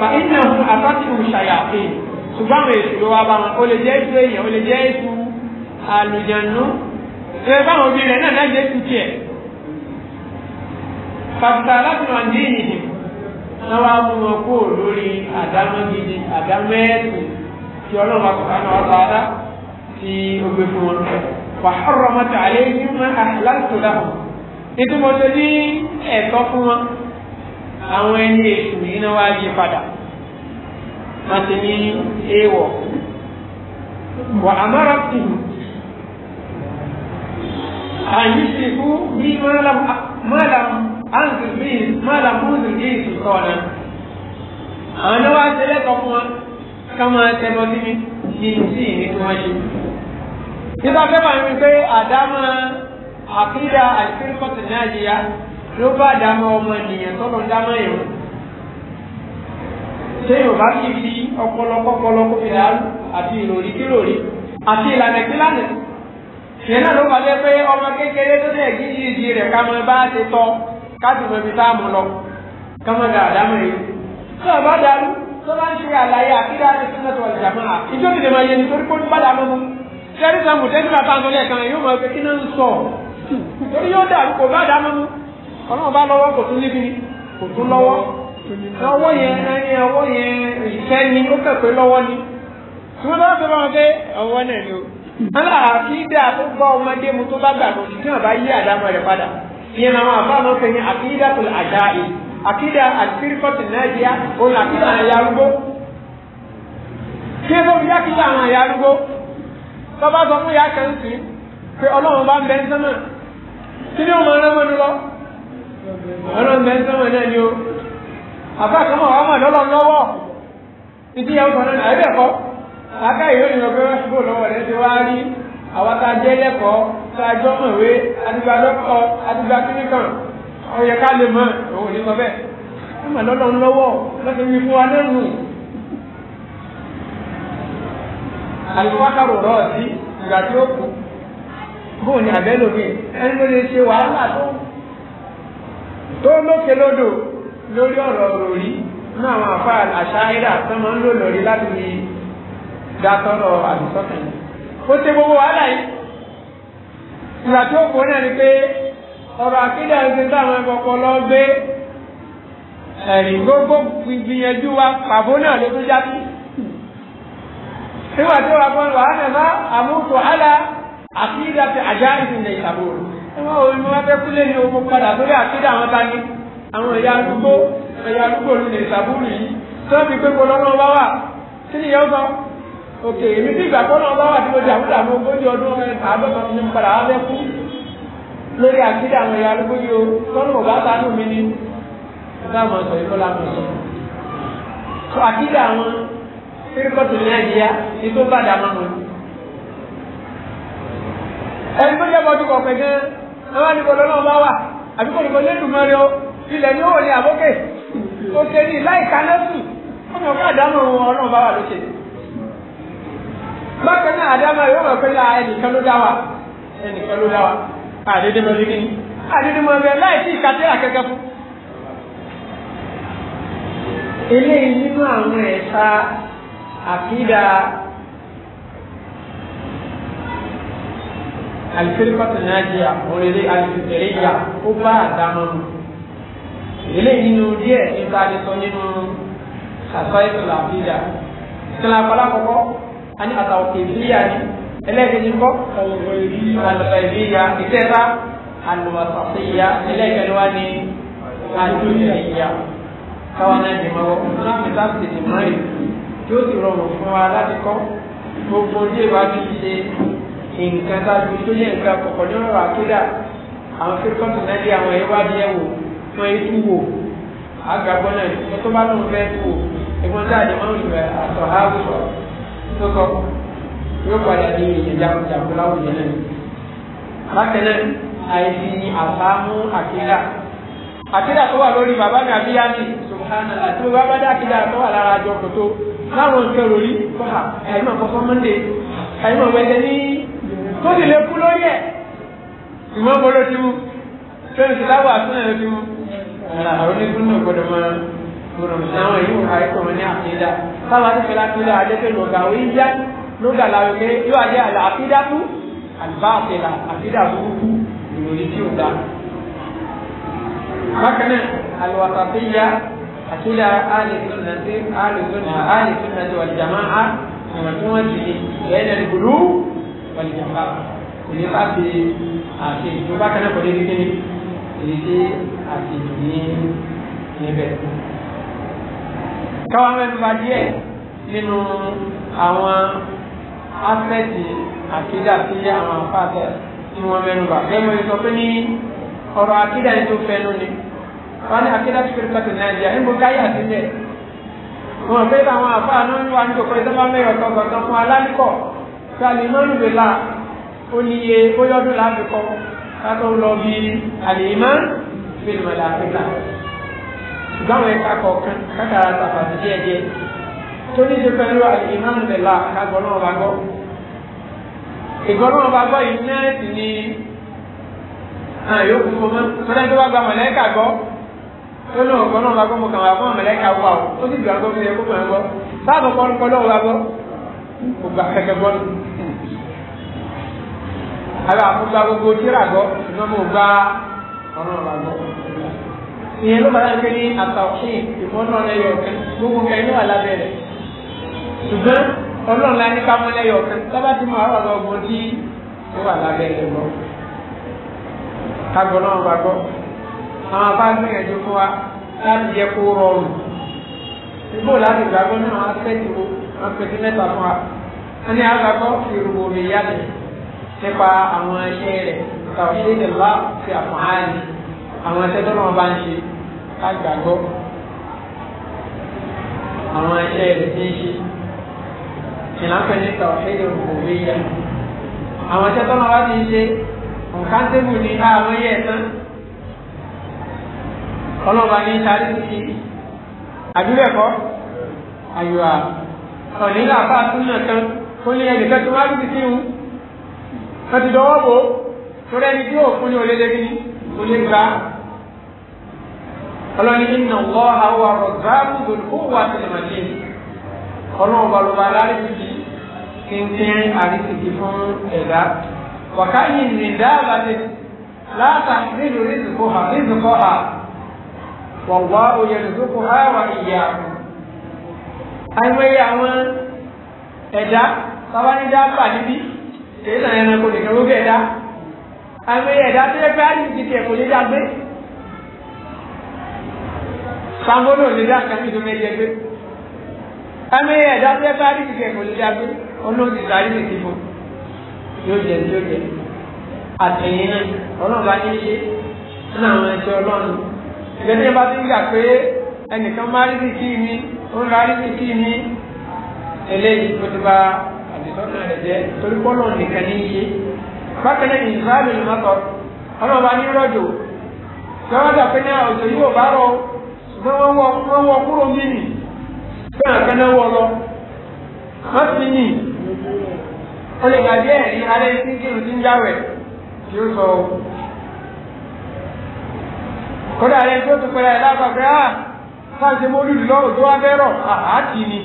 fàínà àtọ́tù ṣàyàfẹ́ ṣùgbọ́n àwọn èsì ló wá bá wọn lè jẹ́ èso èèyàn o lè jẹ́ a tí ó gbé fún wọn wà harramat alayhim ma ahlaltu lahum nítorí tó ní ẹ̀tọ́ fún wọn àwọn ẹni èṣù yìí náà wá yí padà wọ́n ti ní èèwọ̀ wà amara tì àyí sì fún bí mọ́làm áńsìl bí mọ́làm áńsìl bí ìsìnkọ́ náà àwọn náà wá ṣe lẹ́tọ̀ fún wọn ká máa tẹ̀lọ́ sí mi nínú sí ìní tí wọ́n ṣe. Nígbà pẹ́pà ń rí pé àdámọ́ àkídà àṣírìkọ̀tì náà yíya ló bá àdámọ́ ọmọ ènìyàn tọ́lọ́ dámọ́ ìrún. Ṣé Yorùbá kì í fi ọpọlọ kọ́pọlọ kó fi dàrú àti ìròrí kí lòrí àti ìlànà kí lànà? Ìyẹn náà ló wà lé pé ọmọ kékeré tó dẹ̀ kí yíyí rẹ̀ ká mọ bá ṣe tọ́ ká sì mọ ibi tá a mú lọ ká àdámọ́ ìrún. Ṣé ọba dàrú? tó bá ń ṣe àlàyé àkídá ti súnmọ́ tó wà jàmọ́ à ìjọ tètè máa yẹ nítorí pé ó ń bá dàmọ́ mú sẹ́rí sàmù tẹ́sí bàbá àwọn ẹ̀kan yóò máa fi kíná ń sọ torí yóò dàrú kò bá dàmọ́ mú ọlọ́run bá lọ́wọ́ kò tún níbi kò tún lọ́wọ́ ọwọ́ yẹn ẹni ọwọ́ yẹn ìfẹ́ ni ó kẹ̀ pé lọ́wọ́ ni ṣùgbọ́n bá fẹ́ bá wọn pé ọwọ́ náà ni o. àlà àkídà tó bá ọmọdé mu tó bá gbàgbọ́ tí wọ́n bá yí àdámọ́ rẹ̀ padà ìyẹn àwọn àbá àkídà àtìríkọ́tì nàìjíríà òun àkídà àwọn ẹ̀yà arúgbó kí ẹgbẹ́ òun yá kídà àwọn ẹ̀yà arúgbó tọ́ba sọ fún yàtọ̀ ń sìn pé ọlọ́run bá ń bẹ ń sánmà kí ni ọmọ ẹran mọ́nu lọ ọlọ́run bẹ ń sánmà náà ni o àbá kan mọ̀ wá mọ̀ lọ́lọ́ lọ́wọ́ ìdí ìyàwó kan náà àbẹ̀ kọ́ àká ìwé ìrìnà pé wọ́n ṣubú lọ́wọ́ rẹ̀ ṣe wá rí àwọn tá a jẹ́ lẹ́kọ̀ọ́ tá a jọ́ mọ̀wé adigun adọ́kọ̀ ọyẹ ká lè mọ òun ní lọ bẹ́ẹ̀ ẹ mọ lọ́dọ̀ lọ́wọ́ lọ́sẹ̀ wí fún wa lẹ́rù. àlùfáàkàrò rọ̀ sí ìgbà tí ó kù bóun ni ẹni ló lè ṣe wàhálà tó lókè lódò lórí àwọn àfa gbogbo wàhálà yìí ìgbà tí ó kù náà ni ọ̀rọ̀ àkídà ń ṣe táwọn ẹ̀kọ́kọ́ lọ gbé ẹ̀rìn gbogbo gbìyànjú wa pàbó náà ló tó jáde. Nígbà tí wàá fọ́n wàá nàmá àmúkò àlà àkídà ti àjá ìsìnlẹ̀ ìṣàbò. Ẹ máa wọ ìmọ̀ abẹ́ kúlé ni ogun padà sórí àkídà àwọn tani. Àwọn ẹ̀yà arúgbó ẹ̀yà arúgbó olùlẹ̀ ìṣàbò yìí. Sọ́ọ̀bì pé kò lọ́nà ọba wà. Kí ni ìyá ọkọ? Òkè èmi bí ìgbà kọ́ náà ọba wà tí mo dàmúdàmú ogójì ọdún ọmọ ẹ̀ lórí àkídà àwọn ẹ̀yà arúgbó yìí o lọ́nà bàbá àtàánù mi ni ìgbà àwọn sọ yìí lọ́la mọ̀ sọ àkídà àwọn fírikọ́tù nàìjíríà ni tó bàdà máa mọ̀ ní. ẹni tó jẹ́ bọ́dún kọ̀ọ̀pẹ̀ gan-an wọ́n wá ní kò lọ́nà ọba wà àbí kò ní kò lẹ́dùn mọ́rin o ilẹ̀ ni ó wọlé àbókè kò ṣe ní láì kaná sùn ọmọ ká àdámọ̀ wọn ọ̀nà ọba wà ló ṣe. bákan náà àdámọ̀ yóò mọ̀ pé ẹnìkan ló dá wa àdédé mọ́ síkí àdédé mọ́ bẹ láì sí ìkàtẹ́ àkẹ́kẹ́ fún. eléyìí nínú àwọn ẹ̀ka àkídà alifirikọtì náà jẹ àkùnrin alifirikẹrẹ yà ó bá àdámọ́ mu eléyìí nínú díẹ̀ nípa àdìsọ nínú àsọ ìtòlà àkídà ìtòlà àkọlà kọkọ àti àtàwọn kèfìlì àti ẹlẹ́ẹ̀kejì kọ́ alùpàdéyà ìtẹ́ta alùpàdéyà ẹlẹ́ẹ̀kejì wá ní alùpàdéyà káwọn náà dì mọ́wọ́ láti láti tètè mọ́ ẹ̀ tí ó sì rọrùn fún wa láti kọ́ gbogbo ilé wa ti ṣe nǹkan tábí tó yẹ nǹkan kọ̀kọ́ ní ọ̀rọ̀ àkídà àwọn fíkọ́tù náà dé àwọn ìwádìí ẹ̀wò fún ẹtú wò àgàgbọ́n náà tó bá lóun fẹ́ tó wò ẹgbọ́n dáadé máa ń lò àtọ̀ yóò padà di èèyàn jagunjagun láwùjọ náà bákan náà àìsí àsámú àkídà àkídà tó wà lórí bàbá mi àbíyá mi subhanallah àti bàbá bá dá àkídà tó wà lára àjọ kòtó láwọn nǹkan rori kọ́ha àyìnbó àkọ́kọ́ mọ́ndé àyìnbó àgbẹ̀dẹ ní tó sì lè kú lórí ẹ̀ ìmọ̀ bọ́lọ́ ti mú tó ń siláwọ̀ àtúnà ló ti mú àwọn onígbóná gbọ́dọ̀ máa lóga làwọn pé yóò adé àlà àfídàtú àlùbáàtìlà àfídà burúkú ìròyìn tí ò dá. bákan náà àlùwàtàfíyà àkílà àlùsùnàtì àlùsùnà àlùsùnàtì wàlìjàmá á ìwọ̀ntúnwọ̀nsì ìrẹ́nà ìgbòlú wàlìjàmá kò ní bá fi àti ìjọ bákan náà kò ní kékeré èyí tí àti ìjọ ní níbẹ̀. káwọn mẹ́rin bá díẹ̀ nínú àwọn aspect àkídà sí àwọn àpáàtẹ tí wọ́n mẹ́nu bà lẹ́nu ìsọ pé ní ọ̀rọ̀ àkídà yìí tó fẹ́nu ni wọ́n ní àkídà tó fẹ́nu pàtó nàìjíríà níbo káyà sílẹ̀ wọ́n fẹ́ àwọn àpáà náà ń wá ní kòkó ìsọ́fà mẹ́rin ọ̀tọ̀ ọ̀tọ̀ fún alálùkọ̀ tí a lè mọ́nù bẹ̀ la ó ní iye ó yọdún láti kọ́ kátó lọ bí àlèémá fílmù àlàáfíà gbáwọn ẹ̀ka kọ̀ọ̀kan kákàrà tàbàtì díẹ̀díẹ̀ tó ní ṣe pẹ̀lú ìmánu nìlá àgbọ̀n náà bá gbọ́ ìgbọ̀n náà bá gbọ́ yìí náà sì ni yóò fún fún mọ́ tọ́lá tó bá gba mọ̀lẹ́kà gbọ́ tó ní ọ̀gbọ́n náà bá gbọ́ mo kàn wá fún mọ̀lẹ́kà wà ó ó sì gbàgbọ́ mi yẹ kó mọ̀ ẹ́ gbọ́ sáàbù kọ́ lọ́wọ́ bá gbọ́ kò gbà kẹ̀kẹ́ gbọ́ ni àbí àfúgbà gbogbo tíra gbọ́ ṣùgbọ́n mo gbà ọ̀nà ọ̀la gbọ́. ìyẹn ló bá dáa pé ní àtàwọn ìfọ̀nà ọ̀nà ẹ̀yọ̀ gbogbo kẹ́ ṣùgbọ́n ọlọ́run la ní kámọ́lẹ́ yọ kan sábà tí màá wà lọ́gbọ́ tí ó wà lábẹ́ ẹ̀ lọ. kágbọ́n náà wà gbọ́ àwọn afá gbìyànjú fún wa láti yẹ kó rọrùn ibò láti gbàgbọ́ náà á tẹ́tù wọn pèsè mẹ́ta fún wa wọn ní àgbàgbọ́ ìrùbò mi yàtọ̀ nípa àwọn ẹṣẹ́ rẹ̀ tàwọn ṣe lè wá sí àfọ̀hánì àwọn ẹṣẹ́ tó náà bá ń ṣe ká gbàgbọ́ àwọn ẹṣẹ́ rẹ̀ ti ń ṣe ìlànà ní tọ̀hídì òwúwíyà àwọn iṣẹ́ tọ́nà wá ti ń ṣe nǹkan tébù ní àwọn yẹ̀ tán ọlọ́ba ní sáré sí àbílẹ̀kọ́ àyùwà ọ̀nílà àbá túnà kan ó ní ẹnìkan tó wá ti sí un wọ́n ti dọwọ́ bò torí ẹni tí yóò fún ní olè lébi ní olè gbà ọlọ́ni nínú wọ́ àwọn ọ̀rọ̀ gbáàbù gbòdò wà sílẹ̀ màdìyẹ ọlọ́ọ̀bà ló bá ti di pínpín àrísìkí fún ẹ̀dá wàkáyé nìdá àbáde láta nílùú rizùkú ha rizùkú ha wọ̀wá oyè rizùkú ha wà ìyá àìmọye àwọn ẹ̀dá sábàánídá bà níbí èyí náà ẹranko nìkan ló gẹ̀ẹ́dá àìmọye ẹ̀dá tó yẹ pé àrísìkí tiẹ̀ kò ní dá gbé sango náà lè dá kàmí tó mẹ́jẹ gbé àìmọye ẹ̀dá tó yẹ pé àrísìkí tiẹ̀ kò ní dá gbé. olóòtú darí lè dìbò yóò jẹ yóò jẹ àtẹ̀yìn náà ọlọ́run bá ní ṣe nínú àwọn ẹ̀ṣẹ̀ ọlọ́run ìgbẹ́ni bá ti gbà pé ẹnìkan má rí sí kí mi ó ń ra sí kí mi eléyìí tó ti bá àdìsọ́nà rẹ̀ jẹ́ torí pọ́lọ́ nìkan ní ṣe bákan náà ni bá ní rọ́jò bá rọ ṣùgbọ́n wọ́n kúrò ó lè gbàgbé ẹ̀rí alẹ́ tí ń kírun tí ń jáwẹ̀ tí ó sọ o kódà rẹ tó tún pẹ̀lẹ́ lápapẹ á sáàṣe ah, mólúdì lọ́rùn tó wá bẹrọ àhàtì ni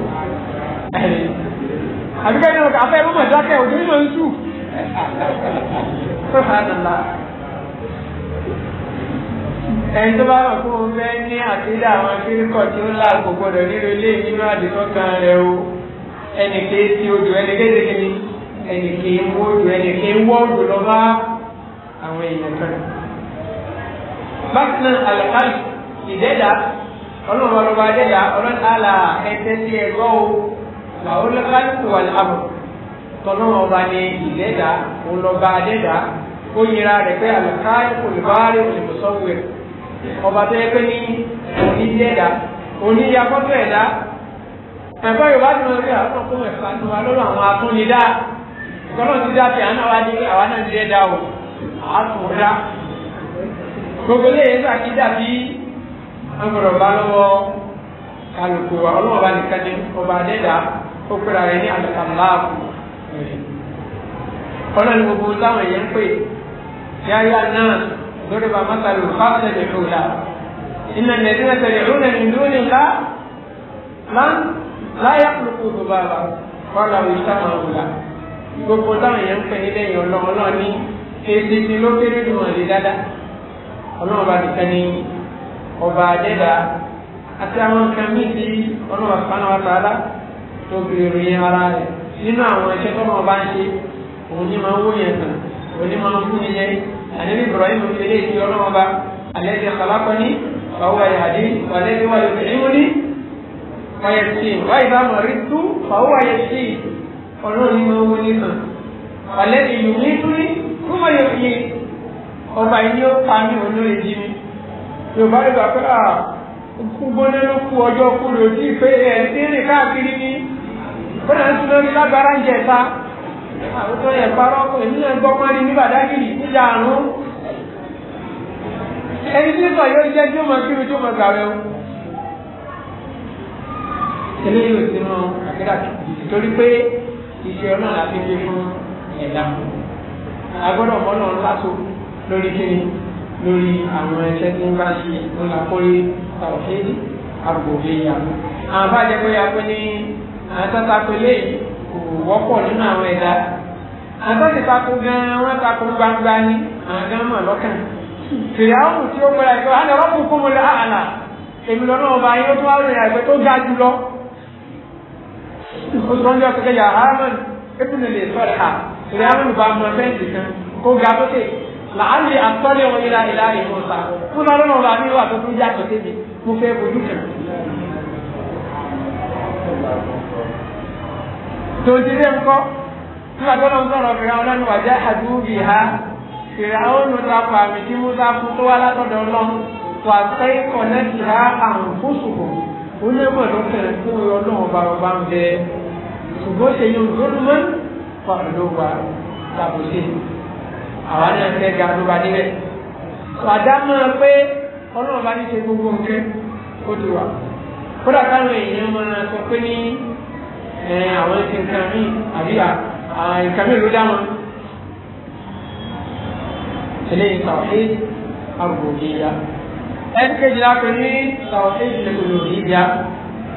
àbíkẹ́ ní ọkọ̀ afẹ́ mọ́mọ́ dákẹ́ òjò nínú oṣù tó fà á nàlá ẹni tó bá rọ̀ kó o fẹ́ ní àtúndà àwọn akérèkọ̀ tí ó là kò gbọdọ̀ nínú ilé nínú àdìsọ́kàn rẹ o. ẹnìkan ti odò ẹnìkan ti kìíní ẹnìkan wọ odò ẹnìkan wọ odò lọ bá àwọn èèyàn kan. bákan náà àlàkàlì ìdẹ́dà ọlọ́run ọlọ́ba ọlọ́run ẹ̀tẹ́ sí o wà ọba ni ìdẹ́dà ọlọ́ba ó rẹ̀ pé ẹ̀kọ́ yorùbá ti máa rí àwọn ọkọ̀ ẹ̀fọ́ àti wa lọ́rọ̀ àwọn atúnidá ìkọ́nà ti dá ti àná wa di àwa náà ti dá o àtúndá gbogbo lẹ́yìn sá kí dàbí ọgbọ̀dọ̀ bá lọ́wọ́ kálukú wa ọlọ́wọ́ bá nìkan ní ọba adẹ́dá ó pèrà rẹ ní àlùkàláàbù ọlọ́run ní gbogbo táwọn èèyàn ń pè yáyá náà lórí bàbá sàlù fáfẹ́ lè fò la ìnànà ìdílé tẹ̀lé ìrúnà ń. láyà ya tó bá la kọ́lá wíṣà máa wù la gbogbo táwọn èèyàn ń pè é lẹ́yìn náà ní ló kéré ní wọn lè dáadáa bá ti kẹ́ ní ọba àdẹ́dà àti àwọn wa tààlà tó bèrè yẹn ara nínú àwọn tó bá ń ṣe òun ní máa ń wó yẹn tàn òun ní máa ń fún yẹn àníbi Ibrahim wáyẹsí wáyé bá mọ̀ rí tú fàwọ́ wáyẹsí ọlọ́run ní máa ń wọlé sàn ọ̀lẹ́ ìlú mi tún ní fún wáyé fi ọba yìí ni ó pa mí olóye jí mi yorùbá yorùbá pé à kú gbóná ló kú ọjọ́ kú lò sí pé ẹ̀ ń tẹ́lẹ̀ káàkiri ní kódà ń tún lórí lágbára ń jẹ ta àwọn tó yẹ parọ́ èmi náà gbọ́ pọ́n ní ní bàdágìrì níjà àrùn ẹni tí sọ yóò jẹ́ tí ó mọ kiri tó mọ gàwé o eléyìí ò sínú àkídàkì torí pé iṣẹ́ ọlọ́run la fi gbé fún ẹ̀dá a gbọ́dọ̀ mọ́nà láṣọ lórí kíni lórí àwọn ẹsẹ̀ tí ń bá ṣe ń la kórè tàwọ̀fẹ́lì àgbòfẹ́ ìyàwó àwọn bá jẹ́ pé a pé ní àtàtà pélé kò wọ́pọ̀ nínú àwọn ẹ̀dá àtàtì takò gan-an wọ́n takò gbangba ní àwọn gan mọ̀ lọ́kàn fèrè àwọn tí ó gbọ́dọ̀ ìgbà wọn lọ́kùnkùn mọ́lẹ́ àlà èmi lọ́nà ọba yóò tó wá rìnrìn àgbẹ̀ tó ga jù lọ ìfúnṣọ́njọ́ kẹ́kẹ́ yà hàmán ẹ̀tùnú lè sọ̀rọ̀ ha ìrìn hàmán bá mọ sẹ́ǹtì kan kó ga lókè làálì àtọ́lẹ̀ wọn ilá ilá ìmọ̀ọ́sà fún ọlọ́run ọba mi wà tó tún yàtọ̀ síbi mo fẹ́ bojú kan. tòǹtì dé ńkọ́ nígbà tó lọ́n sọ̀rọ̀ fìrà ọlọ́run wàjá àdúgbì ha fìrà ọ̀nù tapọ̀ àmì tí mo sá fún tó wá látọ̀dọ̀ ọlọ́run wà sẹ́yìn kọ̀nẹ́tì ha àrùn fóṣùbọ̀ onímọ̀ ló fẹ́ fún ọlọ́run ọba ọba ń bẹ ṣùgbọ́n ṣe yóò gbólúmọ́ fàlọ́ wa tàbùsí àwa náà fẹ́ ga ló bá níbẹ̀. sàdámọ́ pé ọlọ́run bá ní ṣe gbogbo nǹkan ó ti wà kódà káwọn èèyàn máa sọ pé ní àwọn ti nǹkan míì àbí nǹkan míì ló dá wọn. eléyìí tàwọn ṣe àgbòye ya ẹni kejì la pè ní tàwọn ìdílé olùdíjà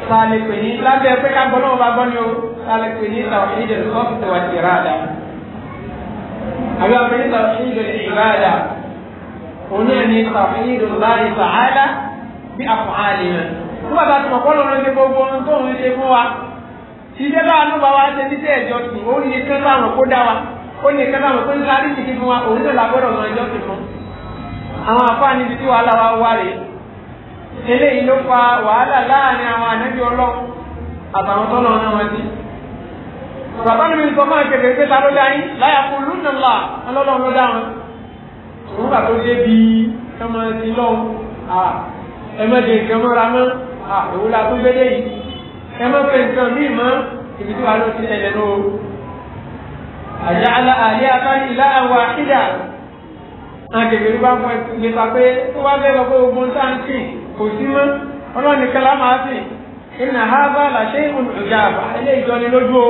ta lè pè ní lábẹ́ pé ká gbọ́ náà bá gbọ́ ni o ta lè pè ní tàwọn ìdílé sọ́ọ̀tì wà ti rà dá àbí àpè ní tàwọn ìdílé ìbáàdà òun náà ní tàwọn ìdílé láàyè sàáda bí àfọ̀hálì náà tó bàbá tó mọ̀ kọ́ lọ́rọ́ ṣe gbogbo ohun tó ń ṣe fún wa ṣíṣe bá àánú bá wa ṣe títí ẹ̀jọ́ sùn ó ní kẹ́ńtà àwọn kó dá wa ó ní kẹ́ńtà àwọn tó ń àwọn àfáàní ibi tí wàhálà wa wà rèé eléyìí ló fa wàhálà láàrin àwọn ànábì ọlọ́run àtàwọn tọ́lọ̀ náà wọn ti. bàbá mi sọ máa kéde pé ta ló dá yín láyà kó lùnàlá ọlọ́run ló dá wọn. òun bàtó dé bí kọ́mọ ti lọ́wọ́ ẹ̀mẹ́dì nǹkan mọ́ra mọ́ òun la tó gbélé yìí ẹ̀mẹ́fẹ̀ nǹkan míì mọ́ ibi tí wàhálà ti ẹ̀yẹ̀ náà. àjàlá àyè àtàlí ìlà àwọn àkídà akẹ̀kẹ̀rú bá fún ẹtù gbé ta pé tó bá fẹ́ lọ pé ogun tá ń sìn kò sí mọ́ ọlọ́ni kẹlá máa sìn ìnà hábà làṣẹ ìmùnàjà àbá ilé ìjọni lójú o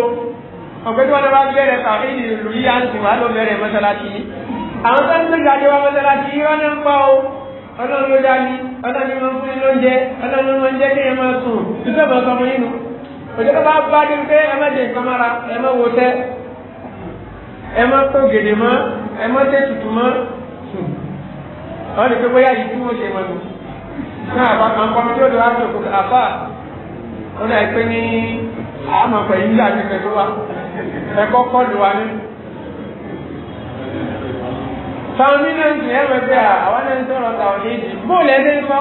ọ̀gbẹ́ni wọn bá bẹ̀rẹ̀ tà ìdí ìlú yíyá ń sìn wá ló bẹ̀rẹ̀ mọ́sálásí àwọn tó ń gbé jáde wá mọ́sálásí wọn ń pa o ọlọ́run ló dání ọlọ́run ló ń fún lóúnjẹ ọlọ́run ló ń jẹ́ kéèyàn máa sùn ìfẹ́ mọ̀ sọmọ yín ẹ má tó gèdè mọ́ ẹ má tẹ́ tutù mọ́ àwọn lè pé bóyá yìí tí wọ́n ṣe mọ́nu náà àbá kan kọ́ mi tí ó lè wá sí òkú àfà ó dà pé ní àmọ̀ pẹ̀lú ilé àgbẹ̀fẹ̀ tó wà ẹ̀kọ́ kọ́ lù wá ní. táwọn mílíọ̀nù ẹ̀ mọ̀ pé àwọn náà ń sọ̀rọ̀ táwọn léèdì bóòlù ẹ̀ ń sọ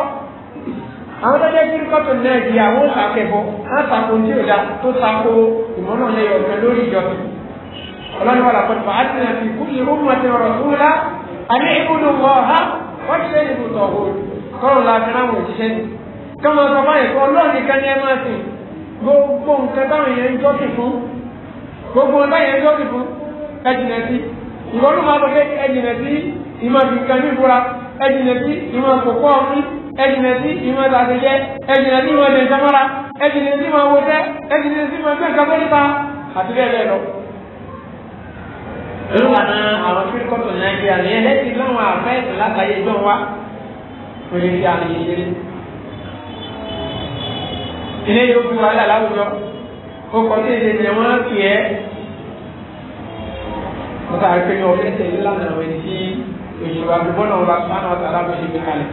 àwọn tó jẹ́ kíríkọ́tù náà di àwọn àkẹ́bọ̀ látàkó tí ò dá tó takó ìmọ̀nà lẹ́yìn ọ̀gbẹ́ lórí ìjọba ọlọ́run wà lápẹ́ tó bá a ti rìn àti ìkú ìrúmọ̀ ti rọ̀ fún la àní ìbùdó wọ̀ ọ́ wọ́n ti lẹ́yìn ibùdó ọ̀hún kọ́rọ̀ la fi ráwọn òṣìṣẹ́ ni kọ́mọ sọ báyìí kọ́ ọlọ́run nìkan ni ẹ máa sìn gbogbo nǹkan táwọn èèyàn ń jọ́sìn fún gbogbo nǹkan táwọn èèyàn ń jọ́sìn fún ẹ jìnà sí ìwọ ló máa sọ pé ẹ jìnà sí ìmọ̀ nǹkan ní ìbúra ẹ jìnà sí ìmọ̀ kòkó ọ̀hún ẹ jìnà sí ìmọ̀ ìdàgbẹ́jẹ́ ẹ jìnà sí ìmọ̀ ìdẹ̀ǹtàmọ́ra ẹ jìnà sí ìmọ̀ owó tẹ́ ẹ jìnà sí ìmọ̀ ìgbẹ́ǹkan olúwa náà àwọn tí kọ́tù ní nàìjíríà ní ẹ̀rẹ́ ti lọ́wọ́ àfẹ́ẹ̀sì látàyè jọ wá pèrè sí àmì ìdílé. ilé yóò fi wàhálà láwùjọ ó kọ́ sí èdè ìjẹ́ wọ́n fi ẹ́ wọ́n sáré pé ní ọ̀fẹ́ tẹ̀lé lánàá wẹ̀ ní sí òṣèlú àgbẹ̀bọ́nà ọba sánà ọ̀tà alábòṣe gbé kalẹ̀.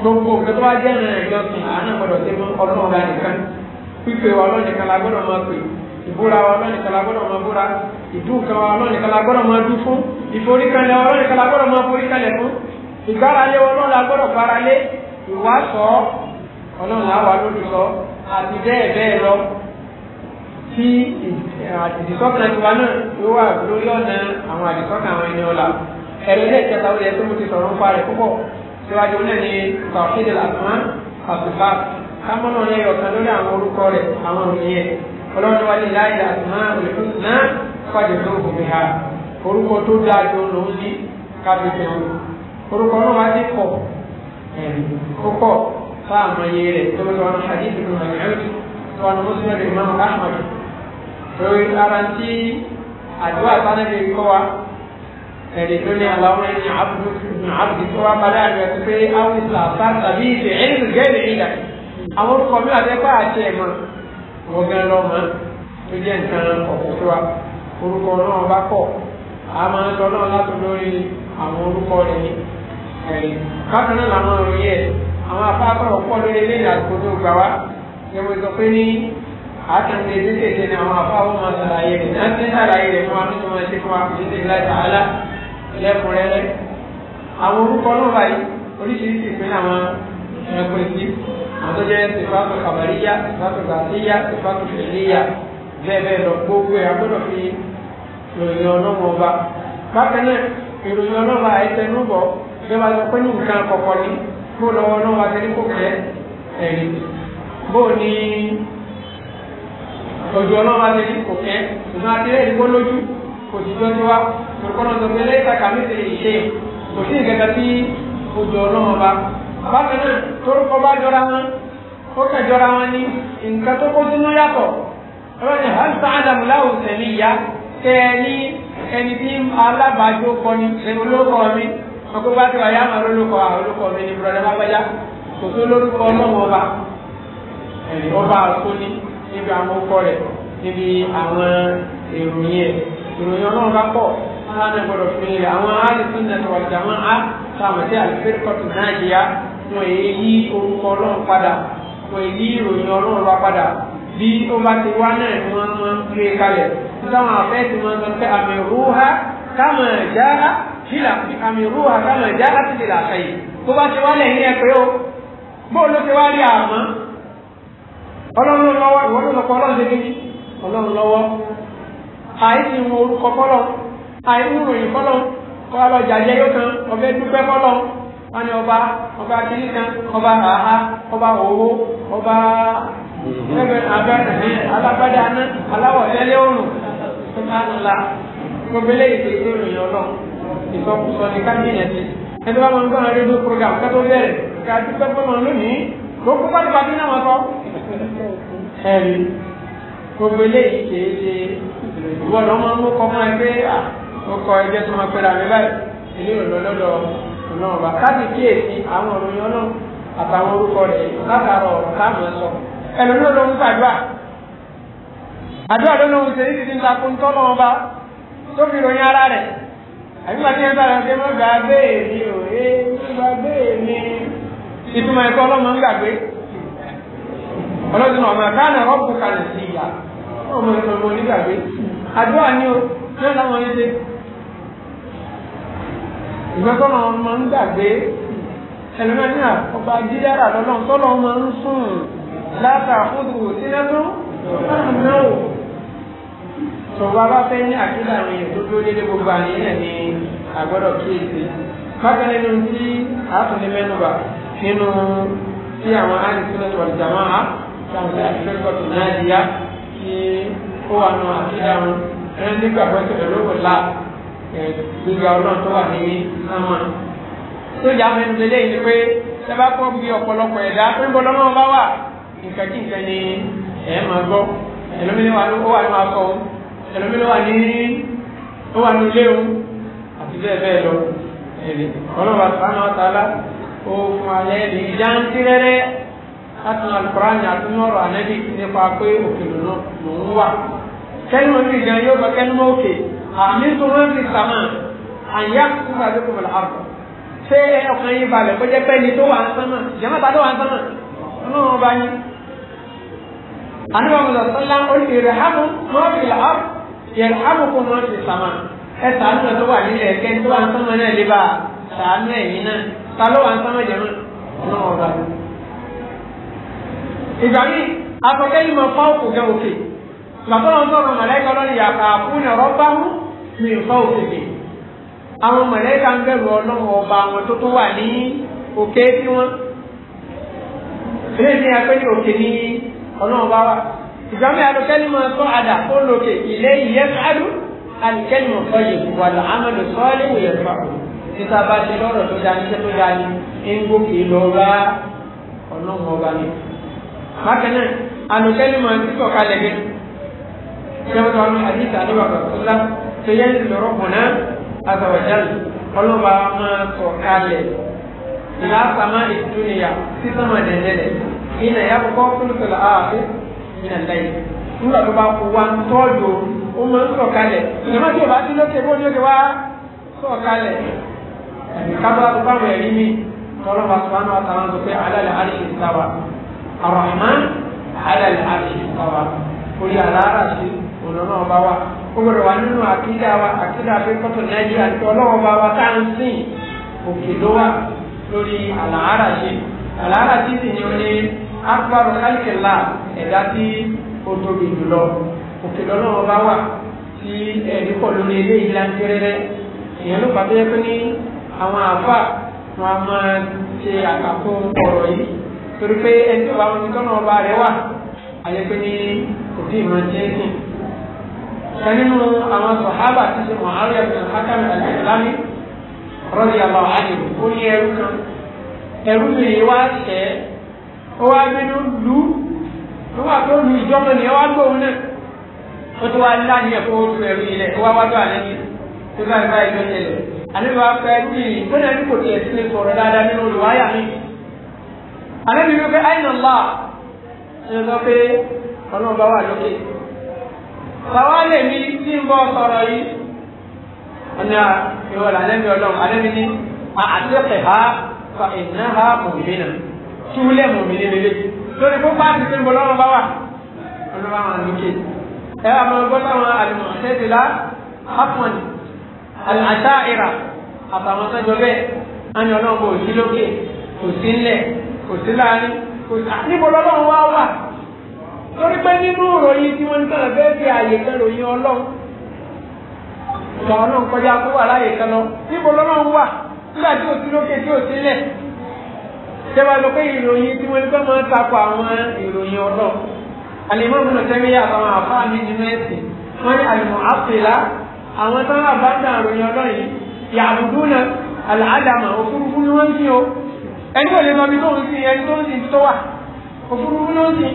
gbogbo nǹkan tó bá jẹ́ ìrìn àjọsìn àánà gbọ́dọ̀ tẹ́ mọ́ ọlọ́run ìbúra wa ọlọ́run nìkan la gbọ́dọ̀ máa búra ìdúnkà wa ọlọ́run nìkan la gbọ́dọ̀ máa dún fún ìforíkanlẹ̀ wa ọlọ́run nìkan la gbọ́dọ̀ máa foríkanlẹ̀ fún ìgbáralé wa ọlọ́run la gbọ́dọ̀ gbáralé ìwásọ ọlọ́run la wà lójú sọ àti bẹ́ẹ̀ bẹ́ẹ̀ lọ tí àdìsọ́kàn tiwa náà ló wà lórí ọ̀nà àwọn àdìsọ́kàn àwọn ẹni ọ̀la ẹ̀rọ ilé ìjẹta ó yẹ tó mo ti sọ̀rọ̀ nípa rẹ̀ púpọ̀ síwájú náà ni tàwọ́kéde làtúmá àtùfà kámọ́nà yẹn yọ̀kan lórí àwọn orúkọ rẹ̀ àwọn òyìn yẹn ọlọ́run wa ní láyé àtúmọ̀ òṣùn náà pàdé tó kò fi ha orúkọ tó dáa tó ló ń ní kábí tó orúkọ náà wá sí kọ ó kọ fún àmọye rẹ tó lọ wọn hadith ibn Mas'ud tó wọn Muslim Imam Ahmad lórí ara tí àdúrà sáré lè kọ́ wa ẹ̀rí tó ní aláwọ̀ ẹni àbùdó àbùdó tó wá padà rẹ̀ pé àwọn sáà tàbí ìṣẹ̀ ẹ̀rí gẹ́gẹ́ ọgbẹ́ lọ́mọ tó jẹ́ nǹkan ọ̀pọ̀ fún wa orúkọ náà bá pọ̀ a máa ń sọ náà láti lórí àwọn orúkọ rẹ̀ ní ẹ̀rí kákan náà làwọn ọ̀rọ̀ yẹ àwọn afáfọ̀rọ̀ pọ̀ lórí ilé ìdàgbò tó gbà wá ẹ̀wọ̀n sọ pé ní àtàndé kékeré ni àwọn afáfọ̀ máa ṣàlàyé rẹ̀ náà ti ṣàlàyé rẹ̀ fún wa tó ti máa ṣe fún wa kò ní láti àlá ẹlẹ́kùnrẹ́rẹ́ àwọn orúkọ náà báyìí oríṣiríṣi ìpínlẹ̀ àwọn de ẹ̀pẹ̀ sí àwọn tó jẹ́ sèfàtò que sèfàtò gàdíyà sèfàtò fìlíyà bẹ́ẹ̀ bẹ́ẹ̀ lọ gbogbo ẹ̀ agbọ́dọ̀ fi ìròyìn ọlọ́run ọba bákan náà ìròyìn ọlọ́run àìtẹnubọ̀ bẹ́ẹ̀ bá lọ pé ní nǹkan kọ̀ọ̀kan ni kó lọ́wọ́ ọlọ́run àtẹrí kò kẹ́ ẹ̀rí bó ní ojú ọlọ́run àtẹrí kò kẹ́ ṣùgbọ́n àtẹrẹ́ ìdíkó lójú kò sí lọ́jọ́ wa kò kọ́nà tó gbé lẹ́yìn bákan náà torúkọ bá jọra wọn ó kàn jọra wọn ní nǹkan tó kó sínú yàtọ̀ ẹ̀rọ ni hansa adam láwùn sẹ̀mí ìyá kẹ́ ẹ ní ẹni tí alábàájọ kọ ni ẹni olókọ mi ọkọ bá ti wà yá màá lórúkọ àwọn olókọ mi ni bùrọ̀dá bá gbájá kò tó lórúkọ ọlọ́wọ́ ọba ẹ̀yìn ọba àkóní níbi àwọn ọkọ rẹ̀ níbi àwọn èròyìn ẹ̀ èròyìn ọlọ́run bá pọ̀ hánà gbọ́dọ̀ fi rìn àwọn alùpùpù náà wà jàmọ́ á sàmọ̀ sí àlùfẹ́rẹ́kọ̀tù náà yíyá wọn èyí yí orúkọ ọlọ́run padà wọn èyí ìròyìn ọlọ́run wá padà bí ó bá ti wá náà ni wọ́n máa ń gbé kalẹ̀ nítawọn afẹ́sì máa ń sọ pé àmì rúha kámà já sílà àmì rúha kámà já láti lè làṣà yìí tó bá ti wá lẹ́yìn ẹ pé ó bó ló ti wá rí àmọ́ ọlọ́run lọ́wọ́ ìwọ́n ló lọ́kọ́ ọlọ́run ṣe kékeré ọlọ́run lọ́wọ́ àìsí orúkọ kọ́lọ́run àìwúrò yìí fọlọ́ kọ́ ọlọ́jà jẹ́ yóò kan ọbẹ̀ dúpẹ́ fọlọ́ wọn ni ọba ọba kìíní kan ọba àhá ọba owó ọba ẹgbẹ́ abẹ́ alágbádá aná aláwọ̀ tẹ́lẹ̀ òrùn tó máa ń la gbogbo eléyìí tó tó rìn ọlọ́ ìsọkúsọ ní kábíyẹn ti ẹni bá máa ń rédíò program kátó bẹ̀rẹ̀ ká dúpẹ́ fọlọ́ lónìí gbogbo pátí pátí náà wọn kọ́ ẹ̀rí gbogbo eléyìí kìí ṣe ìwọ lọ́mọ ń kọ́ máa gbé à. ó kọ ẹjẹ́ tó máa pẹ́ra mi báyìí ilé ìrànlọ́dọ̀ kíyèsí àwọn òròyìn ọlọ́run àtàwọn orúkọ rẹ̀ látàrọ̀ ọ̀rọ̀ táàmù sọ ẹlòmíràn ló ń àdúrà ló tó fi ròyìn ara rẹ̀ àbí màtí ṣe mọ́ ò ìgbẹ́ tọ́nà wọn máa ń gbàgbé ẹlẹ́mẹ́nìyà ọba jídára lọ́lọ́n tọ́nà máa ń sùn láta fúdù sílẹ̀ tó náà tọ́wọ́ bá fẹ́ ní àkílà àwọn èèyàn tó dúró délé gbogbo àyè náà ní àgbọ́dọ̀ kíyèsí bákan nínú tí àtúndì mẹ́nuba nínú tí àwọn àdìsílẹ̀ wal jamaa táwọn àdìsílẹ̀ tó náà di yá kí ó wà nù àkílà wọn ẹni nígbà pẹ́ gbígba ọlọ́run tó wà ní sámà tó yà mẹ́nu lélẹ́ yìí ni pé sábà kọ́ bí ọ̀pọ̀lọpọ̀ ẹ̀dá pé ń bọ́ lọ́mọ́ bá wà nǹkan kí nǹkan ni ẹ̀ máa gbọ́ ẹlòmínú wà ó wà ní máa kọ́ ẹlòmínú wà ní ó wà ní ilé o àti bẹ́ẹ̀ bẹ́ẹ̀ lọ ọlọ́run àtàlá àtàlá ó fún alẹ́ ní jáńtìrẹ́rẹ́ láti nà lùkọ́rọ́ àyàn àti nọ́ọ̀rọ̀ ànẹ́bí nípa pé òkèlú náà lòún wà kẹ́nu mi gan yóò àmìtòrò ní sàmà àyà kúkú àdókò mọ̀lá àrùn ṣé ọkàn yín balẹ̀ kó jẹ́ pé ní tó wà ń sánmà jẹ́mọ́ ta tó wà ń sánmà ọlọ́run bá yín. àníbàmù lọ́sọ́lá olùyèrèhámù mọ́ọ̀fì làárù yèrèhámù kò mọ́ọ̀fì sàmà ẹ sàánú ẹ tó wà nílẹ̀ kẹ́ tó wà ń sánmà náà lé bá sàánú ẹ̀yìn náà ta ló wà ń sánmà jẹ́mọ́ ọlọ́run bá yín. ìgbà míì afọkẹ́yìn mọ fáwọn kò gẹ òkè gbàtọ́ min fawqihi àwọn mọ̀lẹ́ka ń bẹ̀rù ọlọ́run ọba àwọn tó tó wà ní òkè tí wọ́n eléyìí ni a pé ní òkè ní ọlọ́run wa ìgbàmí alùkẹ́ni máa sọ amadu ti lọ́rọ̀ tó dání tó tó dání ń gòkè lọ ọba ni. bákan náà alùkẹ́ni máa ń gẹ́gẹ́ wọ́n ti tẹ̀yẹ́sì lọ́rọ̀ bọ̀nà azawajal ọlọ́ba máa sọ̀ kalẹ̀ ìlà sàmà ìdúnìyà sísàmà dẹ̀dẹ̀dẹ̀ ìnà ya kọ́ kúlùkùlù ààfin ìnà láyé nígbà tó bá kú wa ń tọ́jú ó máa ń sọ̀ kalẹ̀ ìjọba tí o bá ti lókè bó ni ó ti wá sọ̀ kalẹ̀ kábà tó bá wẹ̀ rí mi ọlọ́ba sọ̀rọ̀ àtàwọn sọ pé alálẹ̀ àríṣe ìsáwà àrọ̀hìmá alálẹ̀ àríṣe ìsáwà orí àlàáràṣe òlọ́nà ọba wa ó gbọ́dọ̀ wà nínú àkídà wa àkídà pé kọ́tò nàìjíríà àti ọlọ́run ọba wa tá à ń sìn òkè ló wà lórí àlàárà ṣe àlàárà tí sì ni ó ní akpọ̀rọ̀ kálíkìlá ẹ̀dá tí ó tóbi jùlọ òkè lọ́nà ọba wa tí ẹ̀rí pọ̀ lórí eléyìí láńtẹ́rẹ́rẹ́ ìyẹn ló pàdé pé ní àwọn àfa wọn a máa ṣe àkàkọ́ ọ̀rọ̀ yìí torí pé ẹni tó bá wọn ti tọ́nà ọba rẹ̀ wà àyẹ̀pẹ́ ní òfin ìmọ̀ ṣe kan nínú àwọn sọ̀hábà ti ṣe Mu'awiya bin al-Hakam al-Islami radiyallahu anhu ó ní ẹrú kan ẹrú mi yìí wá ṣẹ́ ó wá bínú lù ni ó wá gbóhùn náà ó ti wá láàyè kó o lu ẹrú yìí lẹ̀ ó wá wájú àlejò tó bá ìgbà ìjọ bàbá lè mi tí ń bọ́ sọ̀rọ̀ yìí ọ̀nà ìwọ̀n lànàmì ọlọ́run ànàmì ní àtẹ̀kẹ̀ ha fa ìná ha mòmìnà túlẹ̀ mòmìnà lélẹ̀ lórí fún páàkì tí ń bọ́ lọ́wọ́ bá wà ọ̀nà bá wọn lókè ẹ wà máa gbọ́ táwọn àlùmọ̀ ṣẹ́tìlá hapon àṣà ìrà àtàwọn sọ́jọ́ bẹ́ẹ̀ á ní ọlọ́run kò sí lókè kò sí ńlẹ̀ kò sí láàrin kò sí níbo lọ́lọ́run torí pé nínú ìròyìn tí wọ́n náà fẹ́ fi àyè kan ròyìn ọlọ́run ọmọ ọlọ́run kọjá kó wà láyè kan lọ níbo lọ́lọ́run wà nígbà tí ò sí lókè tí ò sílẹ̀ jẹba lọ pé ìròyìn tí wọ́n fẹ́ máa ń takọ àwọn ìròyìn ọlọ́run àlèmọ́ mi lọ́tẹ́rí àtàwọn àfáà mi nínú ẹ̀sìn wọ́n ní àlùmọ́ àpèlá àwọn tó wà bá dàn àròyìn ọlọ́run yìí yàbùdú náà àlàádàmà òfurufú ni wọ́n ń sìn o ẹni ò lè lọ bí tóun sìn ẹni tó ń sìn tó wà òfurufú ló ń sìn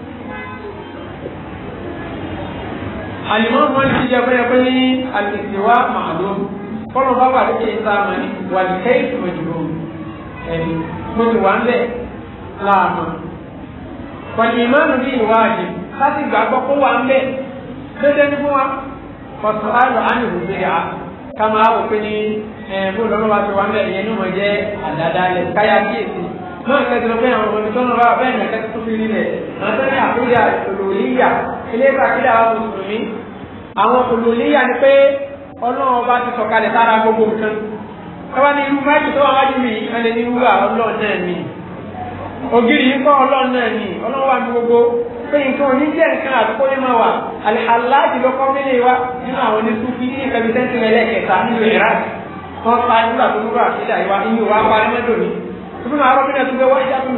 àlìmọ́ wọn ti jẹ pẹ́yẹpẹ́ ní àtẹ̀síwá màdùn kọ́nà bá wà lókè ìta àmà ní wà ní kẹ́yìn mọ̀jùlọ ẹ̀mí mo ti wà ń bẹ̀ láàmà. pẹ̀lú ìmáàmù ní ìwádìí láti gbàgbọ́ kó wà ń bẹ̀ dédé ní fún wa kọ̀sọ̀ àlọ́ àmì òkúté yà ká máa wò pé ní bó lọ́nà wa ti wà ń bẹ̀ ìyẹn ní mo jẹ́ àdáadáa lẹ̀ káyà kíyèsí náà kẹsìlẹ fún àwọn ọmọdé tọ́nà bá bẹ́ẹ̀ ní tó fi rí rẹ̀ àwọn tó àkójá ìṣòro yíyà ilé ìgbàkílẹ̀ àwọn mùsùlùmí àwọn kò lò léyà ni pé ọlọ́run ọba ti sọ̀kalẹ̀ sára gbogbo nǹkan ẹ wá ní irú máàkì tó wá wájú mi ẹ lè ní irú wa ọlọ́run náà mi ògiri yìí kọ́ ọlọ́run náà mi ọlọ́run wà ní gbogbo pé nǹkan òní jẹ́ nǹkan àdúgbò yìí máa wà àlìhàlá àdìlọ́kọ́ mílẹ̀ wa nínú àwọn oníṣú fi ní ìfẹ́ mi sẹ́ńtìmẹ́lẹ́ kẹta nínú iraq wọ́n pa nígbà tó nígbà àfihàn ìwà inú wa pa mẹ́dọ̀ ni tóbi máa rọ́ mílẹ̀ tó gbé wáyé jáde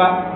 nù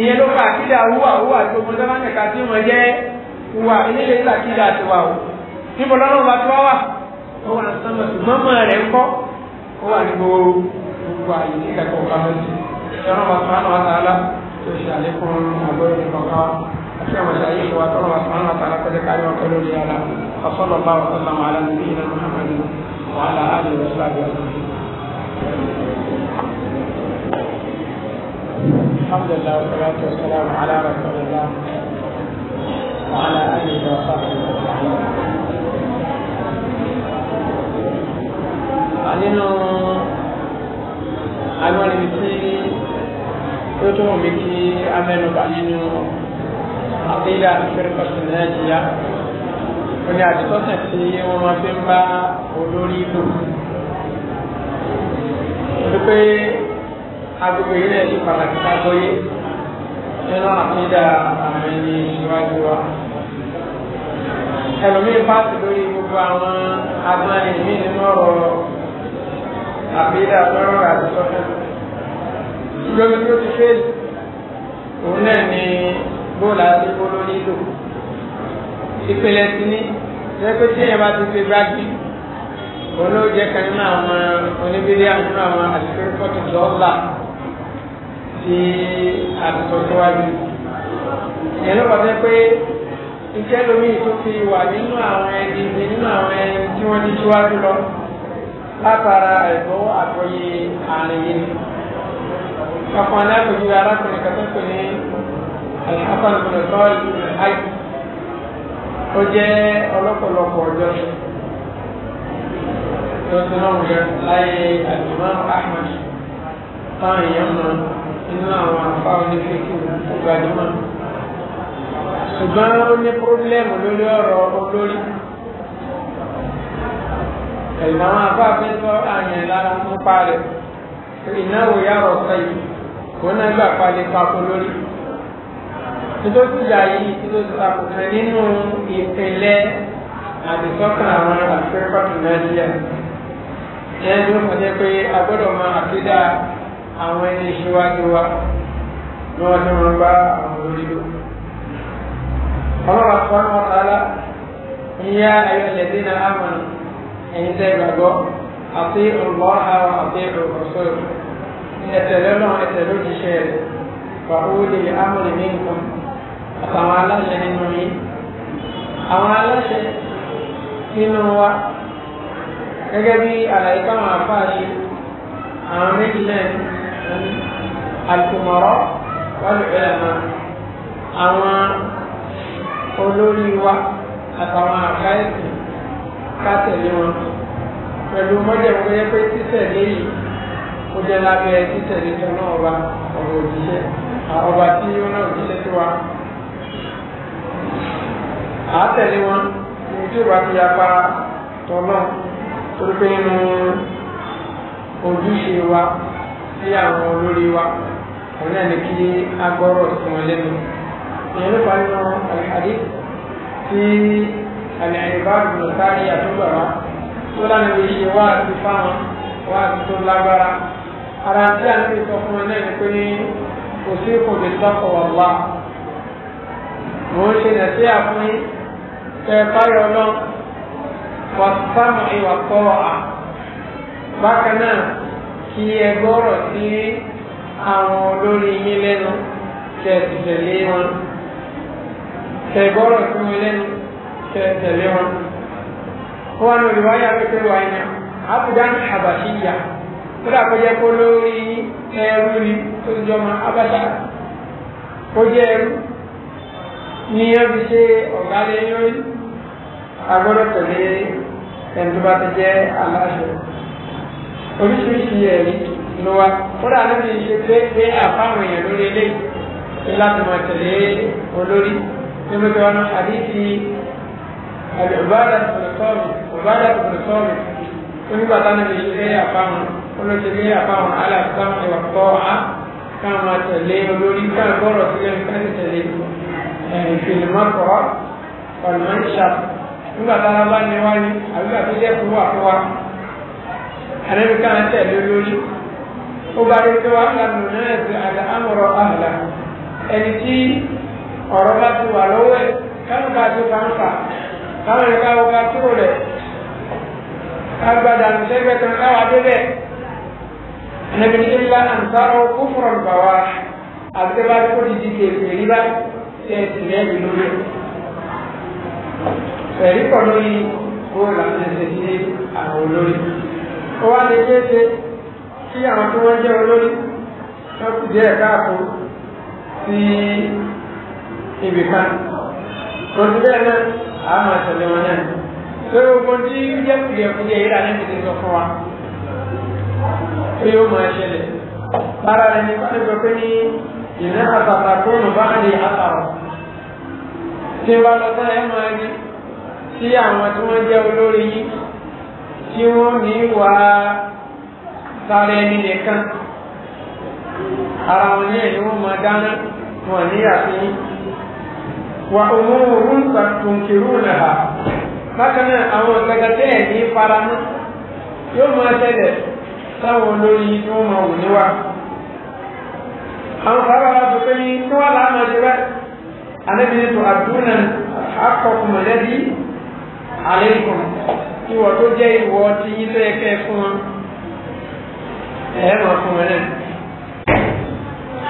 ìyẹn ló fa àkídà wúwà wúwà tó mọ sábà nìka tí wọn jẹ wúwà eléyè ńlá àkídà ti wà o níbo lọ́nà wà tó wà ó wà sọ́nà mọ́mọ́ rẹ̀ ńkọ́ ó wà níbo gbogbo àyè nígbà tó kà lọ sí lọ́nà wà tó wà tààlà tó ṣe àlékún àgbẹ̀rẹ̀ nìkọ̀ọ̀ká àti àwọn ìṣàyè ìṣòwò àtọ́nà wà tó wà tààlà pẹ̀lẹ́ kárí wọn pẹ̀lú ìyá الحمد لله والصلاة والسلام على رسول الله وعلى آله وصحبه أجمعين. nínú àwọn ibi tí ó tó wù mí kí a mẹ́nuba nínú àtẹ́lẹ̀ àtúfẹ́rẹ́kọ̀ sí nàìjíríà ó ní tí wọ́n máa fi ń bá olórí lò. ó pé agbègbè yìí náà ṣe pàtàkì kágbọ́ yé nínú àfídà àwọn ẹni ìṣíwájú wa. ẹlòmíín pàṣẹ lórí gbogbo àwọn agbọ́nrin mi nínú ọ̀rọ̀ àfídà lọ́rọ̀ àdìsọ́fẹ́. lórí tó ti fẹ́ òun náà ni bóòlù àti bóòlù nílò. ìpele ti ní ẹgbẹ́ tí èèyàn bá ti fi gbági olóòjẹ kan nínú àwọn oníbíríà nínú àwọn àṣìṣe kọ́tù tó ọ̀la tí a ti sọ síwájú ìyẹn ló pàṣẹ pé iṣẹ́ lómi tó fi wà nínú àwọn ẹni nínú àwọn ẹni tí wọ́n ti síwájú lọ látara ẹ̀gbọ́ àtọ́yé àárín yìí ọkàn alákòjú arákùnrin kan tó pè ní alhassan bùnùsọ́ọ̀lù àìsí ó jẹ́ ọlọ́pọ̀lọpọ̀ ọjọ́ sí lọ́sọ̀rọ̀ rẹ̀ láyé àdìmọ́ ahmed táwọn èèyàn náà. nínú àwọn afá onífíkì tó gbajúmọ̀ ṣùgbọ́n ó ní pírọ́blẹ́mù lórí ọ̀rọ̀ olórí ẹ̀yìn àwọn sọ àyàn lára ń pa ìnáwó yàrá ọ̀sẹ̀ yìí kò náà gbà palẹ̀ papọ̀ lórí nítorí ìyá yìí nítorí nínú ìpínlẹ̀ àdìsọ́kàn àwọn àfẹ́fà tó ẹni pé a máa àwọn ẹni ṣíwájú wa ní wọ́n ti wọ́n bá àwọn lórí lò. ọlọ́wà sọ wọn tààlà ìyá ayọ̀lẹ̀dẹ́ náà àmọ̀nà ẹ̀yin tẹ́ gbàgbọ́ àti ọ̀lọ́ àwọn àti ọ̀sọ̀ ẹ̀tẹ̀lẹ́ náà ẹ̀tẹ̀lẹ́ òṣìṣẹ́ rẹ̀ fàkúwìlì àmọ̀lẹ̀ ní nǹkan àtàwọn aláṣẹ nínú yìí. àwọn aláṣẹ nínú wa gẹ́gẹ́ bí àlàyé káwọn àfáà ṣe àwọn méjì náà al-umara wal-ulama àwọn olórí wa àtàwọn àkáyèsí ká tẹ̀lé wọn pẹ̀lú mọ́jẹ̀mú yẹ pé títẹ̀lé yìí ó jẹ́ lábẹ́ títẹ̀lé tó náà ọba ọ̀rọ̀ òjíṣẹ́ ọba tí ó náà òjíṣẹ́ sí sí àwọn olórí wa òun náà ni kí a gbọ́rọ̀ sí wọn lẹ́nu ìyẹn ló parí wọn àlìhàdí tí àlìhàdí bá gbọ́dọ̀ sáré àtúgbà wa tó lánàá lè ṣe wá àti fáwọn wá àti tó lágbára ara tí a lè sọ fún wọn náà ni pé kò sí kò lè sọ́kọ̀ wà wá mò ń ṣe nàṣí àfún ẹ báyọ̀ lọ wà sámù ìwà kọ́ à bákan náà kí ẹ gbọ́rọ̀ sí àwọn olórí yín lẹ́nu kẹ sì tẹ̀lé wọn kẹ gbọ́rọ̀ sí wọn lẹ́nu kẹ tẹ̀lé wọn. wọn lórí wáyà pépé wáyà náà àbúdá ní àbàṣíyà ó dà kọjá kó lórí ẹrú ni tó jọmọ abáṣà ó jẹ ẹrú ní ẹbí ṣe ọ̀gá lé lórí agbọ́dọ̀ tẹ̀lé ẹni ti jẹ́ aláṣẹ oríṣiríṣi ẹ̀rí ló wa kódà níbi ìṣe pé pé àfáwọn èèyàn lórí eléyìí láti máa tẹ̀lé olórí nínú bí wọn àdìsí ọ̀bádàtùbùrùsọ́ọ̀mù onígbà táwọn níbi ìṣe àfáwọn olóṣèlú àfáwọn aláàtúntàwọn ìwà pọ̀ á káwọn máa tẹ̀lé olórí káwọn gbọ́rọ̀ sílẹ̀ káwọn tẹ̀lé ìfìlímọ́kọ̀ọ́ ọ̀nà ìṣàkóso nígbà táwọn bá ní wá ní àbí àbí jẹ́ fún wà fún wa ànábi kan tẹ̀lé lórí ó bá rí pé wàá kànú náà ti àdá àmọ̀rọ̀ àhàlà ẹni tí ọ̀rọ̀ bá ti wà lọ́wọ́ ẹ̀ kánú ká ti fanfa káwọn ẹ̀ka wo ká kúrò rẹ̀ ká gbàdá nùsẹ́gbẹ̀ kan káwá débẹ̀ ànábi ní ńlá àǹtárọ̀ kúfùrọ̀ bàwá àti tẹ́ bá kó didi kéèké rí bá tẹ̀ sílẹ̀ yìí lórí ẹ̀rí pọ̀ lórí bóòlù àti ẹ̀sẹ̀ sí àwọn olórí ó wá lè yéṣe kí àwọn tí wọ́n jẹ́ olórí wọ́n kù díẹ̀ káàkó sí ibì kan kò sí bẹ́ẹ̀ náà a máa tẹ̀lé wọn náà lórí ogun tí yẹ kùyẹ̀kùyẹ̀ yìí rà níbi tí sọ fún wa pé ó máa ṣẹlẹ̀ lára rẹ̀ ní kọ́ni sọ pé ní ìná àtàtà tó nù bá ń di àtàrọ̀ tí wọ́n lọ sọ́yẹ́ máa rí sí àwọn tí wọ́n jẹ́ olórí yìí tí wọ́n ní wà sára ẹni nìkan ara wọn ní ẹni wọ́n máa dáná wọn ní àfihàn wà òun òun tòǹkìrú nàá bákan náà àwọn gẹ́gẹ́ ẹ̀ ní faramú yóò máa tẹ̀lẹ̀ sáwọn olórí tí wọ́n máa wù níwá àwọn sábà wá sọ pé ní kí wọ́n láà máa ṣe bẹ́ẹ̀ anábìrin tó àdúrà akọkùnmọ̀lẹ́bí àlékún ìwọ̀ tó jẹ́ ìwọ̀ tí yín tó yẹ kẹ́ fún wọn ẹ̀ mọ̀ fún wọn náà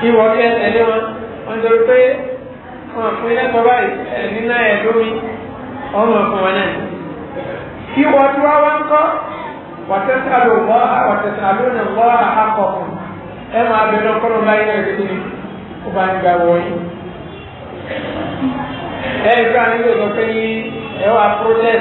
ìwọ̀ tí ẹ tẹ̀lé wọn wọn torí pé wọn fún yín lẹ́tọ̀ọ́ báyìí ẹ̀ nínú ẹ̀ lómi ọmọ fún wọn náà ìwọ̀ tí wọ́n wá ń kọ́ wàtẹ́sàlù àkọ́ máa bá ń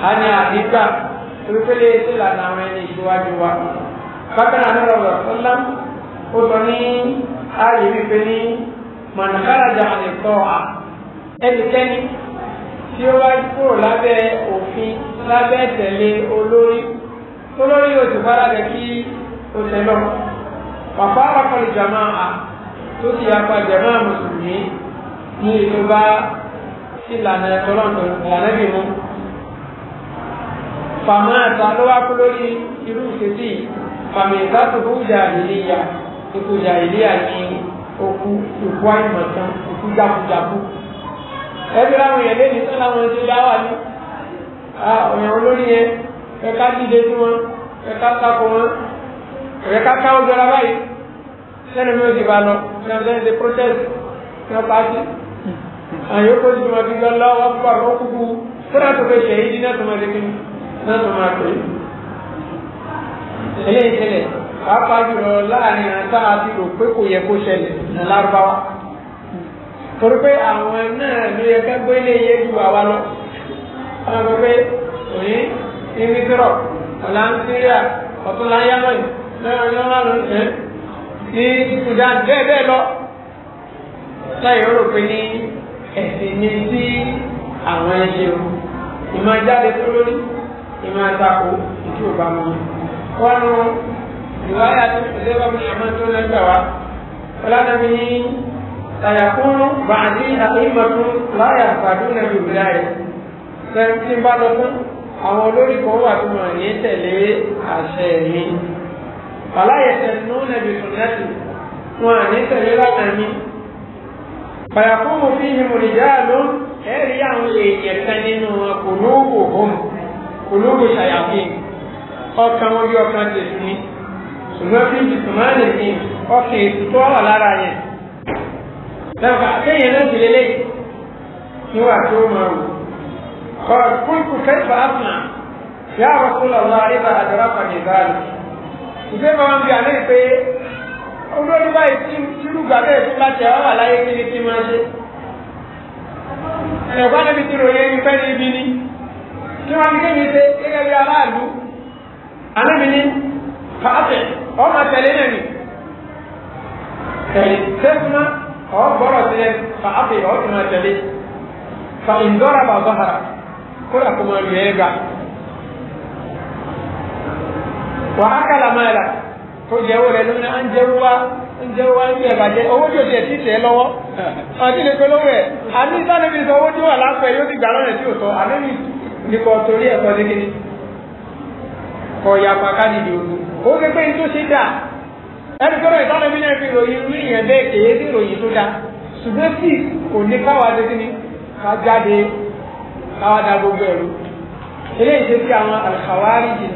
á ní àdígbà torípélé sí lànà àwọn ẹni ìṣíwájú wa bákan náà ní ọ̀rọ̀ ọ̀sánlá ó sọ ní ààyè wípé ní mọ̀nàkáràjà àlẹ́kọ́ à ẹnikẹ́ni tí ó bá kúrò lábẹ́ òfin lábẹ́ tẹ̀lé olórí olórí yóò ti fara rẹ̀ kí o tẹ̀lọ́ pàpà àpapọ̀lù jàmá à tó ti yapa jàmá mùsùlùmí ní ìlú bá sí lànà ẹ̀kọ́ lọ́dọ̀ ìlànà ìbímọ fàmà ta ló wá kú lórí irú ìṣesí fàmì ìsàtúkú jàhìlíyà ikú jàhìlíyà ní okú ikú àìmọ̀tán ikú jákujáku ẹbí láwọn èèyàn lé nìkan láwọn ṣe dáwà ní ọ̀yàn olórí yẹn ẹ̀ka dídé sí wọn ẹ̀ka sáko wọn ẹ̀ka káwọ́ jọra báyìí sẹ́nu mi ò sì bá lọ sẹ́nu sẹ́nu ṣe protest ní ọ̀pá sí àyè ó kó sí wọn kí lọ́wọ́ pọ̀ ọ̀rọ̀ kúkú fúnra tó fẹ́ ṣẹ̀yìn ṣe kí náà tó máa pè é eléyìí tẹ́lẹ̀ pàápàá jùlọ láàrin àtà àti rò pé kò yẹ kó ṣẹlẹ̀ ní lárúbáwá torí pé àwọn náà ló yẹ ká gbé lè yé ju àwa lọ wọn sọ pé òní ìmísírọ ọ̀là ń síríà ọ̀túnlá yámọ̀yì lọ́rọ̀ ní ọlọ́run ẹ̀ ní Sudan bẹ́ẹ̀ bẹ́ẹ̀ lọ láì rò pé ní ẹ̀sìn ní sí àwọn ẹ̀ṣẹ̀ ìmọ̀ jáde tó lórí ìmọ̀ àtakò ìdí òbá mọ́. wọnú ìwáyà tó ṣẹlẹ̀ bá mi àmọ́ tó lẹ́gbà wá ọlọ́dàbí ní tàyàkùn bàdí àtẹ̀yìnbọ̀tún láyà pàdé nàbí òbílà yìí lẹ́yìn tí ń bá lọ fún àwọn olórí kan wà tó mọ̀ ní tẹ̀lé àṣẹ mi. bàláyẹ̀sẹ̀ nù nàbí sùnẹ́tì wọn à ní tẹ̀lé lánàá mi. bàyàkùn mo fi hìmù nìjà ló ẹ̀rí àwọn èèyàn kan nínú ọkùnrin òkùnkùn olóògbé ṣàyàfín ọkàn wọn bí ọkàn ti sí ṣùgbọ́n fi ìtumọ̀ nìkan ọkàn èsì tó wà lára yẹn lẹ́fà kéèyàn náà ti lélẹ̀ níwà tó máa wù kọ́ kúrkù kẹfà áfnà yà wà sólà ọ̀la ìbà àdàrà pàdé báyìí ìgbé máa ń bí àná ìpè olórí báyìí tí irúgbà bẹ́ẹ̀ tó bá tẹ̀ ọ́ wà láyé kí ni kí máa ṣe ẹ̀gbọ́n níbi tí ròyìn ẹni fẹ́ ní ibi ni kí wọ́n fi mi ṣe gẹ́gẹ́ bí aráàlú anábì ní fàáfẹ̀ ọmọ tẹ̀lé náà ni tẹ̀lé tẹ́sùmá ọ̀ gbọ́rọ̀ sílẹ̀ fàáfẹ̀ ọ̀ tún máa tẹ̀lé fa ìdọ́ra bá zọ́hara kódà kó máa rí ẹ̀ ga wà á kàlà máa rà kó jẹ́wọ́ rẹ̀ lónìí à ń jẹ́wọ́ wá ǹjẹ́ wa ń yẹ bàjẹ́ owó tí o ti ẹ̀tí tẹ̀ lọ́wọ́ àti ilé polówó ẹ̀ àti ìsàlẹ̀ mi sọ owó tí wà lápẹ̀ yóò ti gbà lọ́rẹ̀ tí o sọ àlẹ́ mi kíkọ torí ẹ̀kọ́ ní kíni kọ ya pàká nídìí ogun ó ké pé tó ṣe dà ẹni tó rẹ̀ tọ́lẹ̀ mílẹ̀ fi ròyìn rí ìyẹn bẹ́ẹ̀ kéé sí ròyìn tó dá ṣùgbọ́n tí kò ní káwa dé kíni ká jáde káwa dá gbogbo ẹ̀rú eléyìí ṣe sí àwọn àlùkàwárí jì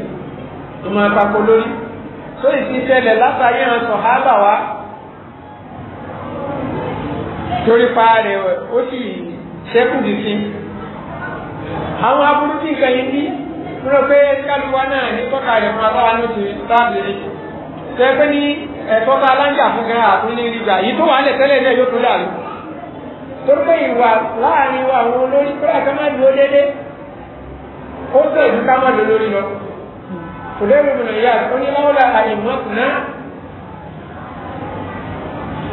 tó máa papò lórí tó sì ti ṣẹlẹ̀ látàrí àwọn sọ̀hábà wa torí pa rẹ̀ ó sì ṣẹ́kù dì sí àwọn aburú tí nǹkan yìí ní múlò pé kálíwá náà ní tọ́ka rẹ̀ fún abáwa ní oṣù táàbì rẹ̀ tẹ́ pé ní ẹ̀tọ́ tá a láǹjà fún gan àti ní ìgbà yìí tó wà lẹ̀ tẹ́lẹ̀ náà yóò tó dàrú torí pé ìwà láàrin wa àwọn olórí pé àti má dúró dédé ó sọ ìlú ká má dúró lórí lọ kò lérò mi nàìjíríà ó ní láwùlà àyèmọ́tì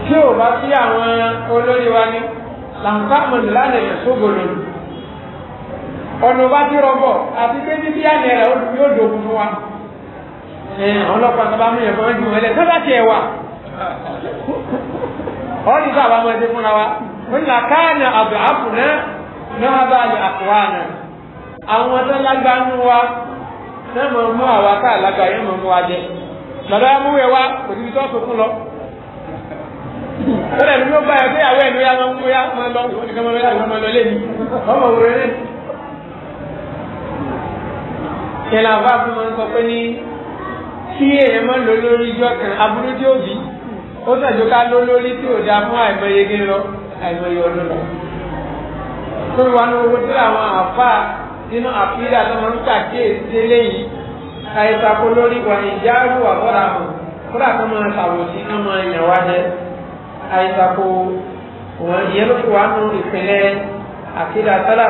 tí ò bá sí àwọn olórí wa ní làǹkà mọ̀lẹ́lá ọ̀nà bá ti rọ̀bọ̀ àti pé títí àná rẹ̀ yóò dògùn fún wa. ọlọ́pàá tó bá mú yẹn fún ẹgbẹ́ ìwọlẹ̀ tó bá tiẹ̀ wà. ọ̀rọ̀ ìgbà àbámọ́ ẹ̀dẹ́ fúnra wa ó ní làkàánà àbẹ̀ àpùnà náà bá lè àkùwá nà. àwọn tó lágbánú wa náà mọ̀ mú àwa ká yẹn mọ̀ mú wa jẹ. bàbá mú wẹ̀ wá yẹn làwọn àbúrò máa ń sọ pé ní kí èèyàn máa lò lórí ijọ́ kan aburú tí ó bí ó sàjọ ká ló lórí tí ò dáa fún àìmọyege lọ àìmọye ọdún lọ. tó wà ní owó tí àwọn àfa nínú àfíìdá tó máa ń ṣàkíyèsí eléyìí àìsàkó lórí wà ní ìjáàrú àbọ̀dà hàn kódà tó máa ṣàwòsí tó máa yàn wá jẹ àìsàkó wọn ìyẹn ló fi wà nù ìpínlẹ̀ àfíìdá sálà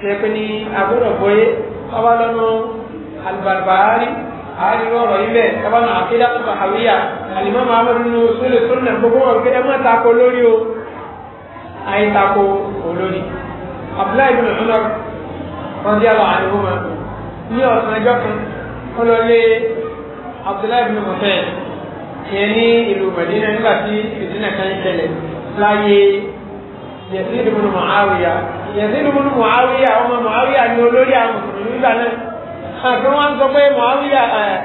tẹ́ ní agbọ́dọ̀ bọ́yé ọba lọ́nà alibarbahari ari rọrọ ibẹ̀ ẹbánu akéda tó bahawiya alimọ mahamadu nínú sólè sólè gbogbo wọn kéde má tako lórí o àyè tako olórí abdullahi bin umar rọdí àlọ àdìgúnmá ní ọ̀sán ẹjọ́ kan ọlọ́lé abdullahi bin mọ̀fẹ́ yẹn ní ìlú mẹ̀dínà nígbà tí ìdínà kan ṣẹlẹ̀ láyé yẹ̀sí ìdúmọ̀nù mọ̀ àwíyá yẹ̀sí ìdúmọ̀nù mọ̀ àwíyá ọmọ mọ̀ àwíyá ni àti wọ́n sọ pé mọ̀háwíyà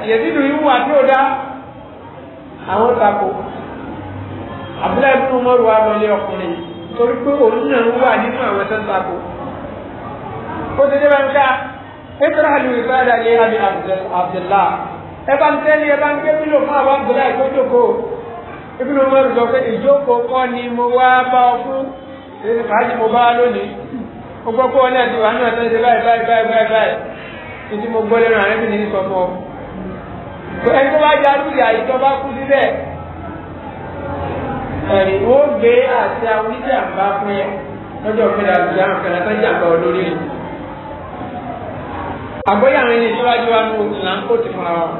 yẹ̀dídù ìwú àti òdá àwọn tako abdullahi bin umar wà lọlé ọkùnrin torí pé òun náà wà nínú àwọn tó ń tako ó ti débà ń ká pétérà àlù ìfáàdà lé àbí abdullah ẹ bá ń tẹ́lẹ̀ ẹ bá ń gbé bílò fún àwọn abdullahi tó jókòó ibi ló mọ̀rù sọ pé ìjókòó kọ́ ni mo wá bá ọ fún ìrìn fàájì mo bá lónìí ó gbọ́ pé ọ náà ti wà nínú ẹ̀sán báyìí báyìí báyìí báyìí títí mo gbọ́ lẹ́nu àrẹ́bí ní sọ fún ọ. ẹni tó bá jarú ìyá ìjọba kú síbẹ̀ ẹ̀rì ó gbé àti awíjàmbá fún ẹ lọ́jọ́ ìpínlẹ̀ àbújá àǹfààní àtàjàmbá olórí rẹ̀. àgbóyà àwọn ẹni síwájú wa ní òtúnlá ń kó ti fúnra wọn.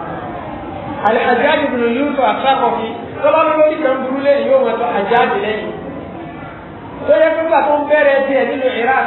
àjáde bùnú yúùtọ̀ àtàkọ̀fí tọ́lá lórí kan burú lẹ́yìn yóò wọn tó àjáde lẹ́yìn. tó yẹ fún bàtọ́ ń bẹ̀rẹ̀ tiẹ̀ Iraq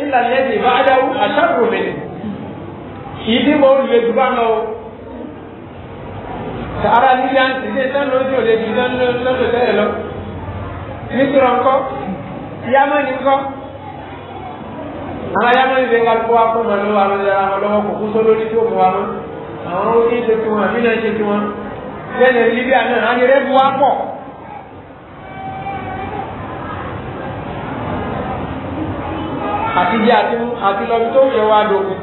ilà lẹ́yìn bá dáwó àṣàrò mi ìdí mo lè jù bá lọ. ara nílé àǹtí ṣe sọ́nà ojú òde jù lọ́dọ̀ tẹ́lẹ̀ lọ. nítorí ọkọ yámẹ́ni kọ́ àwọn yámẹ́ni ṣe ń kálukú wá fún ọmọ lọ́wọ́ àwọn ọmọ lọ́wọ́ kò kú sólórí tí ó mú wa mọ́ àwọn oníṣe tiwọn àbí náà ṣe tiwọn lẹ́yìn Libya náà á ní rẹ́bù wá pọ̀. àti jẹ́ àti mú àti lọ́bi tó yẹ wá dòfin.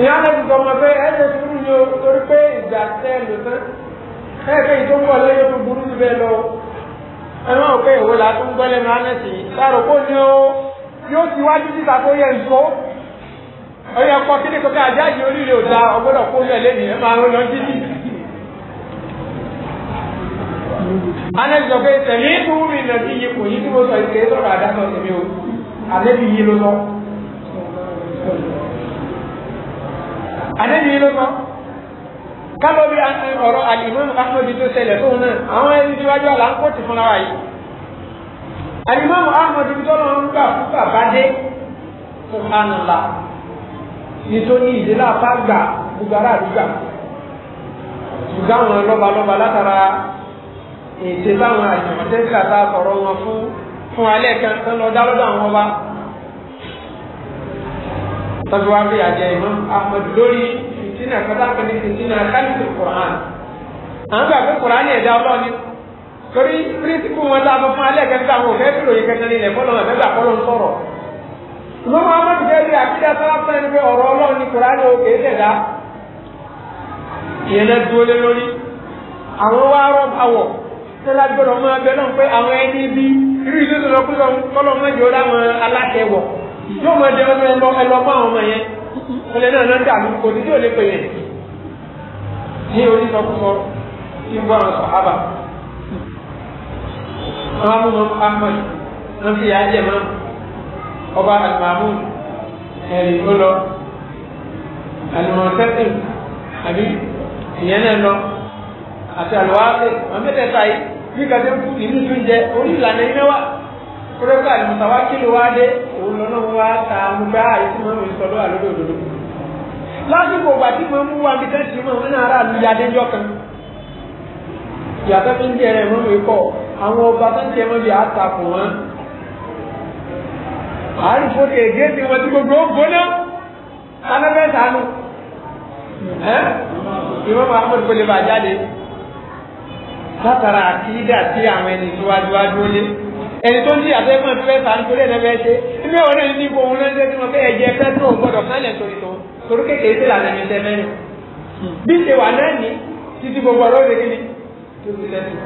ìyá náà ti sọ ma pé ẹ ṣe sùúrù yìí o torí pé ìjà tẹ ẹ lò tán ẹ kẹ́ ìtò ń bọ̀ lẹ́yìn tó burú jù bẹ́ẹ̀ lọ ẹ má wò pé ìwé la tó ń gbọ́ lẹ́nu ánẹ́sì láàrọ̀ kó ní o yóò ti wájú síta tó yẹ nǹkó ọyọ kọ kí ni kò kí ajáde oríire ò da ọgbọ́dọ̀ kó yẹ lẹ́yìn ẹ máa ń lọ títì. alẹ́ sọ pé tẹ̀lé ìdúró ìlẹ̀ tí iye kò tí mo sọ o alẹ́ bí iye ló sọ. bi bí iye ló sọ. bí eh, alimami ahmed tó ṣẹlẹ̀ àwọn alimami ahmed tó lọ ń gbà fún dé fún nítorí ìdílé gbà àdúgbà àwọn ètè báwọn àjùmọ̀tẹ́sílà tá a sọ̀rọ̀ wọn fún fún alẹ́ kan tó lọ dá lọ́dọ̀ àwọn ọba tọ́jú wa fi àjẹ ìmọ̀ Ahmadu lórí fìtínà kọ́tàkùn ní fìtínà kálífù kùrán àwọn gbàgbé kùrán ní ẹ̀dá ọlọ́ọ̀ni torí pírísìpù wọn tá a fọ fún alẹ́ kẹta àwọn òfẹ́ fìlò yìí kẹta nílẹ̀ fọlọ́ ẹ̀fẹ́ gbà fọlọ́ ń sọ̀rọ̀ ìmọ̀mọ́ amadu jẹ́rì àkídá tó wá fún ẹni pé ọ̀rọ̀ ọlọ́run ní kùránì òkè ẹ̀dá ìyẹn náà dúró lé lórí àwọn wá rọ́ àwọ̀ tẹ́lá gbọ́dọ̀ máa bẹ náà pé àwọn ẹni bí irú ìlú tó lọ pé kọ́lọ́ máa jọ láwọn aláṣẹ wọ̀ yóò máa jẹ ọdún ẹlọ ẹlọ fún àwọn ọmọ yẹn olè náà náà dàlú kò ní tí ò lè pè yẹn ní onísọkúsọ tí ń bọ́ àwọn sàhábà àwọn amúnà Ahmad wọn fi yà á jẹ máa ọba àtìmàmù ẹ̀rì ó lọ àlùmọ̀tẹ́sìn àbí ìyẹn náà lọ àti àlùwáṣẹ́ wọn mẹ́tẹ̀ẹ̀ta yìí bí kàdé ń kú nínú tó ń jẹ orí ìlànà iná wa kúrẹ́kọ̀ àlùmọ̀tà wá kí ló wá dé òun lọ́nà wá ta amúgbá àyíkú mọ́ òun sọ́dọ́ àlódò òdòdó. lásìkò ìgbà tí mo mú wa bí tẹ́ sí mọ́ òun náà rà lóya déjọ́ kan. ìyàtọ̀ fi ń jẹ́ rẹ̀ mọ́ mi kọ́ àwọn ọba tó ń jẹ́ mọ́ bí àtakò wọn. àárùfò kèké ti wọn tí gbogbo ó gbóná alẹ́ sànú. ìwọ́n máa mọ̀ látara àkídà tí àwọn ẹni tó wájú wájú ó lé ẹni tó ní àtẹ́gbọ́n tó fẹ́ sàn torí ẹ̀ lẹ́fẹ̀ẹ́ ṣe ilé òun náà ní òun náà ń tẹ́tí wọn pé ẹ̀jẹ̀ pẹ́trò gbọ́dọ̀ kálẹ̀ torí tó torí kékeré sí làwọn ẹni tẹ́ mẹ́rin bí ṣe wà náà ní títí gbogbo ọlọ́run kí ni tó ti lẹ́sìn.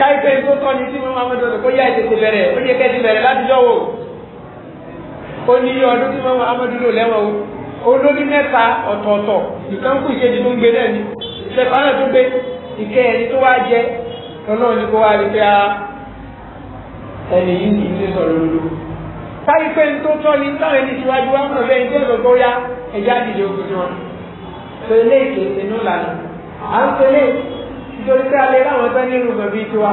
káyipẹ́ tó tọ́ ni tí mo máa mọ́tò kó yá ètò bẹ̀rẹ̀ ó yẹ kẹ́tì bẹ̀rẹ̀ láti lọ́wọ́ ó ní ọdún tí mo máa mọ́tò lò lẹ́wọ̀n o olórí mẹ́ta ọ̀tọ̀ọ̀tọ̀ ìkànkù ìkejì tó ń gbé náà ni ṣẹ̀fọ́nà tó gbé ìkẹ́ ẹni tó wá jẹ́ ọlọ́run ní kó wá rí pé ẹni yìí ní ilé sọ̀rọ̀ lódò táyé pé ní tó tọ́ ni táwọn ẹni síwájú wá mọ̀ bẹ́ẹ̀ ní tẹ́lẹ̀ gbọ́ ya ẹja dìde ogun náà tó ilé ìké inú lànà à ń tẹ́lẹ̀ nítorí pé alẹ́ láwọn tán ní irú bẹ̀bí tiwa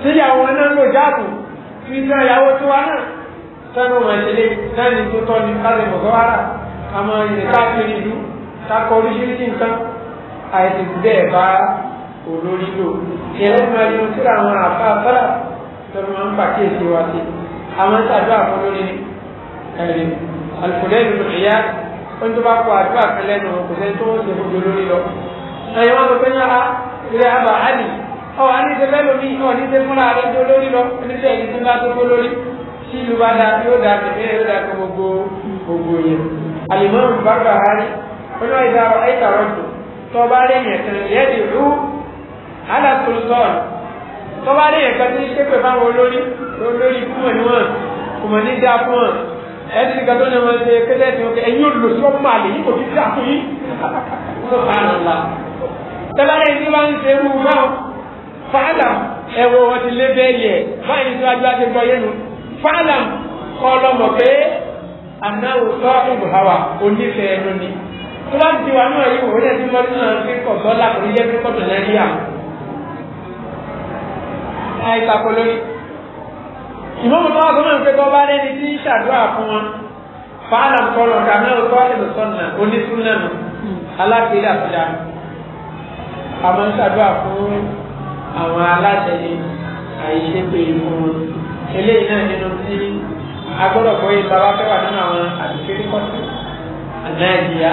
síyàwó náà lò jáàbù fi tán ìyàwó tiwa náà sẹ́nu máa náà ní tó tọ́ ni ká lè àmọ́ ìrẹ̀ká àìsàn bẹ́ẹ̀ bá olórí lò ìyẹn máa yọ sí àwọn àfáàfáà tọ́lú máa ń pàkíyèsí wa sí àwọn sàdúrà fún lórí ẹ̀rí alùpùpù ìlú ìyá ó ń tó bá kó àdúrà kan lẹ́nu kò sẹ́ni tó ń ṣe gbogbo lórí lọ. ẹ̀yin wọn sọ pé ní ara ah, ilé àbá àdì ọ̀ àní ṣe fẹ́ lómi ọ̀ ní ṣe fúnra rẹ̀ tó lórí lọ oníṣẹ́ ìdí tó bá tó kó lórí tí ìlú bá dáa yóò dáa tẹ̀lé yóò dáa tó gbogbo gbogbo yẹn. àlìmọ́ tọba rí yẹn kan yẹ́dì rú alasultan tọba rí yẹn kan tí ń ṣépè fáwọn olórí olórí fún ẹ̀ níwọ̀n kò mọ̀ ní dá fún ọ̀ ẹni ní gàdó ni wọn ṣe kéde ẹsìn ọkẹ ẹyin olùlọ sí ọmọ àlè yìí kò ní dá fún yín ló bá nà la tọba rí yẹn tí wọn ń ṣe irú náà fàálà ẹwọ wọn ti lé bẹ́ẹ̀ yẹ tó bá ti wà náà yìí òun ẹ̀sìn mọ́tò náà fi kọ̀tọ́ lákòó yẹ fi kọ̀tọ̀ náà rí à. àìsàkó lórí ìmọ̀mù tó wà fún mi pé tó bá rẹ́ni tí ń ṣàdúrà fún wọn fàálà ń kọlọ̀ kàmí ọ̀tọ́ ẹ̀dùn sọ̀nà onísúnà nù alákèédà fúdà àmọ́ ń ṣàdúrà fún àwọn aláṣẹ ni àìṣe pé fún wọn eléyìí náà nínú tí agbọ́dọ̀ bóyá bàbá fẹ́ wà nínú àwọn àdìfẹ́ kọ́sì àdáyé ìyá.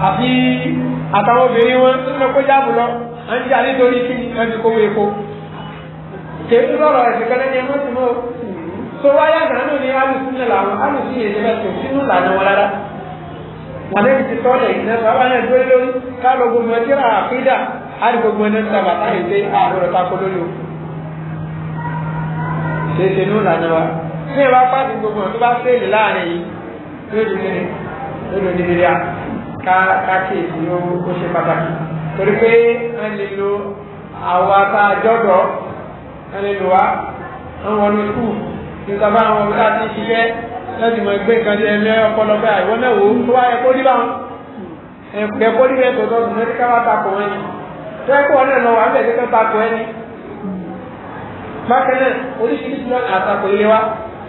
àti àtàwọn obìnrin wọn tó lọ kó jáàbù lọ à ń jà nítorí kí ni wọn ti kówó epo kèémí lọ́rọ̀ ẹ̀sìn kan lẹ́ni ẹmọ́ sí mọ́ o tó wáyà gánà ní alùsílẹ̀ làwọn alùsílẹ̀ yẹn bẹ́ẹ̀ tó sínú lànà wọn rárá wọn lè ti tọ́lẹ̀ ìdílé bàbá náà dúró lórí ká gbogbo ẹtí àfídà gbogbo ẹni ta bàtà o wa ìwà pàṣẹ gbogbo tó bá fẹ́ẹ̀lì láàrin yìí káàkiri ó ṣe pàtàkì torí pé ẹ lè lo àwọn atajọ́dọ̀ ẹ lè lo wa àwọn ọ̀nà ikú nígbà bá àwọn ọ̀gá ti ṣiṣẹ́ lọ́dì mọ̀ ẹgbẹ́ kan ní ẹlẹ́ ọpọlọpẹ àìwọ́n náà wò ó tó wá ẹ̀kọ́ ní báwọn ẹ̀kọ́ ẹ̀kọ́ ní bẹ́ẹ̀ tọ́tọ́ tún mẹ́tíkà wá takò wọn ni tó ẹ̀kọ́ wọn náà lọ wà bẹ́ẹ̀ tẹ́tọ́ takò ẹni. bákan náà oríṣiríṣi lọ àtakò ilé wa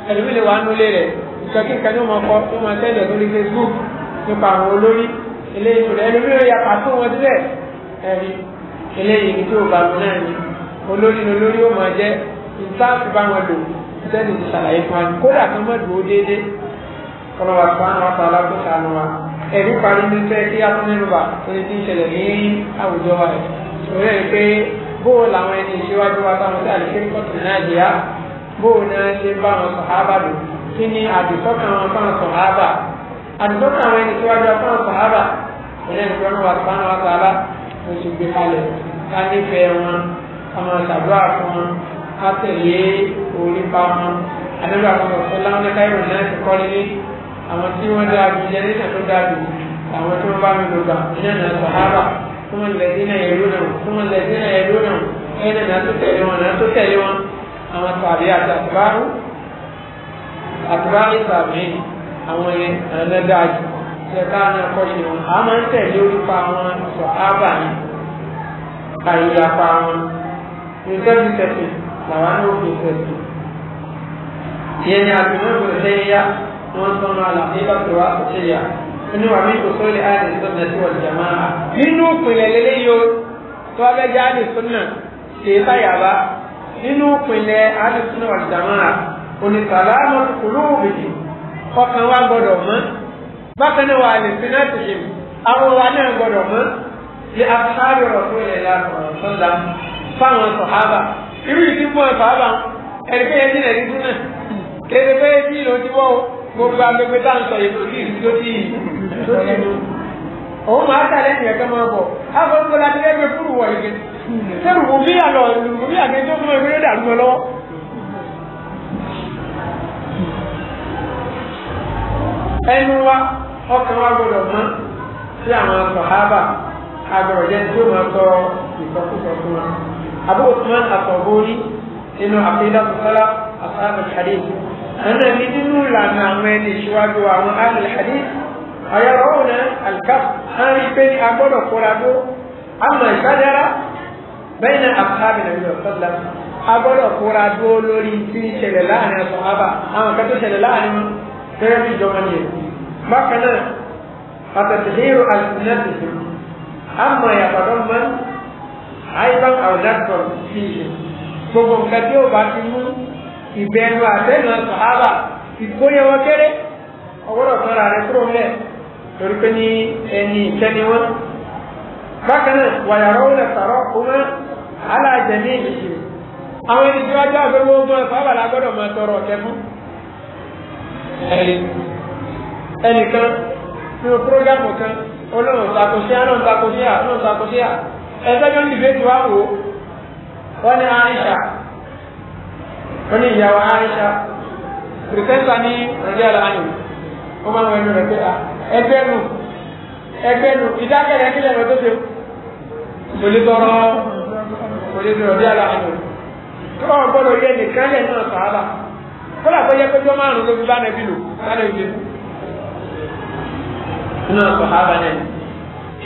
ẹlòmí lè wà nulẹ̀ rẹ̀ ìṣọ́kí kan Facebook nípa àwọn eléyìí rẹ̀ ẹni mìíràn ya pàtó wọn síbẹ̀ ẹ̀rí eléyìí ní tí ò bá mi náà ni olórí ni olórí ó máa jẹ́ ìtàkì bá wọn lò sẹ́ni ti ṣàlàyé fún wa kódà kan mọ̀ dúró déédéé kọ́nà wa sọ àwọn àtàlà kó sànù wa ẹ̀rí parí ní fẹ́ kí atún nínú wa torí ti ń ṣẹlẹ̀ ní àwùjọ wa rẹ̀ òun rẹ̀ pé bóò làwọn ẹni ìṣíwájú wa táwọn tí àlè kékeré kọ́tù náà jẹ́ á bóò náà ṣe bá wọn sàhábà ẹlẹ́yìn tó ń wà sánà wà sàlá mo sì gbé kalẹ̀ ká nífẹ̀ẹ́ wọn ká máa ṣàdúrà fún wọn ká tẹ̀lé orípa wọn àdébà kan ọ̀sán láwọn ní káyọ̀ náà ti kọ́ lé àwọn tí wọ́n dáa ju jẹ́ nígbà tó dáa ju àwọn tí wọ́n bá mi lògbà iná náà sàhábà fún wọn lẹ́sìn náà yẹ̀rú náà fún wọn lẹ́sìn náà yẹ̀rú náà ẹ̀yìn tó tẹ̀lé wọn àwọn tàbí àti àtìbáyé tàbí àwọn yẹn ìjẹta náà kọ́ ṣe wọn a máa ń tẹ̀lé orípa wọn sọ ábà ní àìyapa wọn nítọ́jú tẹ̀sìn làwọn náà fi tẹ̀sìn. ìyẹn ni àtúnwọ̀n kò sẹ́yìn yá wọ́n ń tọ́nu àlàyé lọ́sọ̀rọ̀ wá kò sẹ́yìn yá inú wa mi kò sóri àyè sọ́nà tí wọ́n jẹ̀mọ́ a. nínú ìpìlẹ̀ lélẹ́yìí o tó abẹ́jẹ́ àyè sọ́nà ṣe é báyàbá nínú ìpìlẹ̀ àyè sọ́nà wọ́n jẹ̀mọ́ a. onítàlámọ́ kúrò òbí ọkàn bákan náà wà lè fi náà ti ṣe àwọn wa náà gbọdọ̀ mọ́ ní asáàbì rọ̀ fún ilẹ̀ sọ́dà fáwọn sọ̀hábà irú ìdí fún sọ̀hábà ẹni pé ẹni náà dídú náà kéde pé kí ló ti wọ́ gbogbo agbègbè tá à ń sọ yìí kò sí ìlú tó ti tó ti lù òun máa tà lẹ́yìn ẹ̀kẹ́ máa bọ̀ afọ́nukọ́lá ti lẹ́gbẹ̀ẹ́ fúrù wọ̀ ìgbẹ́ sẹ́rù wò bí àlọ́ ìlú wò bí àgbẹ̀ tó fún ẹgbẹ́ dàrú mọ́ lọ́wọ́. ẹnu wa ọkàn wa gbọ́dọ̀ mọ́ sí àwọn sọ̀hábà agbọ̀rọ̀ jẹ́ tí ó máa sọ ìsọkúsọ fún wa Abu Usman àtọ̀bórí nínú àfihàn asáàbù hadith àwọn ẹni nínú ìlànà àwọn ẹni ìṣíwájú àwọn alì hadith ọ̀yọ̀rọ̀ ọ̀nà alkaf á rí pé a gbọ́dọ̀ kóra dó àmọ̀ ìbádára bẹ́ẹ̀ ni àfihàn nàìjíríà sọ́dọ̀ a gbọ́dọ̀ kóra dó lórí tí ń ṣẹlẹ̀ láàrin sọ̀hábà àwọn kan tó ṣẹlẹ̀ láàrin gẹ́gẹ́ bí ìjọba ní èkó bákan náà àtẹ̀tẹ̀lérò àìsínẹ́tìsì àmọ̀ ìyàtọ̀ mọ́n àìsàn àwùjọ sí ìṣe gbogbo nǹkan tí ó bá ti mú ìbẹ̀rù àtẹ̀nà sàhábà ìkóyẹwọ́ kéré ọgbọ́dọ̀ kan rà rẹ̀ kúrò mẹ́ torí pé ní ẹni ìkẹ́ni wọn bákan náà wàyàrá ó lẹ̀ sàrọ̀ ọmọ alájẹ ní ìṣe àwọn ẹni tí wájú àgbẹ̀wò ọgbọ́n sàhábà lágbọ́dọ̀ máa tọrọ ọ̀kẹ́ fún ẹnìkan nínú púrógámù kan olóhùn takoṣíà náà takoṣíà náà takoṣíà ẹgbẹ́jọ́ ní ìbéjì wá wò wọ́n ní Aisha wọ́n ní ìyàwó Aisha kìrìtẹ́sà ní ọ̀dẹ́ àlàáyé wọ́n máa ń wọ ẹnu rẹ̀ pé ẹgbẹ́ nù ẹgbẹ́ nù ìdákẹ́rẹ́ kílẹ̀ rẹ̀ tó ṣe kò lè tọrọ kò lè tọrọ ọ̀dẹ́ àlàáyé tó wọ́n gbọ́dọ̀ yẹ nìkan lẹ̀ náà sàábà kódà tó yẹ péjọ márùn ló fi bá nàbí lò sáré ìgbé. nínú ọ̀pọ̀ ààbà náà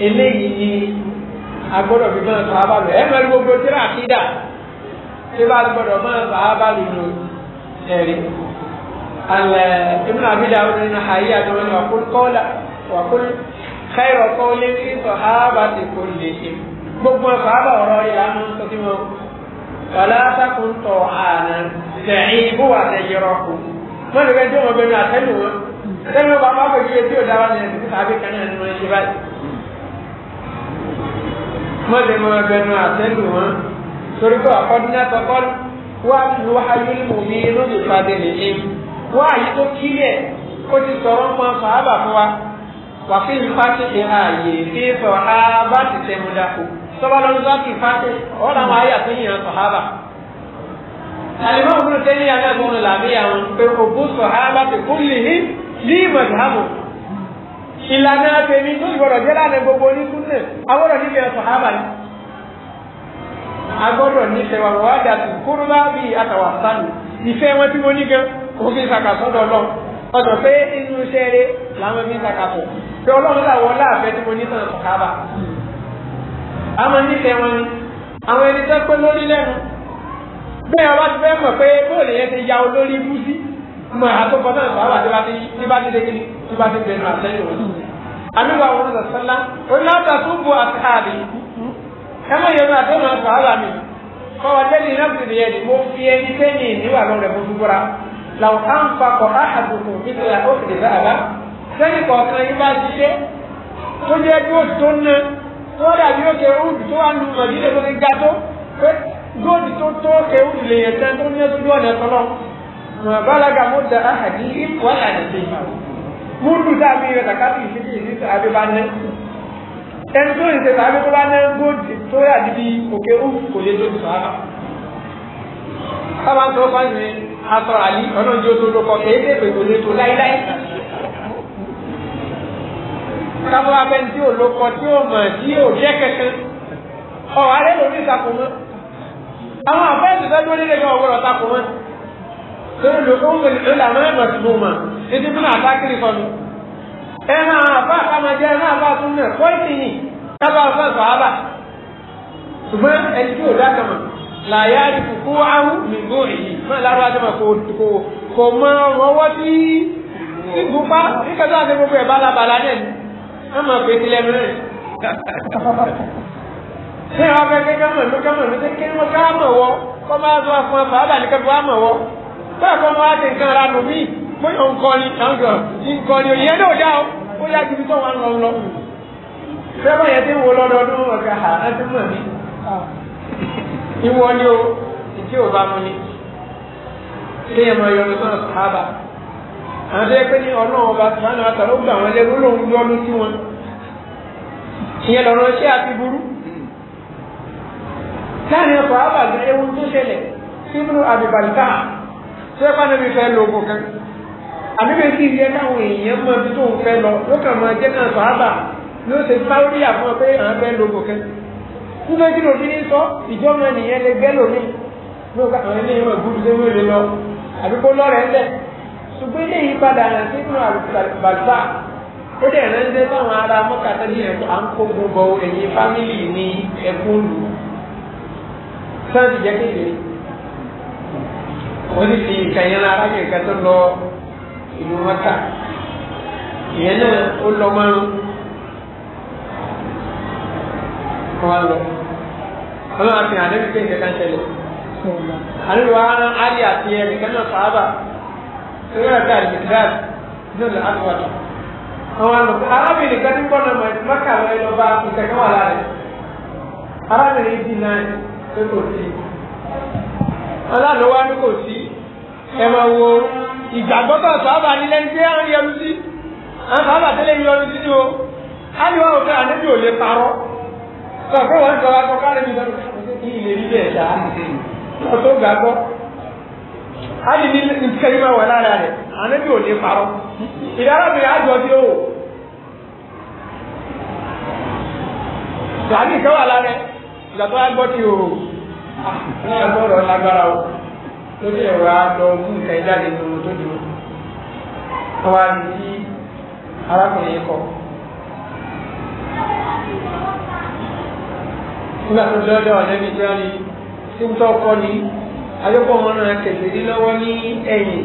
eléyìí ni agbọ́dọ̀ fi máa sàábà lò ẹ mẹ́rin gbogbo tíra àkídà tí bá gbọ́dọ̀ máa sàábà lò lò ẹ̀rí. alẹ́ ibùdó àbídà ọ̀rọ̀ nínú ayé àtọ́wọ́n ni wàkúrú kọ́ọ̀lá wàkúrú kẹ́rọ̀ kọ́ọ̀lé ní sọ̀hábà ti kò lè ṣe gbogbo sàábà ọ̀rọ̀ ìlànà tó ti mọ́ ọ̀làtàkùn tọ̀ àná tẹ̀yìn bó wà tẹ̀yìn rọ̀kù wọ́n lè fẹ́ dé wọn bẹnu àtẹ́lù wọn sẹ́yìn wọn bá wọn bá gbèjì tí ò dára ní ẹ̀sìn tàbí kan náà nínú ẹ̀ṣẹ̀ báyìí wọ́n lè mọ bẹnu àtẹ́lù wọn torí pé àkọ́dúnlá tọkọ́ wà lù ayélu mi lóṣù padà nìyí wà yìí tó kílẹ̀ ó ti sọ̀rọ̀ mọ́ sàábà fún wa wà fí ìfásitì ààyè fífọ̀ á bá ti tẹ̀ mú dáko tọ́ba lọ́dún tó kì í fáṣẹ ọ́ làwọn ayé àtúnyìn àwọn sọ̀hábà. àlìmọ́ òkúrò tẹ́lẹ̀ yàrá ẹ̀gbọ́n ló làmì àwọn pé òkú sọ̀hábà ti kú lì ní ní mọ̀dáàmù. ìlànà tèmi tó gbọdọ̀ jẹ́ lánàá gbogbo oníkú náà agbọ́dọ̀ níbi ẹ̀ sọ̀hábà ni. agbọ́dọ̀ ní sẹ̀wàwọ̀ àdàtù kúrú bá bí àtàwà sánù ìfẹ́ wọn tí mo ní gan kò fi sàkàsọ́dọ̀ lọ pé inú iṣẹ́ rẹ̀ làwọn fi sàkàsọ̀ pé ọlọ́run làwọn láàfẹ́ tí mo ní sàn sọ̀hábà a máa nífẹ̀ẹ́ wọn ni àwọn ẹni tó pé lórí lẹ́nu bẹ́ẹ̀ wá ti fẹ́ mọ̀ pé bóòlù yẹn ti ya olórí ibú sí mọ àtúkọ náà sọ àwọn àdébàtí níbàtí dégéni níbàtí bẹ̀rẹ̀ náà sẹ́yìn òní. àmìwá wọn lọ sọlá onílàtà tó bu àtàlẹ ẹ má yẹ máa dọ́nà sọ àlà mi kọ́ wa jẹ́ ní ináàbù ni ẹni mo fi ẹni sẹ́yìn níwà lọ rẹ̀ fojú bọ́ra làwọn á ń fakọ̀ áhàdùkù nítorí àkókò ìdá àbá sẹ́yìn kọ̀ọ̀kan yín bá ṣiṣẹ́ tó jẹ́ tó tó náà wọ́n dàbí òkè ewúdù tó wà nù mọ̀jídé tó ti ga tó pé góòdù tó tó òkè ewúdù lè yẹ tẹ́ tó ní ẹtúndú ọ̀nà tọ́lọ́ mọ̀bálága mo da ahàdí wọ́n àdé ṣe múlù dàbí rẹ̀ tàkàtì ìṣèjì ìṣèjì àbí bá ná ẹni tó ìṣe tàbí tó bá ná góòdù tó yà dídí òkè ewúdù kò yẹ tó ti sọ àbá. sábà tó fáyìn asọ àlí ọlọ́jọ́ tó lókọ̀ kéé kábọ̀ abẹ́ o ò lókọ tí ò mọ̀ tí ò jẹ́ kankan ọ̀ alẹ́ ló ní ìtakùn mọ́ àwọn àbẹ́ ìtìsẹ́ tó nílé yọ ọ̀wọ́rọ̀ takùn mọ́ tó ń lo oúnjẹ ìlànà ẹ̀mọ̀ tí mo mọ̀ títí fún àtàkìrì kọlu ẹ máa àbá àkàmọ̀jẹ́ ẹ máa bá tún náà kọ́ ìsìn kábọ̀ ọ̀sán sọ̀hábà ṣùgbọ́n ẹni tí ò dákàmọ̀ làyà kó áhù mi gbó èyí máa lárú àjọmọ̀ kò mọ ọwọ́ tí ìgbúpa nígbà tó àti gbogbo ẹ̀ bá labalà náà ẹ máa pè sí lẹ́nu rẹ̀. ṣé ìwà fẹ́ kí kámọ̀ ló kámọ̀ ló ṣe kí wọ́n ká mọ̀ wọ́ kọ́ máa tó afọ àfọ àbàlí kẹ́kọ̀ọ́ á mọ̀ wọ́. bẹ́ẹ̀ kọ́ máa ti nǹkan ara nù mí pé òun kọ́ ni àǹgọ̀ nǹkan ni òyìn ẹ̀dọ̀ dá o ó yá ju ibi tó wà ń lọ lọ. sẹ́fọ̀ yẹn ti ń wo lọ́dọọdún ọ̀gá àti mọ̀ mi. ìwọ ni o ìdí ò bá mu ni. ilé ẹ̀ máa yọ àwọn tó yẹ pé ní ọlọ́run ọba sùmánù àtàló gbà wọn lẹ́nu lòun yọ́nú sí wọn ìyẹn lọ́rọ̀ ṣé àfi burú láàrin ọkọ̀ àbàgbà ewu tó ṣẹlẹ̀ sínú àbìbàlìkà tó ẹ pàdé mi fẹ́ lo ogun kan àbíbí kí ilé káwọn èèyàn mọ ibi tó ń fẹ́ lọ ló kàn máa jẹ́ náà sàábà ló ṣe sáwórí àfọ́n pé à ń fẹ́ lo ogun kan nígbà tí lòdì ní sọ ìjọba nìyẹn lè gbẹ́ lómi ló ká àwọn ilé ìwọ̀n gbúdú lé wọ́n lè lọ àbí kó lọ́rẹ̀ẹ́ lẹ̀ ṣùgbọ́n ilé yìí padà rẹ̀ sínú àlùbàgbà ó dẹ̀ rẹ́ńdẹ́ fáwọn ará mọ́kàtà ní ẹ̀kọ́ à ń kó gbogbo ẹ̀yìn fámìlì ní ẹkún lù sáǹtì jẹ́ kéde wọ́n sì fi ìkànnì ara yẹn kan tó lọ ìlú mọ́kà ìyẹn náà ó lọ márùn-ún kọ́ wa lọ ọlọ́run àti àdébìkẹ́ ìkẹ́kẹ́ ń tẹ̀lé àdébìkẹ́ wa àti ẹnìkan náà sáábà ìrora bí àlìkìdáàbì ní ọ̀là àtúwàtò àwọn àlùkò arábìnrin kan ní kọ́nà mọ́kà lọ ẹ lọ́ba ìkẹ̀kẹ́ wà lára arábìnrin yìí dínà pé kò sí aláàlọ́wọ́ ni kò sí ẹ máa wo ìgbàgbọ́ tó sábà nílẹ̀ ní pé à ń yọnu sí à ń sábà tẹ́lẹ̀ yọnu sí ni o á ní wọn paro fẹ́ àdébí ò lè parọ́ sọ pé wọ́n ń sọ wá sọ káàdébí lọ́dún ìlè nílẹ̀ ẹ̀dá lọ́tọ́ gbàgbọ́ á lè ní nǹkan yìí máa wà lára rẹ̀ ànábì ò ní parọ́ ìdárábìnrin àjọ tí ó wò tàbí nǹkan wà lára rẹ̀ ìgbà tó wá gbọ́ tí o ah, ní ọgbọ́dọ̀ lágbára o lórí ẹ̀rọ àlọ́ mú nǹkan ìjáde lóru tó dúró àwọn àmì tí arákùnrin yìí kọ́. nígbà tó lọ́dọ̀ ọ̀lẹ́bí tí wọ́n ní tí ń tọ́ kọ́ ni. àyọkọ wọn náà kẹsẹ ní lọ́wọ́ ní ẹ̀yìn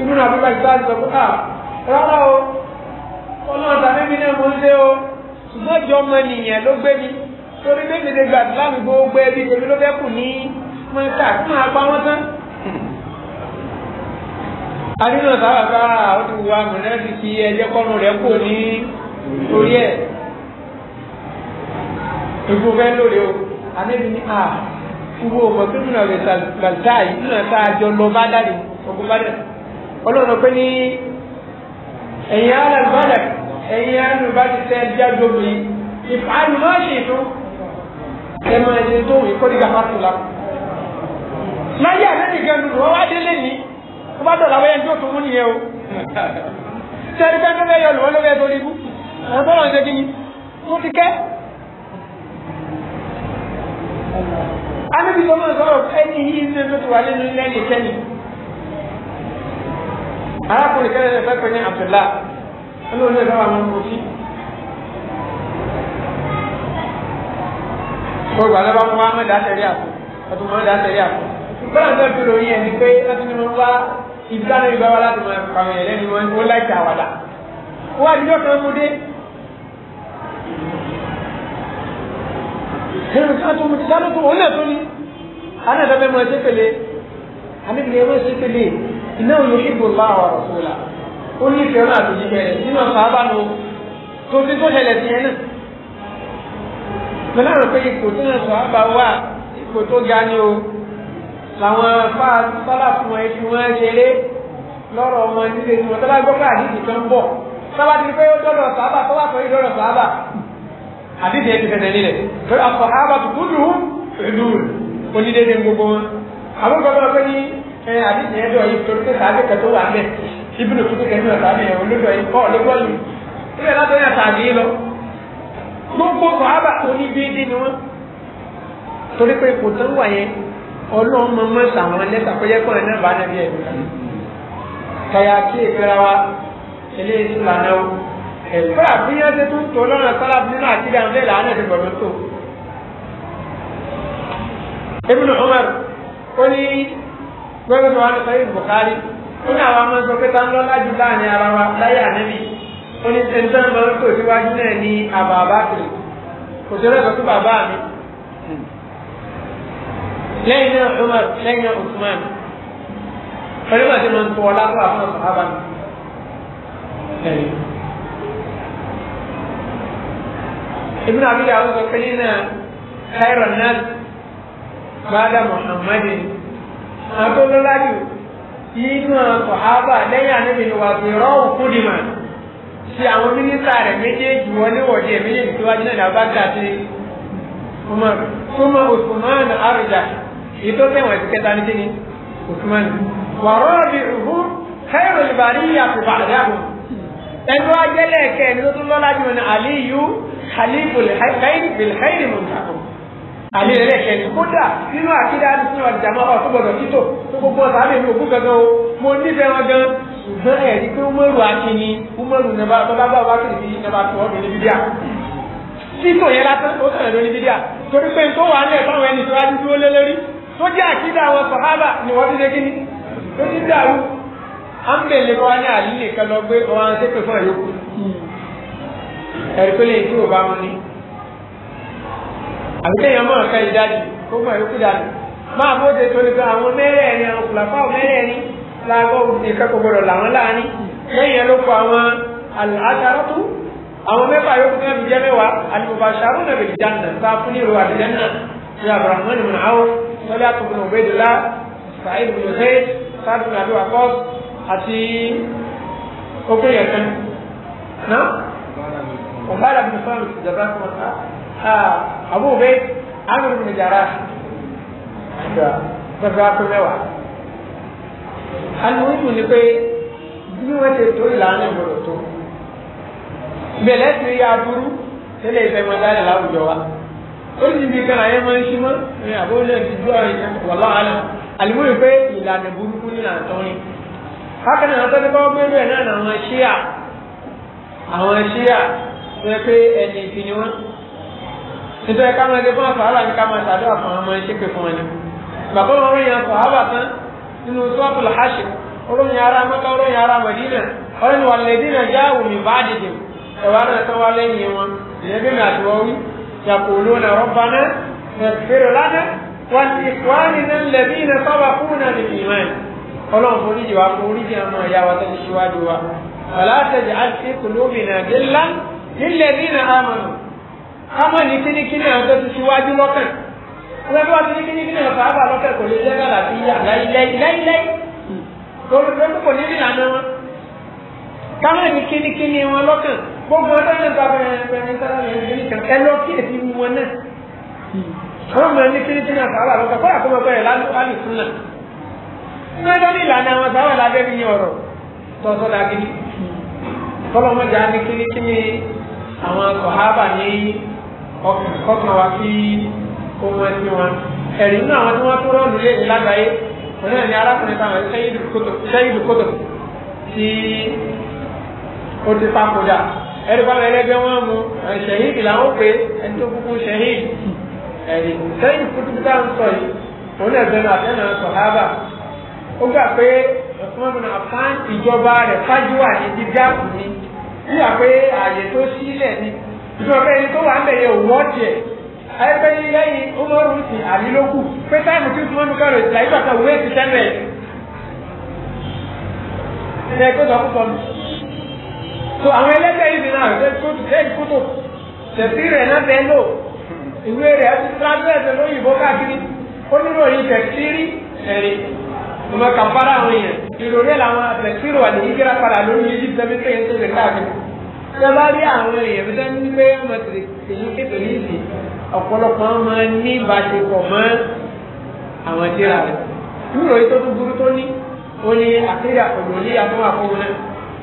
ibùdó àbúrò ìgbà àti ọkọ à rárá o Ọlọ́run tàbí mi náà mo ń lé o ṣùgbọ́n ìjọ ọmọ ènìyàn ló gbé mi torí láàmì gbogbo ẹbí tèmi ló fẹ́ kù ní mọ́ńtà pa wọ́n tán. adínà sábà ah, ó ti ẹjẹ́ kọ́nu rẹ̀ kò o ìwọ ọmọ pé múnà rẹ̀ làlùtà yìí múnà tá a jọ lọ bá dàdí ọkọ bá dàdí ọlọ́run pé ní ẹ̀yin alàlùbádà ẹ̀yin alàlùbádà tẹ́ ẹ̀dí àjọbù yìí ìfàlù má ṣe ètò ẹ máa ṣe tó òun ìkọ́ni gàfà tó la. láyé àlejò gẹ̀ẹ́nu wọ́n wá délé ní wọ́n bá dọ̀là wẹ́yẹn tó tó mú nìyẹn o. sẹ́ni pẹ́ńtẹ́ bẹ́ẹ̀ yọ lùwọ́n lọ́wọ́ ẹ̀ tó rí bú. àwọn bọ́ọ̀lù ń ṣe ni mo ti kẹ́. anábì tó máa sọ̀rọ̀ ẹni yìí ń lè tó wà nínú ilé ẹnìkẹ́ni arákùnrin kẹ́lẹ́ lè fẹ́ pẹ́ ní Abdullah olóòlù lè fẹ́ wà wọn kò sí. gbogbo àlọ́ bá wọn wá mẹ́ta àtẹ̀rí àpò ọtún mẹ́ta àtẹ̀rí àpò bọ́lá tó dúró yẹn ni pé wọ́n ti ní wọn wá ìdílé àná ìbáwá láti máa pàmì ẹ̀lẹ́ni wọn ó láìsí àwàdà wọ́n àdìjọ́ kan mú dé. ẹnu ká tó mutí dáná tó òun náà tó ní àná ìdábẹ́ mọ ẹsẹ̀ pẹ̀lẹ́ àníbi ẹwọ́ ẹsẹ̀ pẹ̀lẹ́ iná òun yóò kíkó bá àwọn ọ̀rọ̀ fún la ó ní ìfẹ́ náà tó jíjẹ rẹ̀ nínú ọ̀sán abánu tó ti tó ṣẹlẹ̀ sí ẹ náà pẹ̀lú àwọn pé ipò tí náà sọ àbá wà ipò tó ga ni o làwọn fáfálà fún ẹ fi wọ́n ṣeré lọ́rọ̀ ọmọ nílé tí wọ́n tọ́lá gbọ́ àdídẹ̀ ti fẹ̀sẹ̀ nílẹ̀ pé àfọ̀hábà tó kú lù ìlú onídéédé gbogbo wọn àwọn kan máa pẹ́ ní àdídẹ̀ ẹ̀dọ̀ yìí torí pé sàádé kẹ́ tó wà ń bẹ̀ ibùdó tó kékeré náà sàádé yẹn olódò yìí kọ́ ọ̀lọ́gbọ́ yìí ilẹ̀ látọ̀ yẹn sàádé yìí lọ gbogbo sàábà onídéédé ni wọn torí pé kò tó wà yẹn ọlọ́run mọ mọ́ sàwọn lẹ́tà pé yẹ́pọ̀ ẹ̀ náà bá nàbí ẹ̀ kàyà kí ìpẹ́ra wa ẹ̀fọ́ra bí yẹn ṣe tún tó lọ́nà sálàf nínú àkídà ń lélàá náà ti gbọ̀dọ̀ tó. Ibn Umar ó ní gbẹ́gbẹ́ tó wà ní sọ́yìn Bukhari ó ní àwọn amọ̀ sọ pé tá ń lọ lájú láàrin ara wa láyé ànẹ́bí ó ní ẹni tó ń lọ tó síwájú náà ní àbàbà kiri kò sí ọ̀rẹ́ sọ fún bàbá mi. lẹ́yìn náà Umar lẹ́yìn náà Usman pẹ̀lú àti ń tọ́ ọ ibn abiy awo sọ pé nínú kairo nas bada muhammadin abdullahi inú sọ̀hábà lẹ́yìn من ni wà fi rọ́ọ̀ kúndìmá ṣe àwọn mínísítà rẹ̀ méjèèjì wọlé wọ̀dí ẹ̀ méjèèjì tó wájú náà lábàgbà sí umar kuma usman arja ètò tẹ̀wọ̀n ti kẹta ní kíni usman wàrọ̀ bí ruhu kairo ìbàrí yàtọ̀ bàdàbọ̀ ẹnu ajẹ́lẹ̀ kẹ́ni tó tún lọ́lá jù ní aliyu khalifu lẹ́yìn bilhairi mọ̀nàkọ̀ àmì ẹlẹ́kẹ̀ ní kódà nínú àkídá nínú àjàmọ́ ọ̀ tó gbọdọ̀ títò tó gbogbo ọ̀sán àmì ìlú ògùn gangan o mo nífẹ̀ẹ́ wọn gan ṣùgbọ́n ẹ̀rí pé umaru akínni umaru nàbà bàbá bá wà kìlì bíi nàbà tó ọ̀gbìn níbi díà títò yẹn lásán ó sọ̀rọ̀ lórí níbi díà torí pé tó wà nílẹ̀ fáwọn ẹni tó wá dúdú lé lórí tó jẹ́ àkídá àwọn sọ̀hábà ni wọ́n ti dé kíní tó ti dàrú ẹ̀rí pé lẹ́yìn tí ò bá mu ní. àbí lẹ́yìn ọmọ ọ̀kan yìí dájú kó mọ̀ yókù dájú máa bóde tó ní pé àwọn mẹ́rẹ̀ẹ̀rin àwọn kùlàfà mẹ́rẹ̀ẹ̀rin láàbọ̀ ìkẹ́kọ̀ọ́ gbọdọ̀ làwọn láàánú lẹ́yìn ẹ ló kọ àwọn àtàràtú àwọn mẹ́fà yókù náà fi jẹ́ mẹ́wàá àlùbọ̀bà sàrún náà bèjì jáde tá a fún ní ìrora àdìjẹ́ náà ní abrahamani mun awo sọlá àtúntò òbẹ́dọ̀lá sàìd bin zayd sàìd bin abdul akọ́s àti ókè yẹn kan وقال ابن صالح جراح أبو بيت عمرو بن جراح gbàgbà mẹ́wàá alùpùpù ni pé bí wọ́n ti tó ìlànà ìgbọ̀dọ̀ tó bẹ̀lẹ́ ti yá burú tẹ́lẹ̀ ìfẹ́ máa dálẹ̀ láwùjọ wa ó ní ibi kan àyẹ́ máa ń ṣí mọ́ ní àbúrò náà ti dúró àwọn ìyẹn wọ̀ lọ́wọ́ àná alùpùpù pé ìlànà burúkú ní àtọ́rin bákan náà tọ́jú bá wọ́n gbé bẹ́ẹ̀ náà àwọn ṣíà àwọn ṣíà ṣe pé ẹni ìfi ni wọ́n nítorí ká máa gé fún àfàhàlà ní ká máa ṣàdúrà fún ọmọ ẹ ṣépè fún ẹni bàbá wọn ròyìn àfàhàlà tán nínú sọ́ọ̀tù hàṣì ròyìn ara mọ́tò ròyìn ara mọ̀dínà ọ̀rẹ́ni wà lẹ́dínà jáàwù mi bá dìde ẹ̀wà náà tán wá lẹ́yìn wọn ìyẹn mi àti wọ́n wí yaquluna rabbana ighfir lana wa li ikhwanina alladhina sabaquna bil iman ọlọ́run forí jì wá forí jì nílẹ̀ nínú amọ̀nù amọ̀nì àwọn tó ti lọ́kàn ní kínníkínní lọ́kàn kò lè lẹ́gbà láti yá láíláí lórí kò ní nílànà wọn káwọn ní kínníkínní wọn lọ́kàn gbogbo ọjọ́ ní ní ní ní ní àwọn sọ̀hábà ní ọkàn wa kí ó wọn sí wọn ẹ̀rí náà àwọn tí wọ́n tó rọ́ọ̀lù lé lágbàáyé wọn náà ní arákùnrin táwọn ṣẹ́yìdù kótó tí ó ti papòdà ẹ̀rí bá wọn ẹlẹ́gbẹ́ wọn mú ṣẹ̀yìdì làwọn pé ẹni tó kúkú ṣẹ̀yìdì ẹ̀rí ṣẹ́yìdù kótó tí táwọn sọ yìí wọn náà bẹnu àtẹnà sọ̀hábà ó gbà pé ọ̀sán ìjọba rẹ̀ fájúwà ní dídáàbò ní yíyà pé ààyè tó sílẹ̀ ni ìjọba ẹni tó wà ń bẹ̀yẹ òwò tiẹ̀ ẹgbẹ́ yìí lẹ́yìn ọmọrù ti àmì ló kù pé táìmù tí súnmọ́ mi kọ́rọ̀ ìtìlá yìí bàtà òwe ti tẹ́lẹ̀ ilé ẹgbẹ́ sọ fún bọ́ọ̀lù tó àwọn ẹlẹ́gbẹ́ yìí fi náà ṣe kó ṣe kótó tẹ̀sí rẹ̀ náà bẹ́ẹ̀ lò ìwé rẹ̀ ti tíráfẹ́ẹ̀sì lóyìnbó káàkiri ó nílò yìí tẹ̀sí rí ẹ̀rí ọmọ kàfárà àwọn èèyàn ìròyìn làwọn àtẹ̀sírò àti ìkíra padà lórí yíyí tẹ́bí tẹ́yẹ tó lè káàkiri tẹ́ bá rí àwọn èèyàn bí sẹ́ni ní pé ọmọ tètè èyí kéde níìsì ọ̀pọ̀lọpọ̀ máa ní ìbáṣepọ̀ mọ́ àwọn ìdíra rẹ̀ ìròyìn tó tún burú tó ní ó ní àkéde àkọ́jọ ní àfọwọ́ àfọwọ́ náà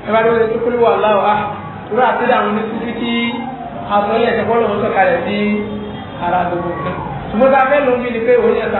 ẹ bá dọ́wọ́ tó kúlẹ̀ wà láwọ̀ á ah, ìró àkéde àwọn oníṣúbí tí àtọ́lẹ̀ ẹ̀kọ́ lọ́wọ́ sọ̀kalẹ̀ sí ara gbogbo nǹkan ṣùgbọ́n tá a fẹ́ lómi ni pé òun yẹn sá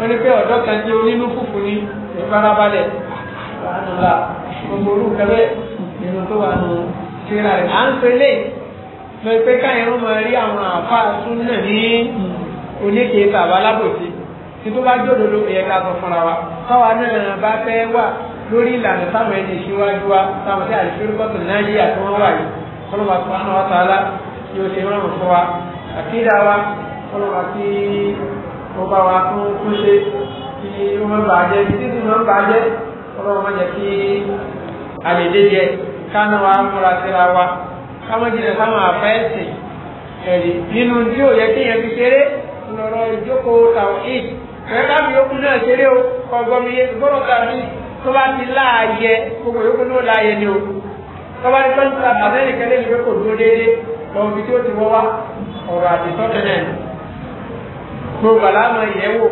ẹni pé ọ̀dọ́ kan jẹ́ onínú fùfù ní ìfarabalẹ̀ wàhánùlá gbogbo olùkẹ́lẹ́ ìlú tó wà nù síra rẹ̀. à ń pele lọ pé káyọ̀ máa rí àwọn àfa súnà ní oníke tàbá lábòsí tí tó bá jòdòdó yẹ ká sọ fúnra wa táwa náà bá fẹ́ wà lórí ìlànà táwọn ẹni ìṣíwájú wa táwọn tí àdìsírí kọ́tù nàìjíríà tí wọ́n wà yìí kọ́lọ́mà tó wọn wá tààlà yóò ṣe rọrùn fún wa àkídà wa kọ́lọ́mà tí ó bá wa tún tún ṣe kí ó má bàa jẹ kí títí má bàa jẹ ọlọ́run má jẹ kí àdèdè jẹ kánú wa múra síra wa káwọn jìnnà sáwọn àfẹ́sìn ẹ̀rí nínú tí ò yẹ kéèyàn fi ṣeré lọ́rọ̀ ìjókòó tàwọn ìd ẹ̀ka mi yókù náà ṣeré o ọgbọ́n mi yé gbọ́dọ̀ tàbí tó bá ti láàyè gbogbo yókù náà láàyè ni o tọ́ba ní tọ́jú àbẹ́rẹ́ nìkan lè lè kó dúró déédéé lọ́wọ́ ibi tí ó ti wọ́ wá ọ̀rọ̀ àdìsọ́tẹ̀ náà gbogbo àlámọ ìyẹwò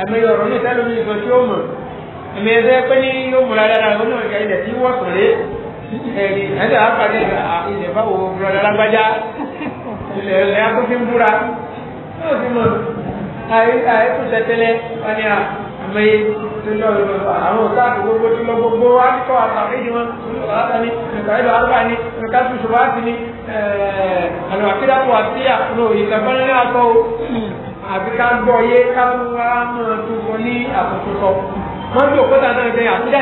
àmì ọ̀rọ̀ ní sẹlẹ mi sọ tí ó mọ ẹmí ẹsẹ pé ní yóò múra dára ó náà ìka ilẹ̀ tí wọ́n sùn lé ẹni ẹsẹ àpàdé ilẹ̀ báwo bùrọ̀dá lágbájá ilẹ̀ ilẹ̀ akófin búra yóò fi mọ àìkú tẹtẹlẹ wọn ni àmì àwọn ọ̀tá àdúgbò tó lọ gbogbo akíkọ̀ àtàkéjì wọn látàní ìkàlẹ́lò àlùbá ni ìkàlẹ́lò ṣùgbọ́n àti ni àlùbákídàpọ̀ àti àkùnrin ìkàlẹ́lò àtọ̀ àfi ká gbọ́ yé ká máa tún fún ní sọ bí òkúta náà àtúndà ni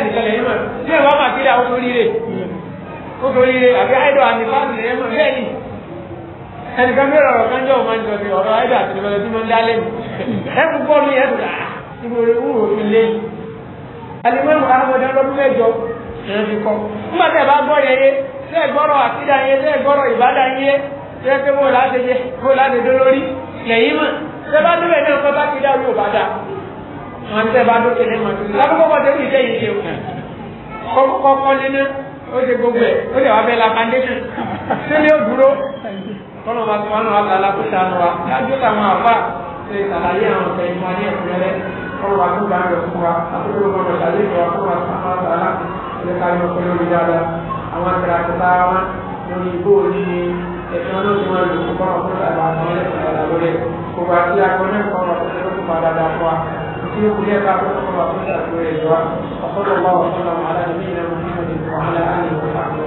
ẹnìkan bí ọ̀rọ̀ na jọ máa ń jọ ní àti ìbẹ̀rẹ̀ tí mo ń dá lẹ́nu ẹ̀kú bọ́ mi ẹ̀dùn dà ìmọ̀ràn wúrò fi lé alimọ́nù ahmed ọlọ́dún mẹ́jọ fi nígbà tí ẹ bá yé tẹ́bá níbẹ̀ náà kọ́ bá kiri àwọn òbá dá wọn tẹ́bá lókè náà máa tóbi lábúkọ́ bọ́ débi ìjẹ́ yìí o kọ́kọ́ kọ́ nínú ó ṣe gbogbo ẹ̀ ó lè wá bẹ́ẹ̀ la foundation tí ní òdúró kọ́nà wa tó wọn wà lálákúta nù wa dájú táwọn àfa ṣe ìsàlàyé àwọn ọ̀sẹ̀ ìmọ̀ ní ẹ̀kúnrẹ́rẹ́ kọ́nà wa tó dáhùn ẹ̀kún wa àtúntò gbọdọ̀ ṣàlejò wa fún wa sàmà ẹ̀ka yọ̀ ẹ̀sìn olóògùn ẹ̀rù kó bá wọn fún àwọn ẹ̀sìn ẹ̀rọ lórí kó bá tí akọ náà kọ́ ọ̀rọ̀ tó kó bá dáadáa fún wa tí ó kúlẹ̀ bá kó kó bá fún ìṣàkóso ẹ̀jọ́ wa ọ̀sọ́dọ̀ bá wọn fún àwọn aláàbí ìlànà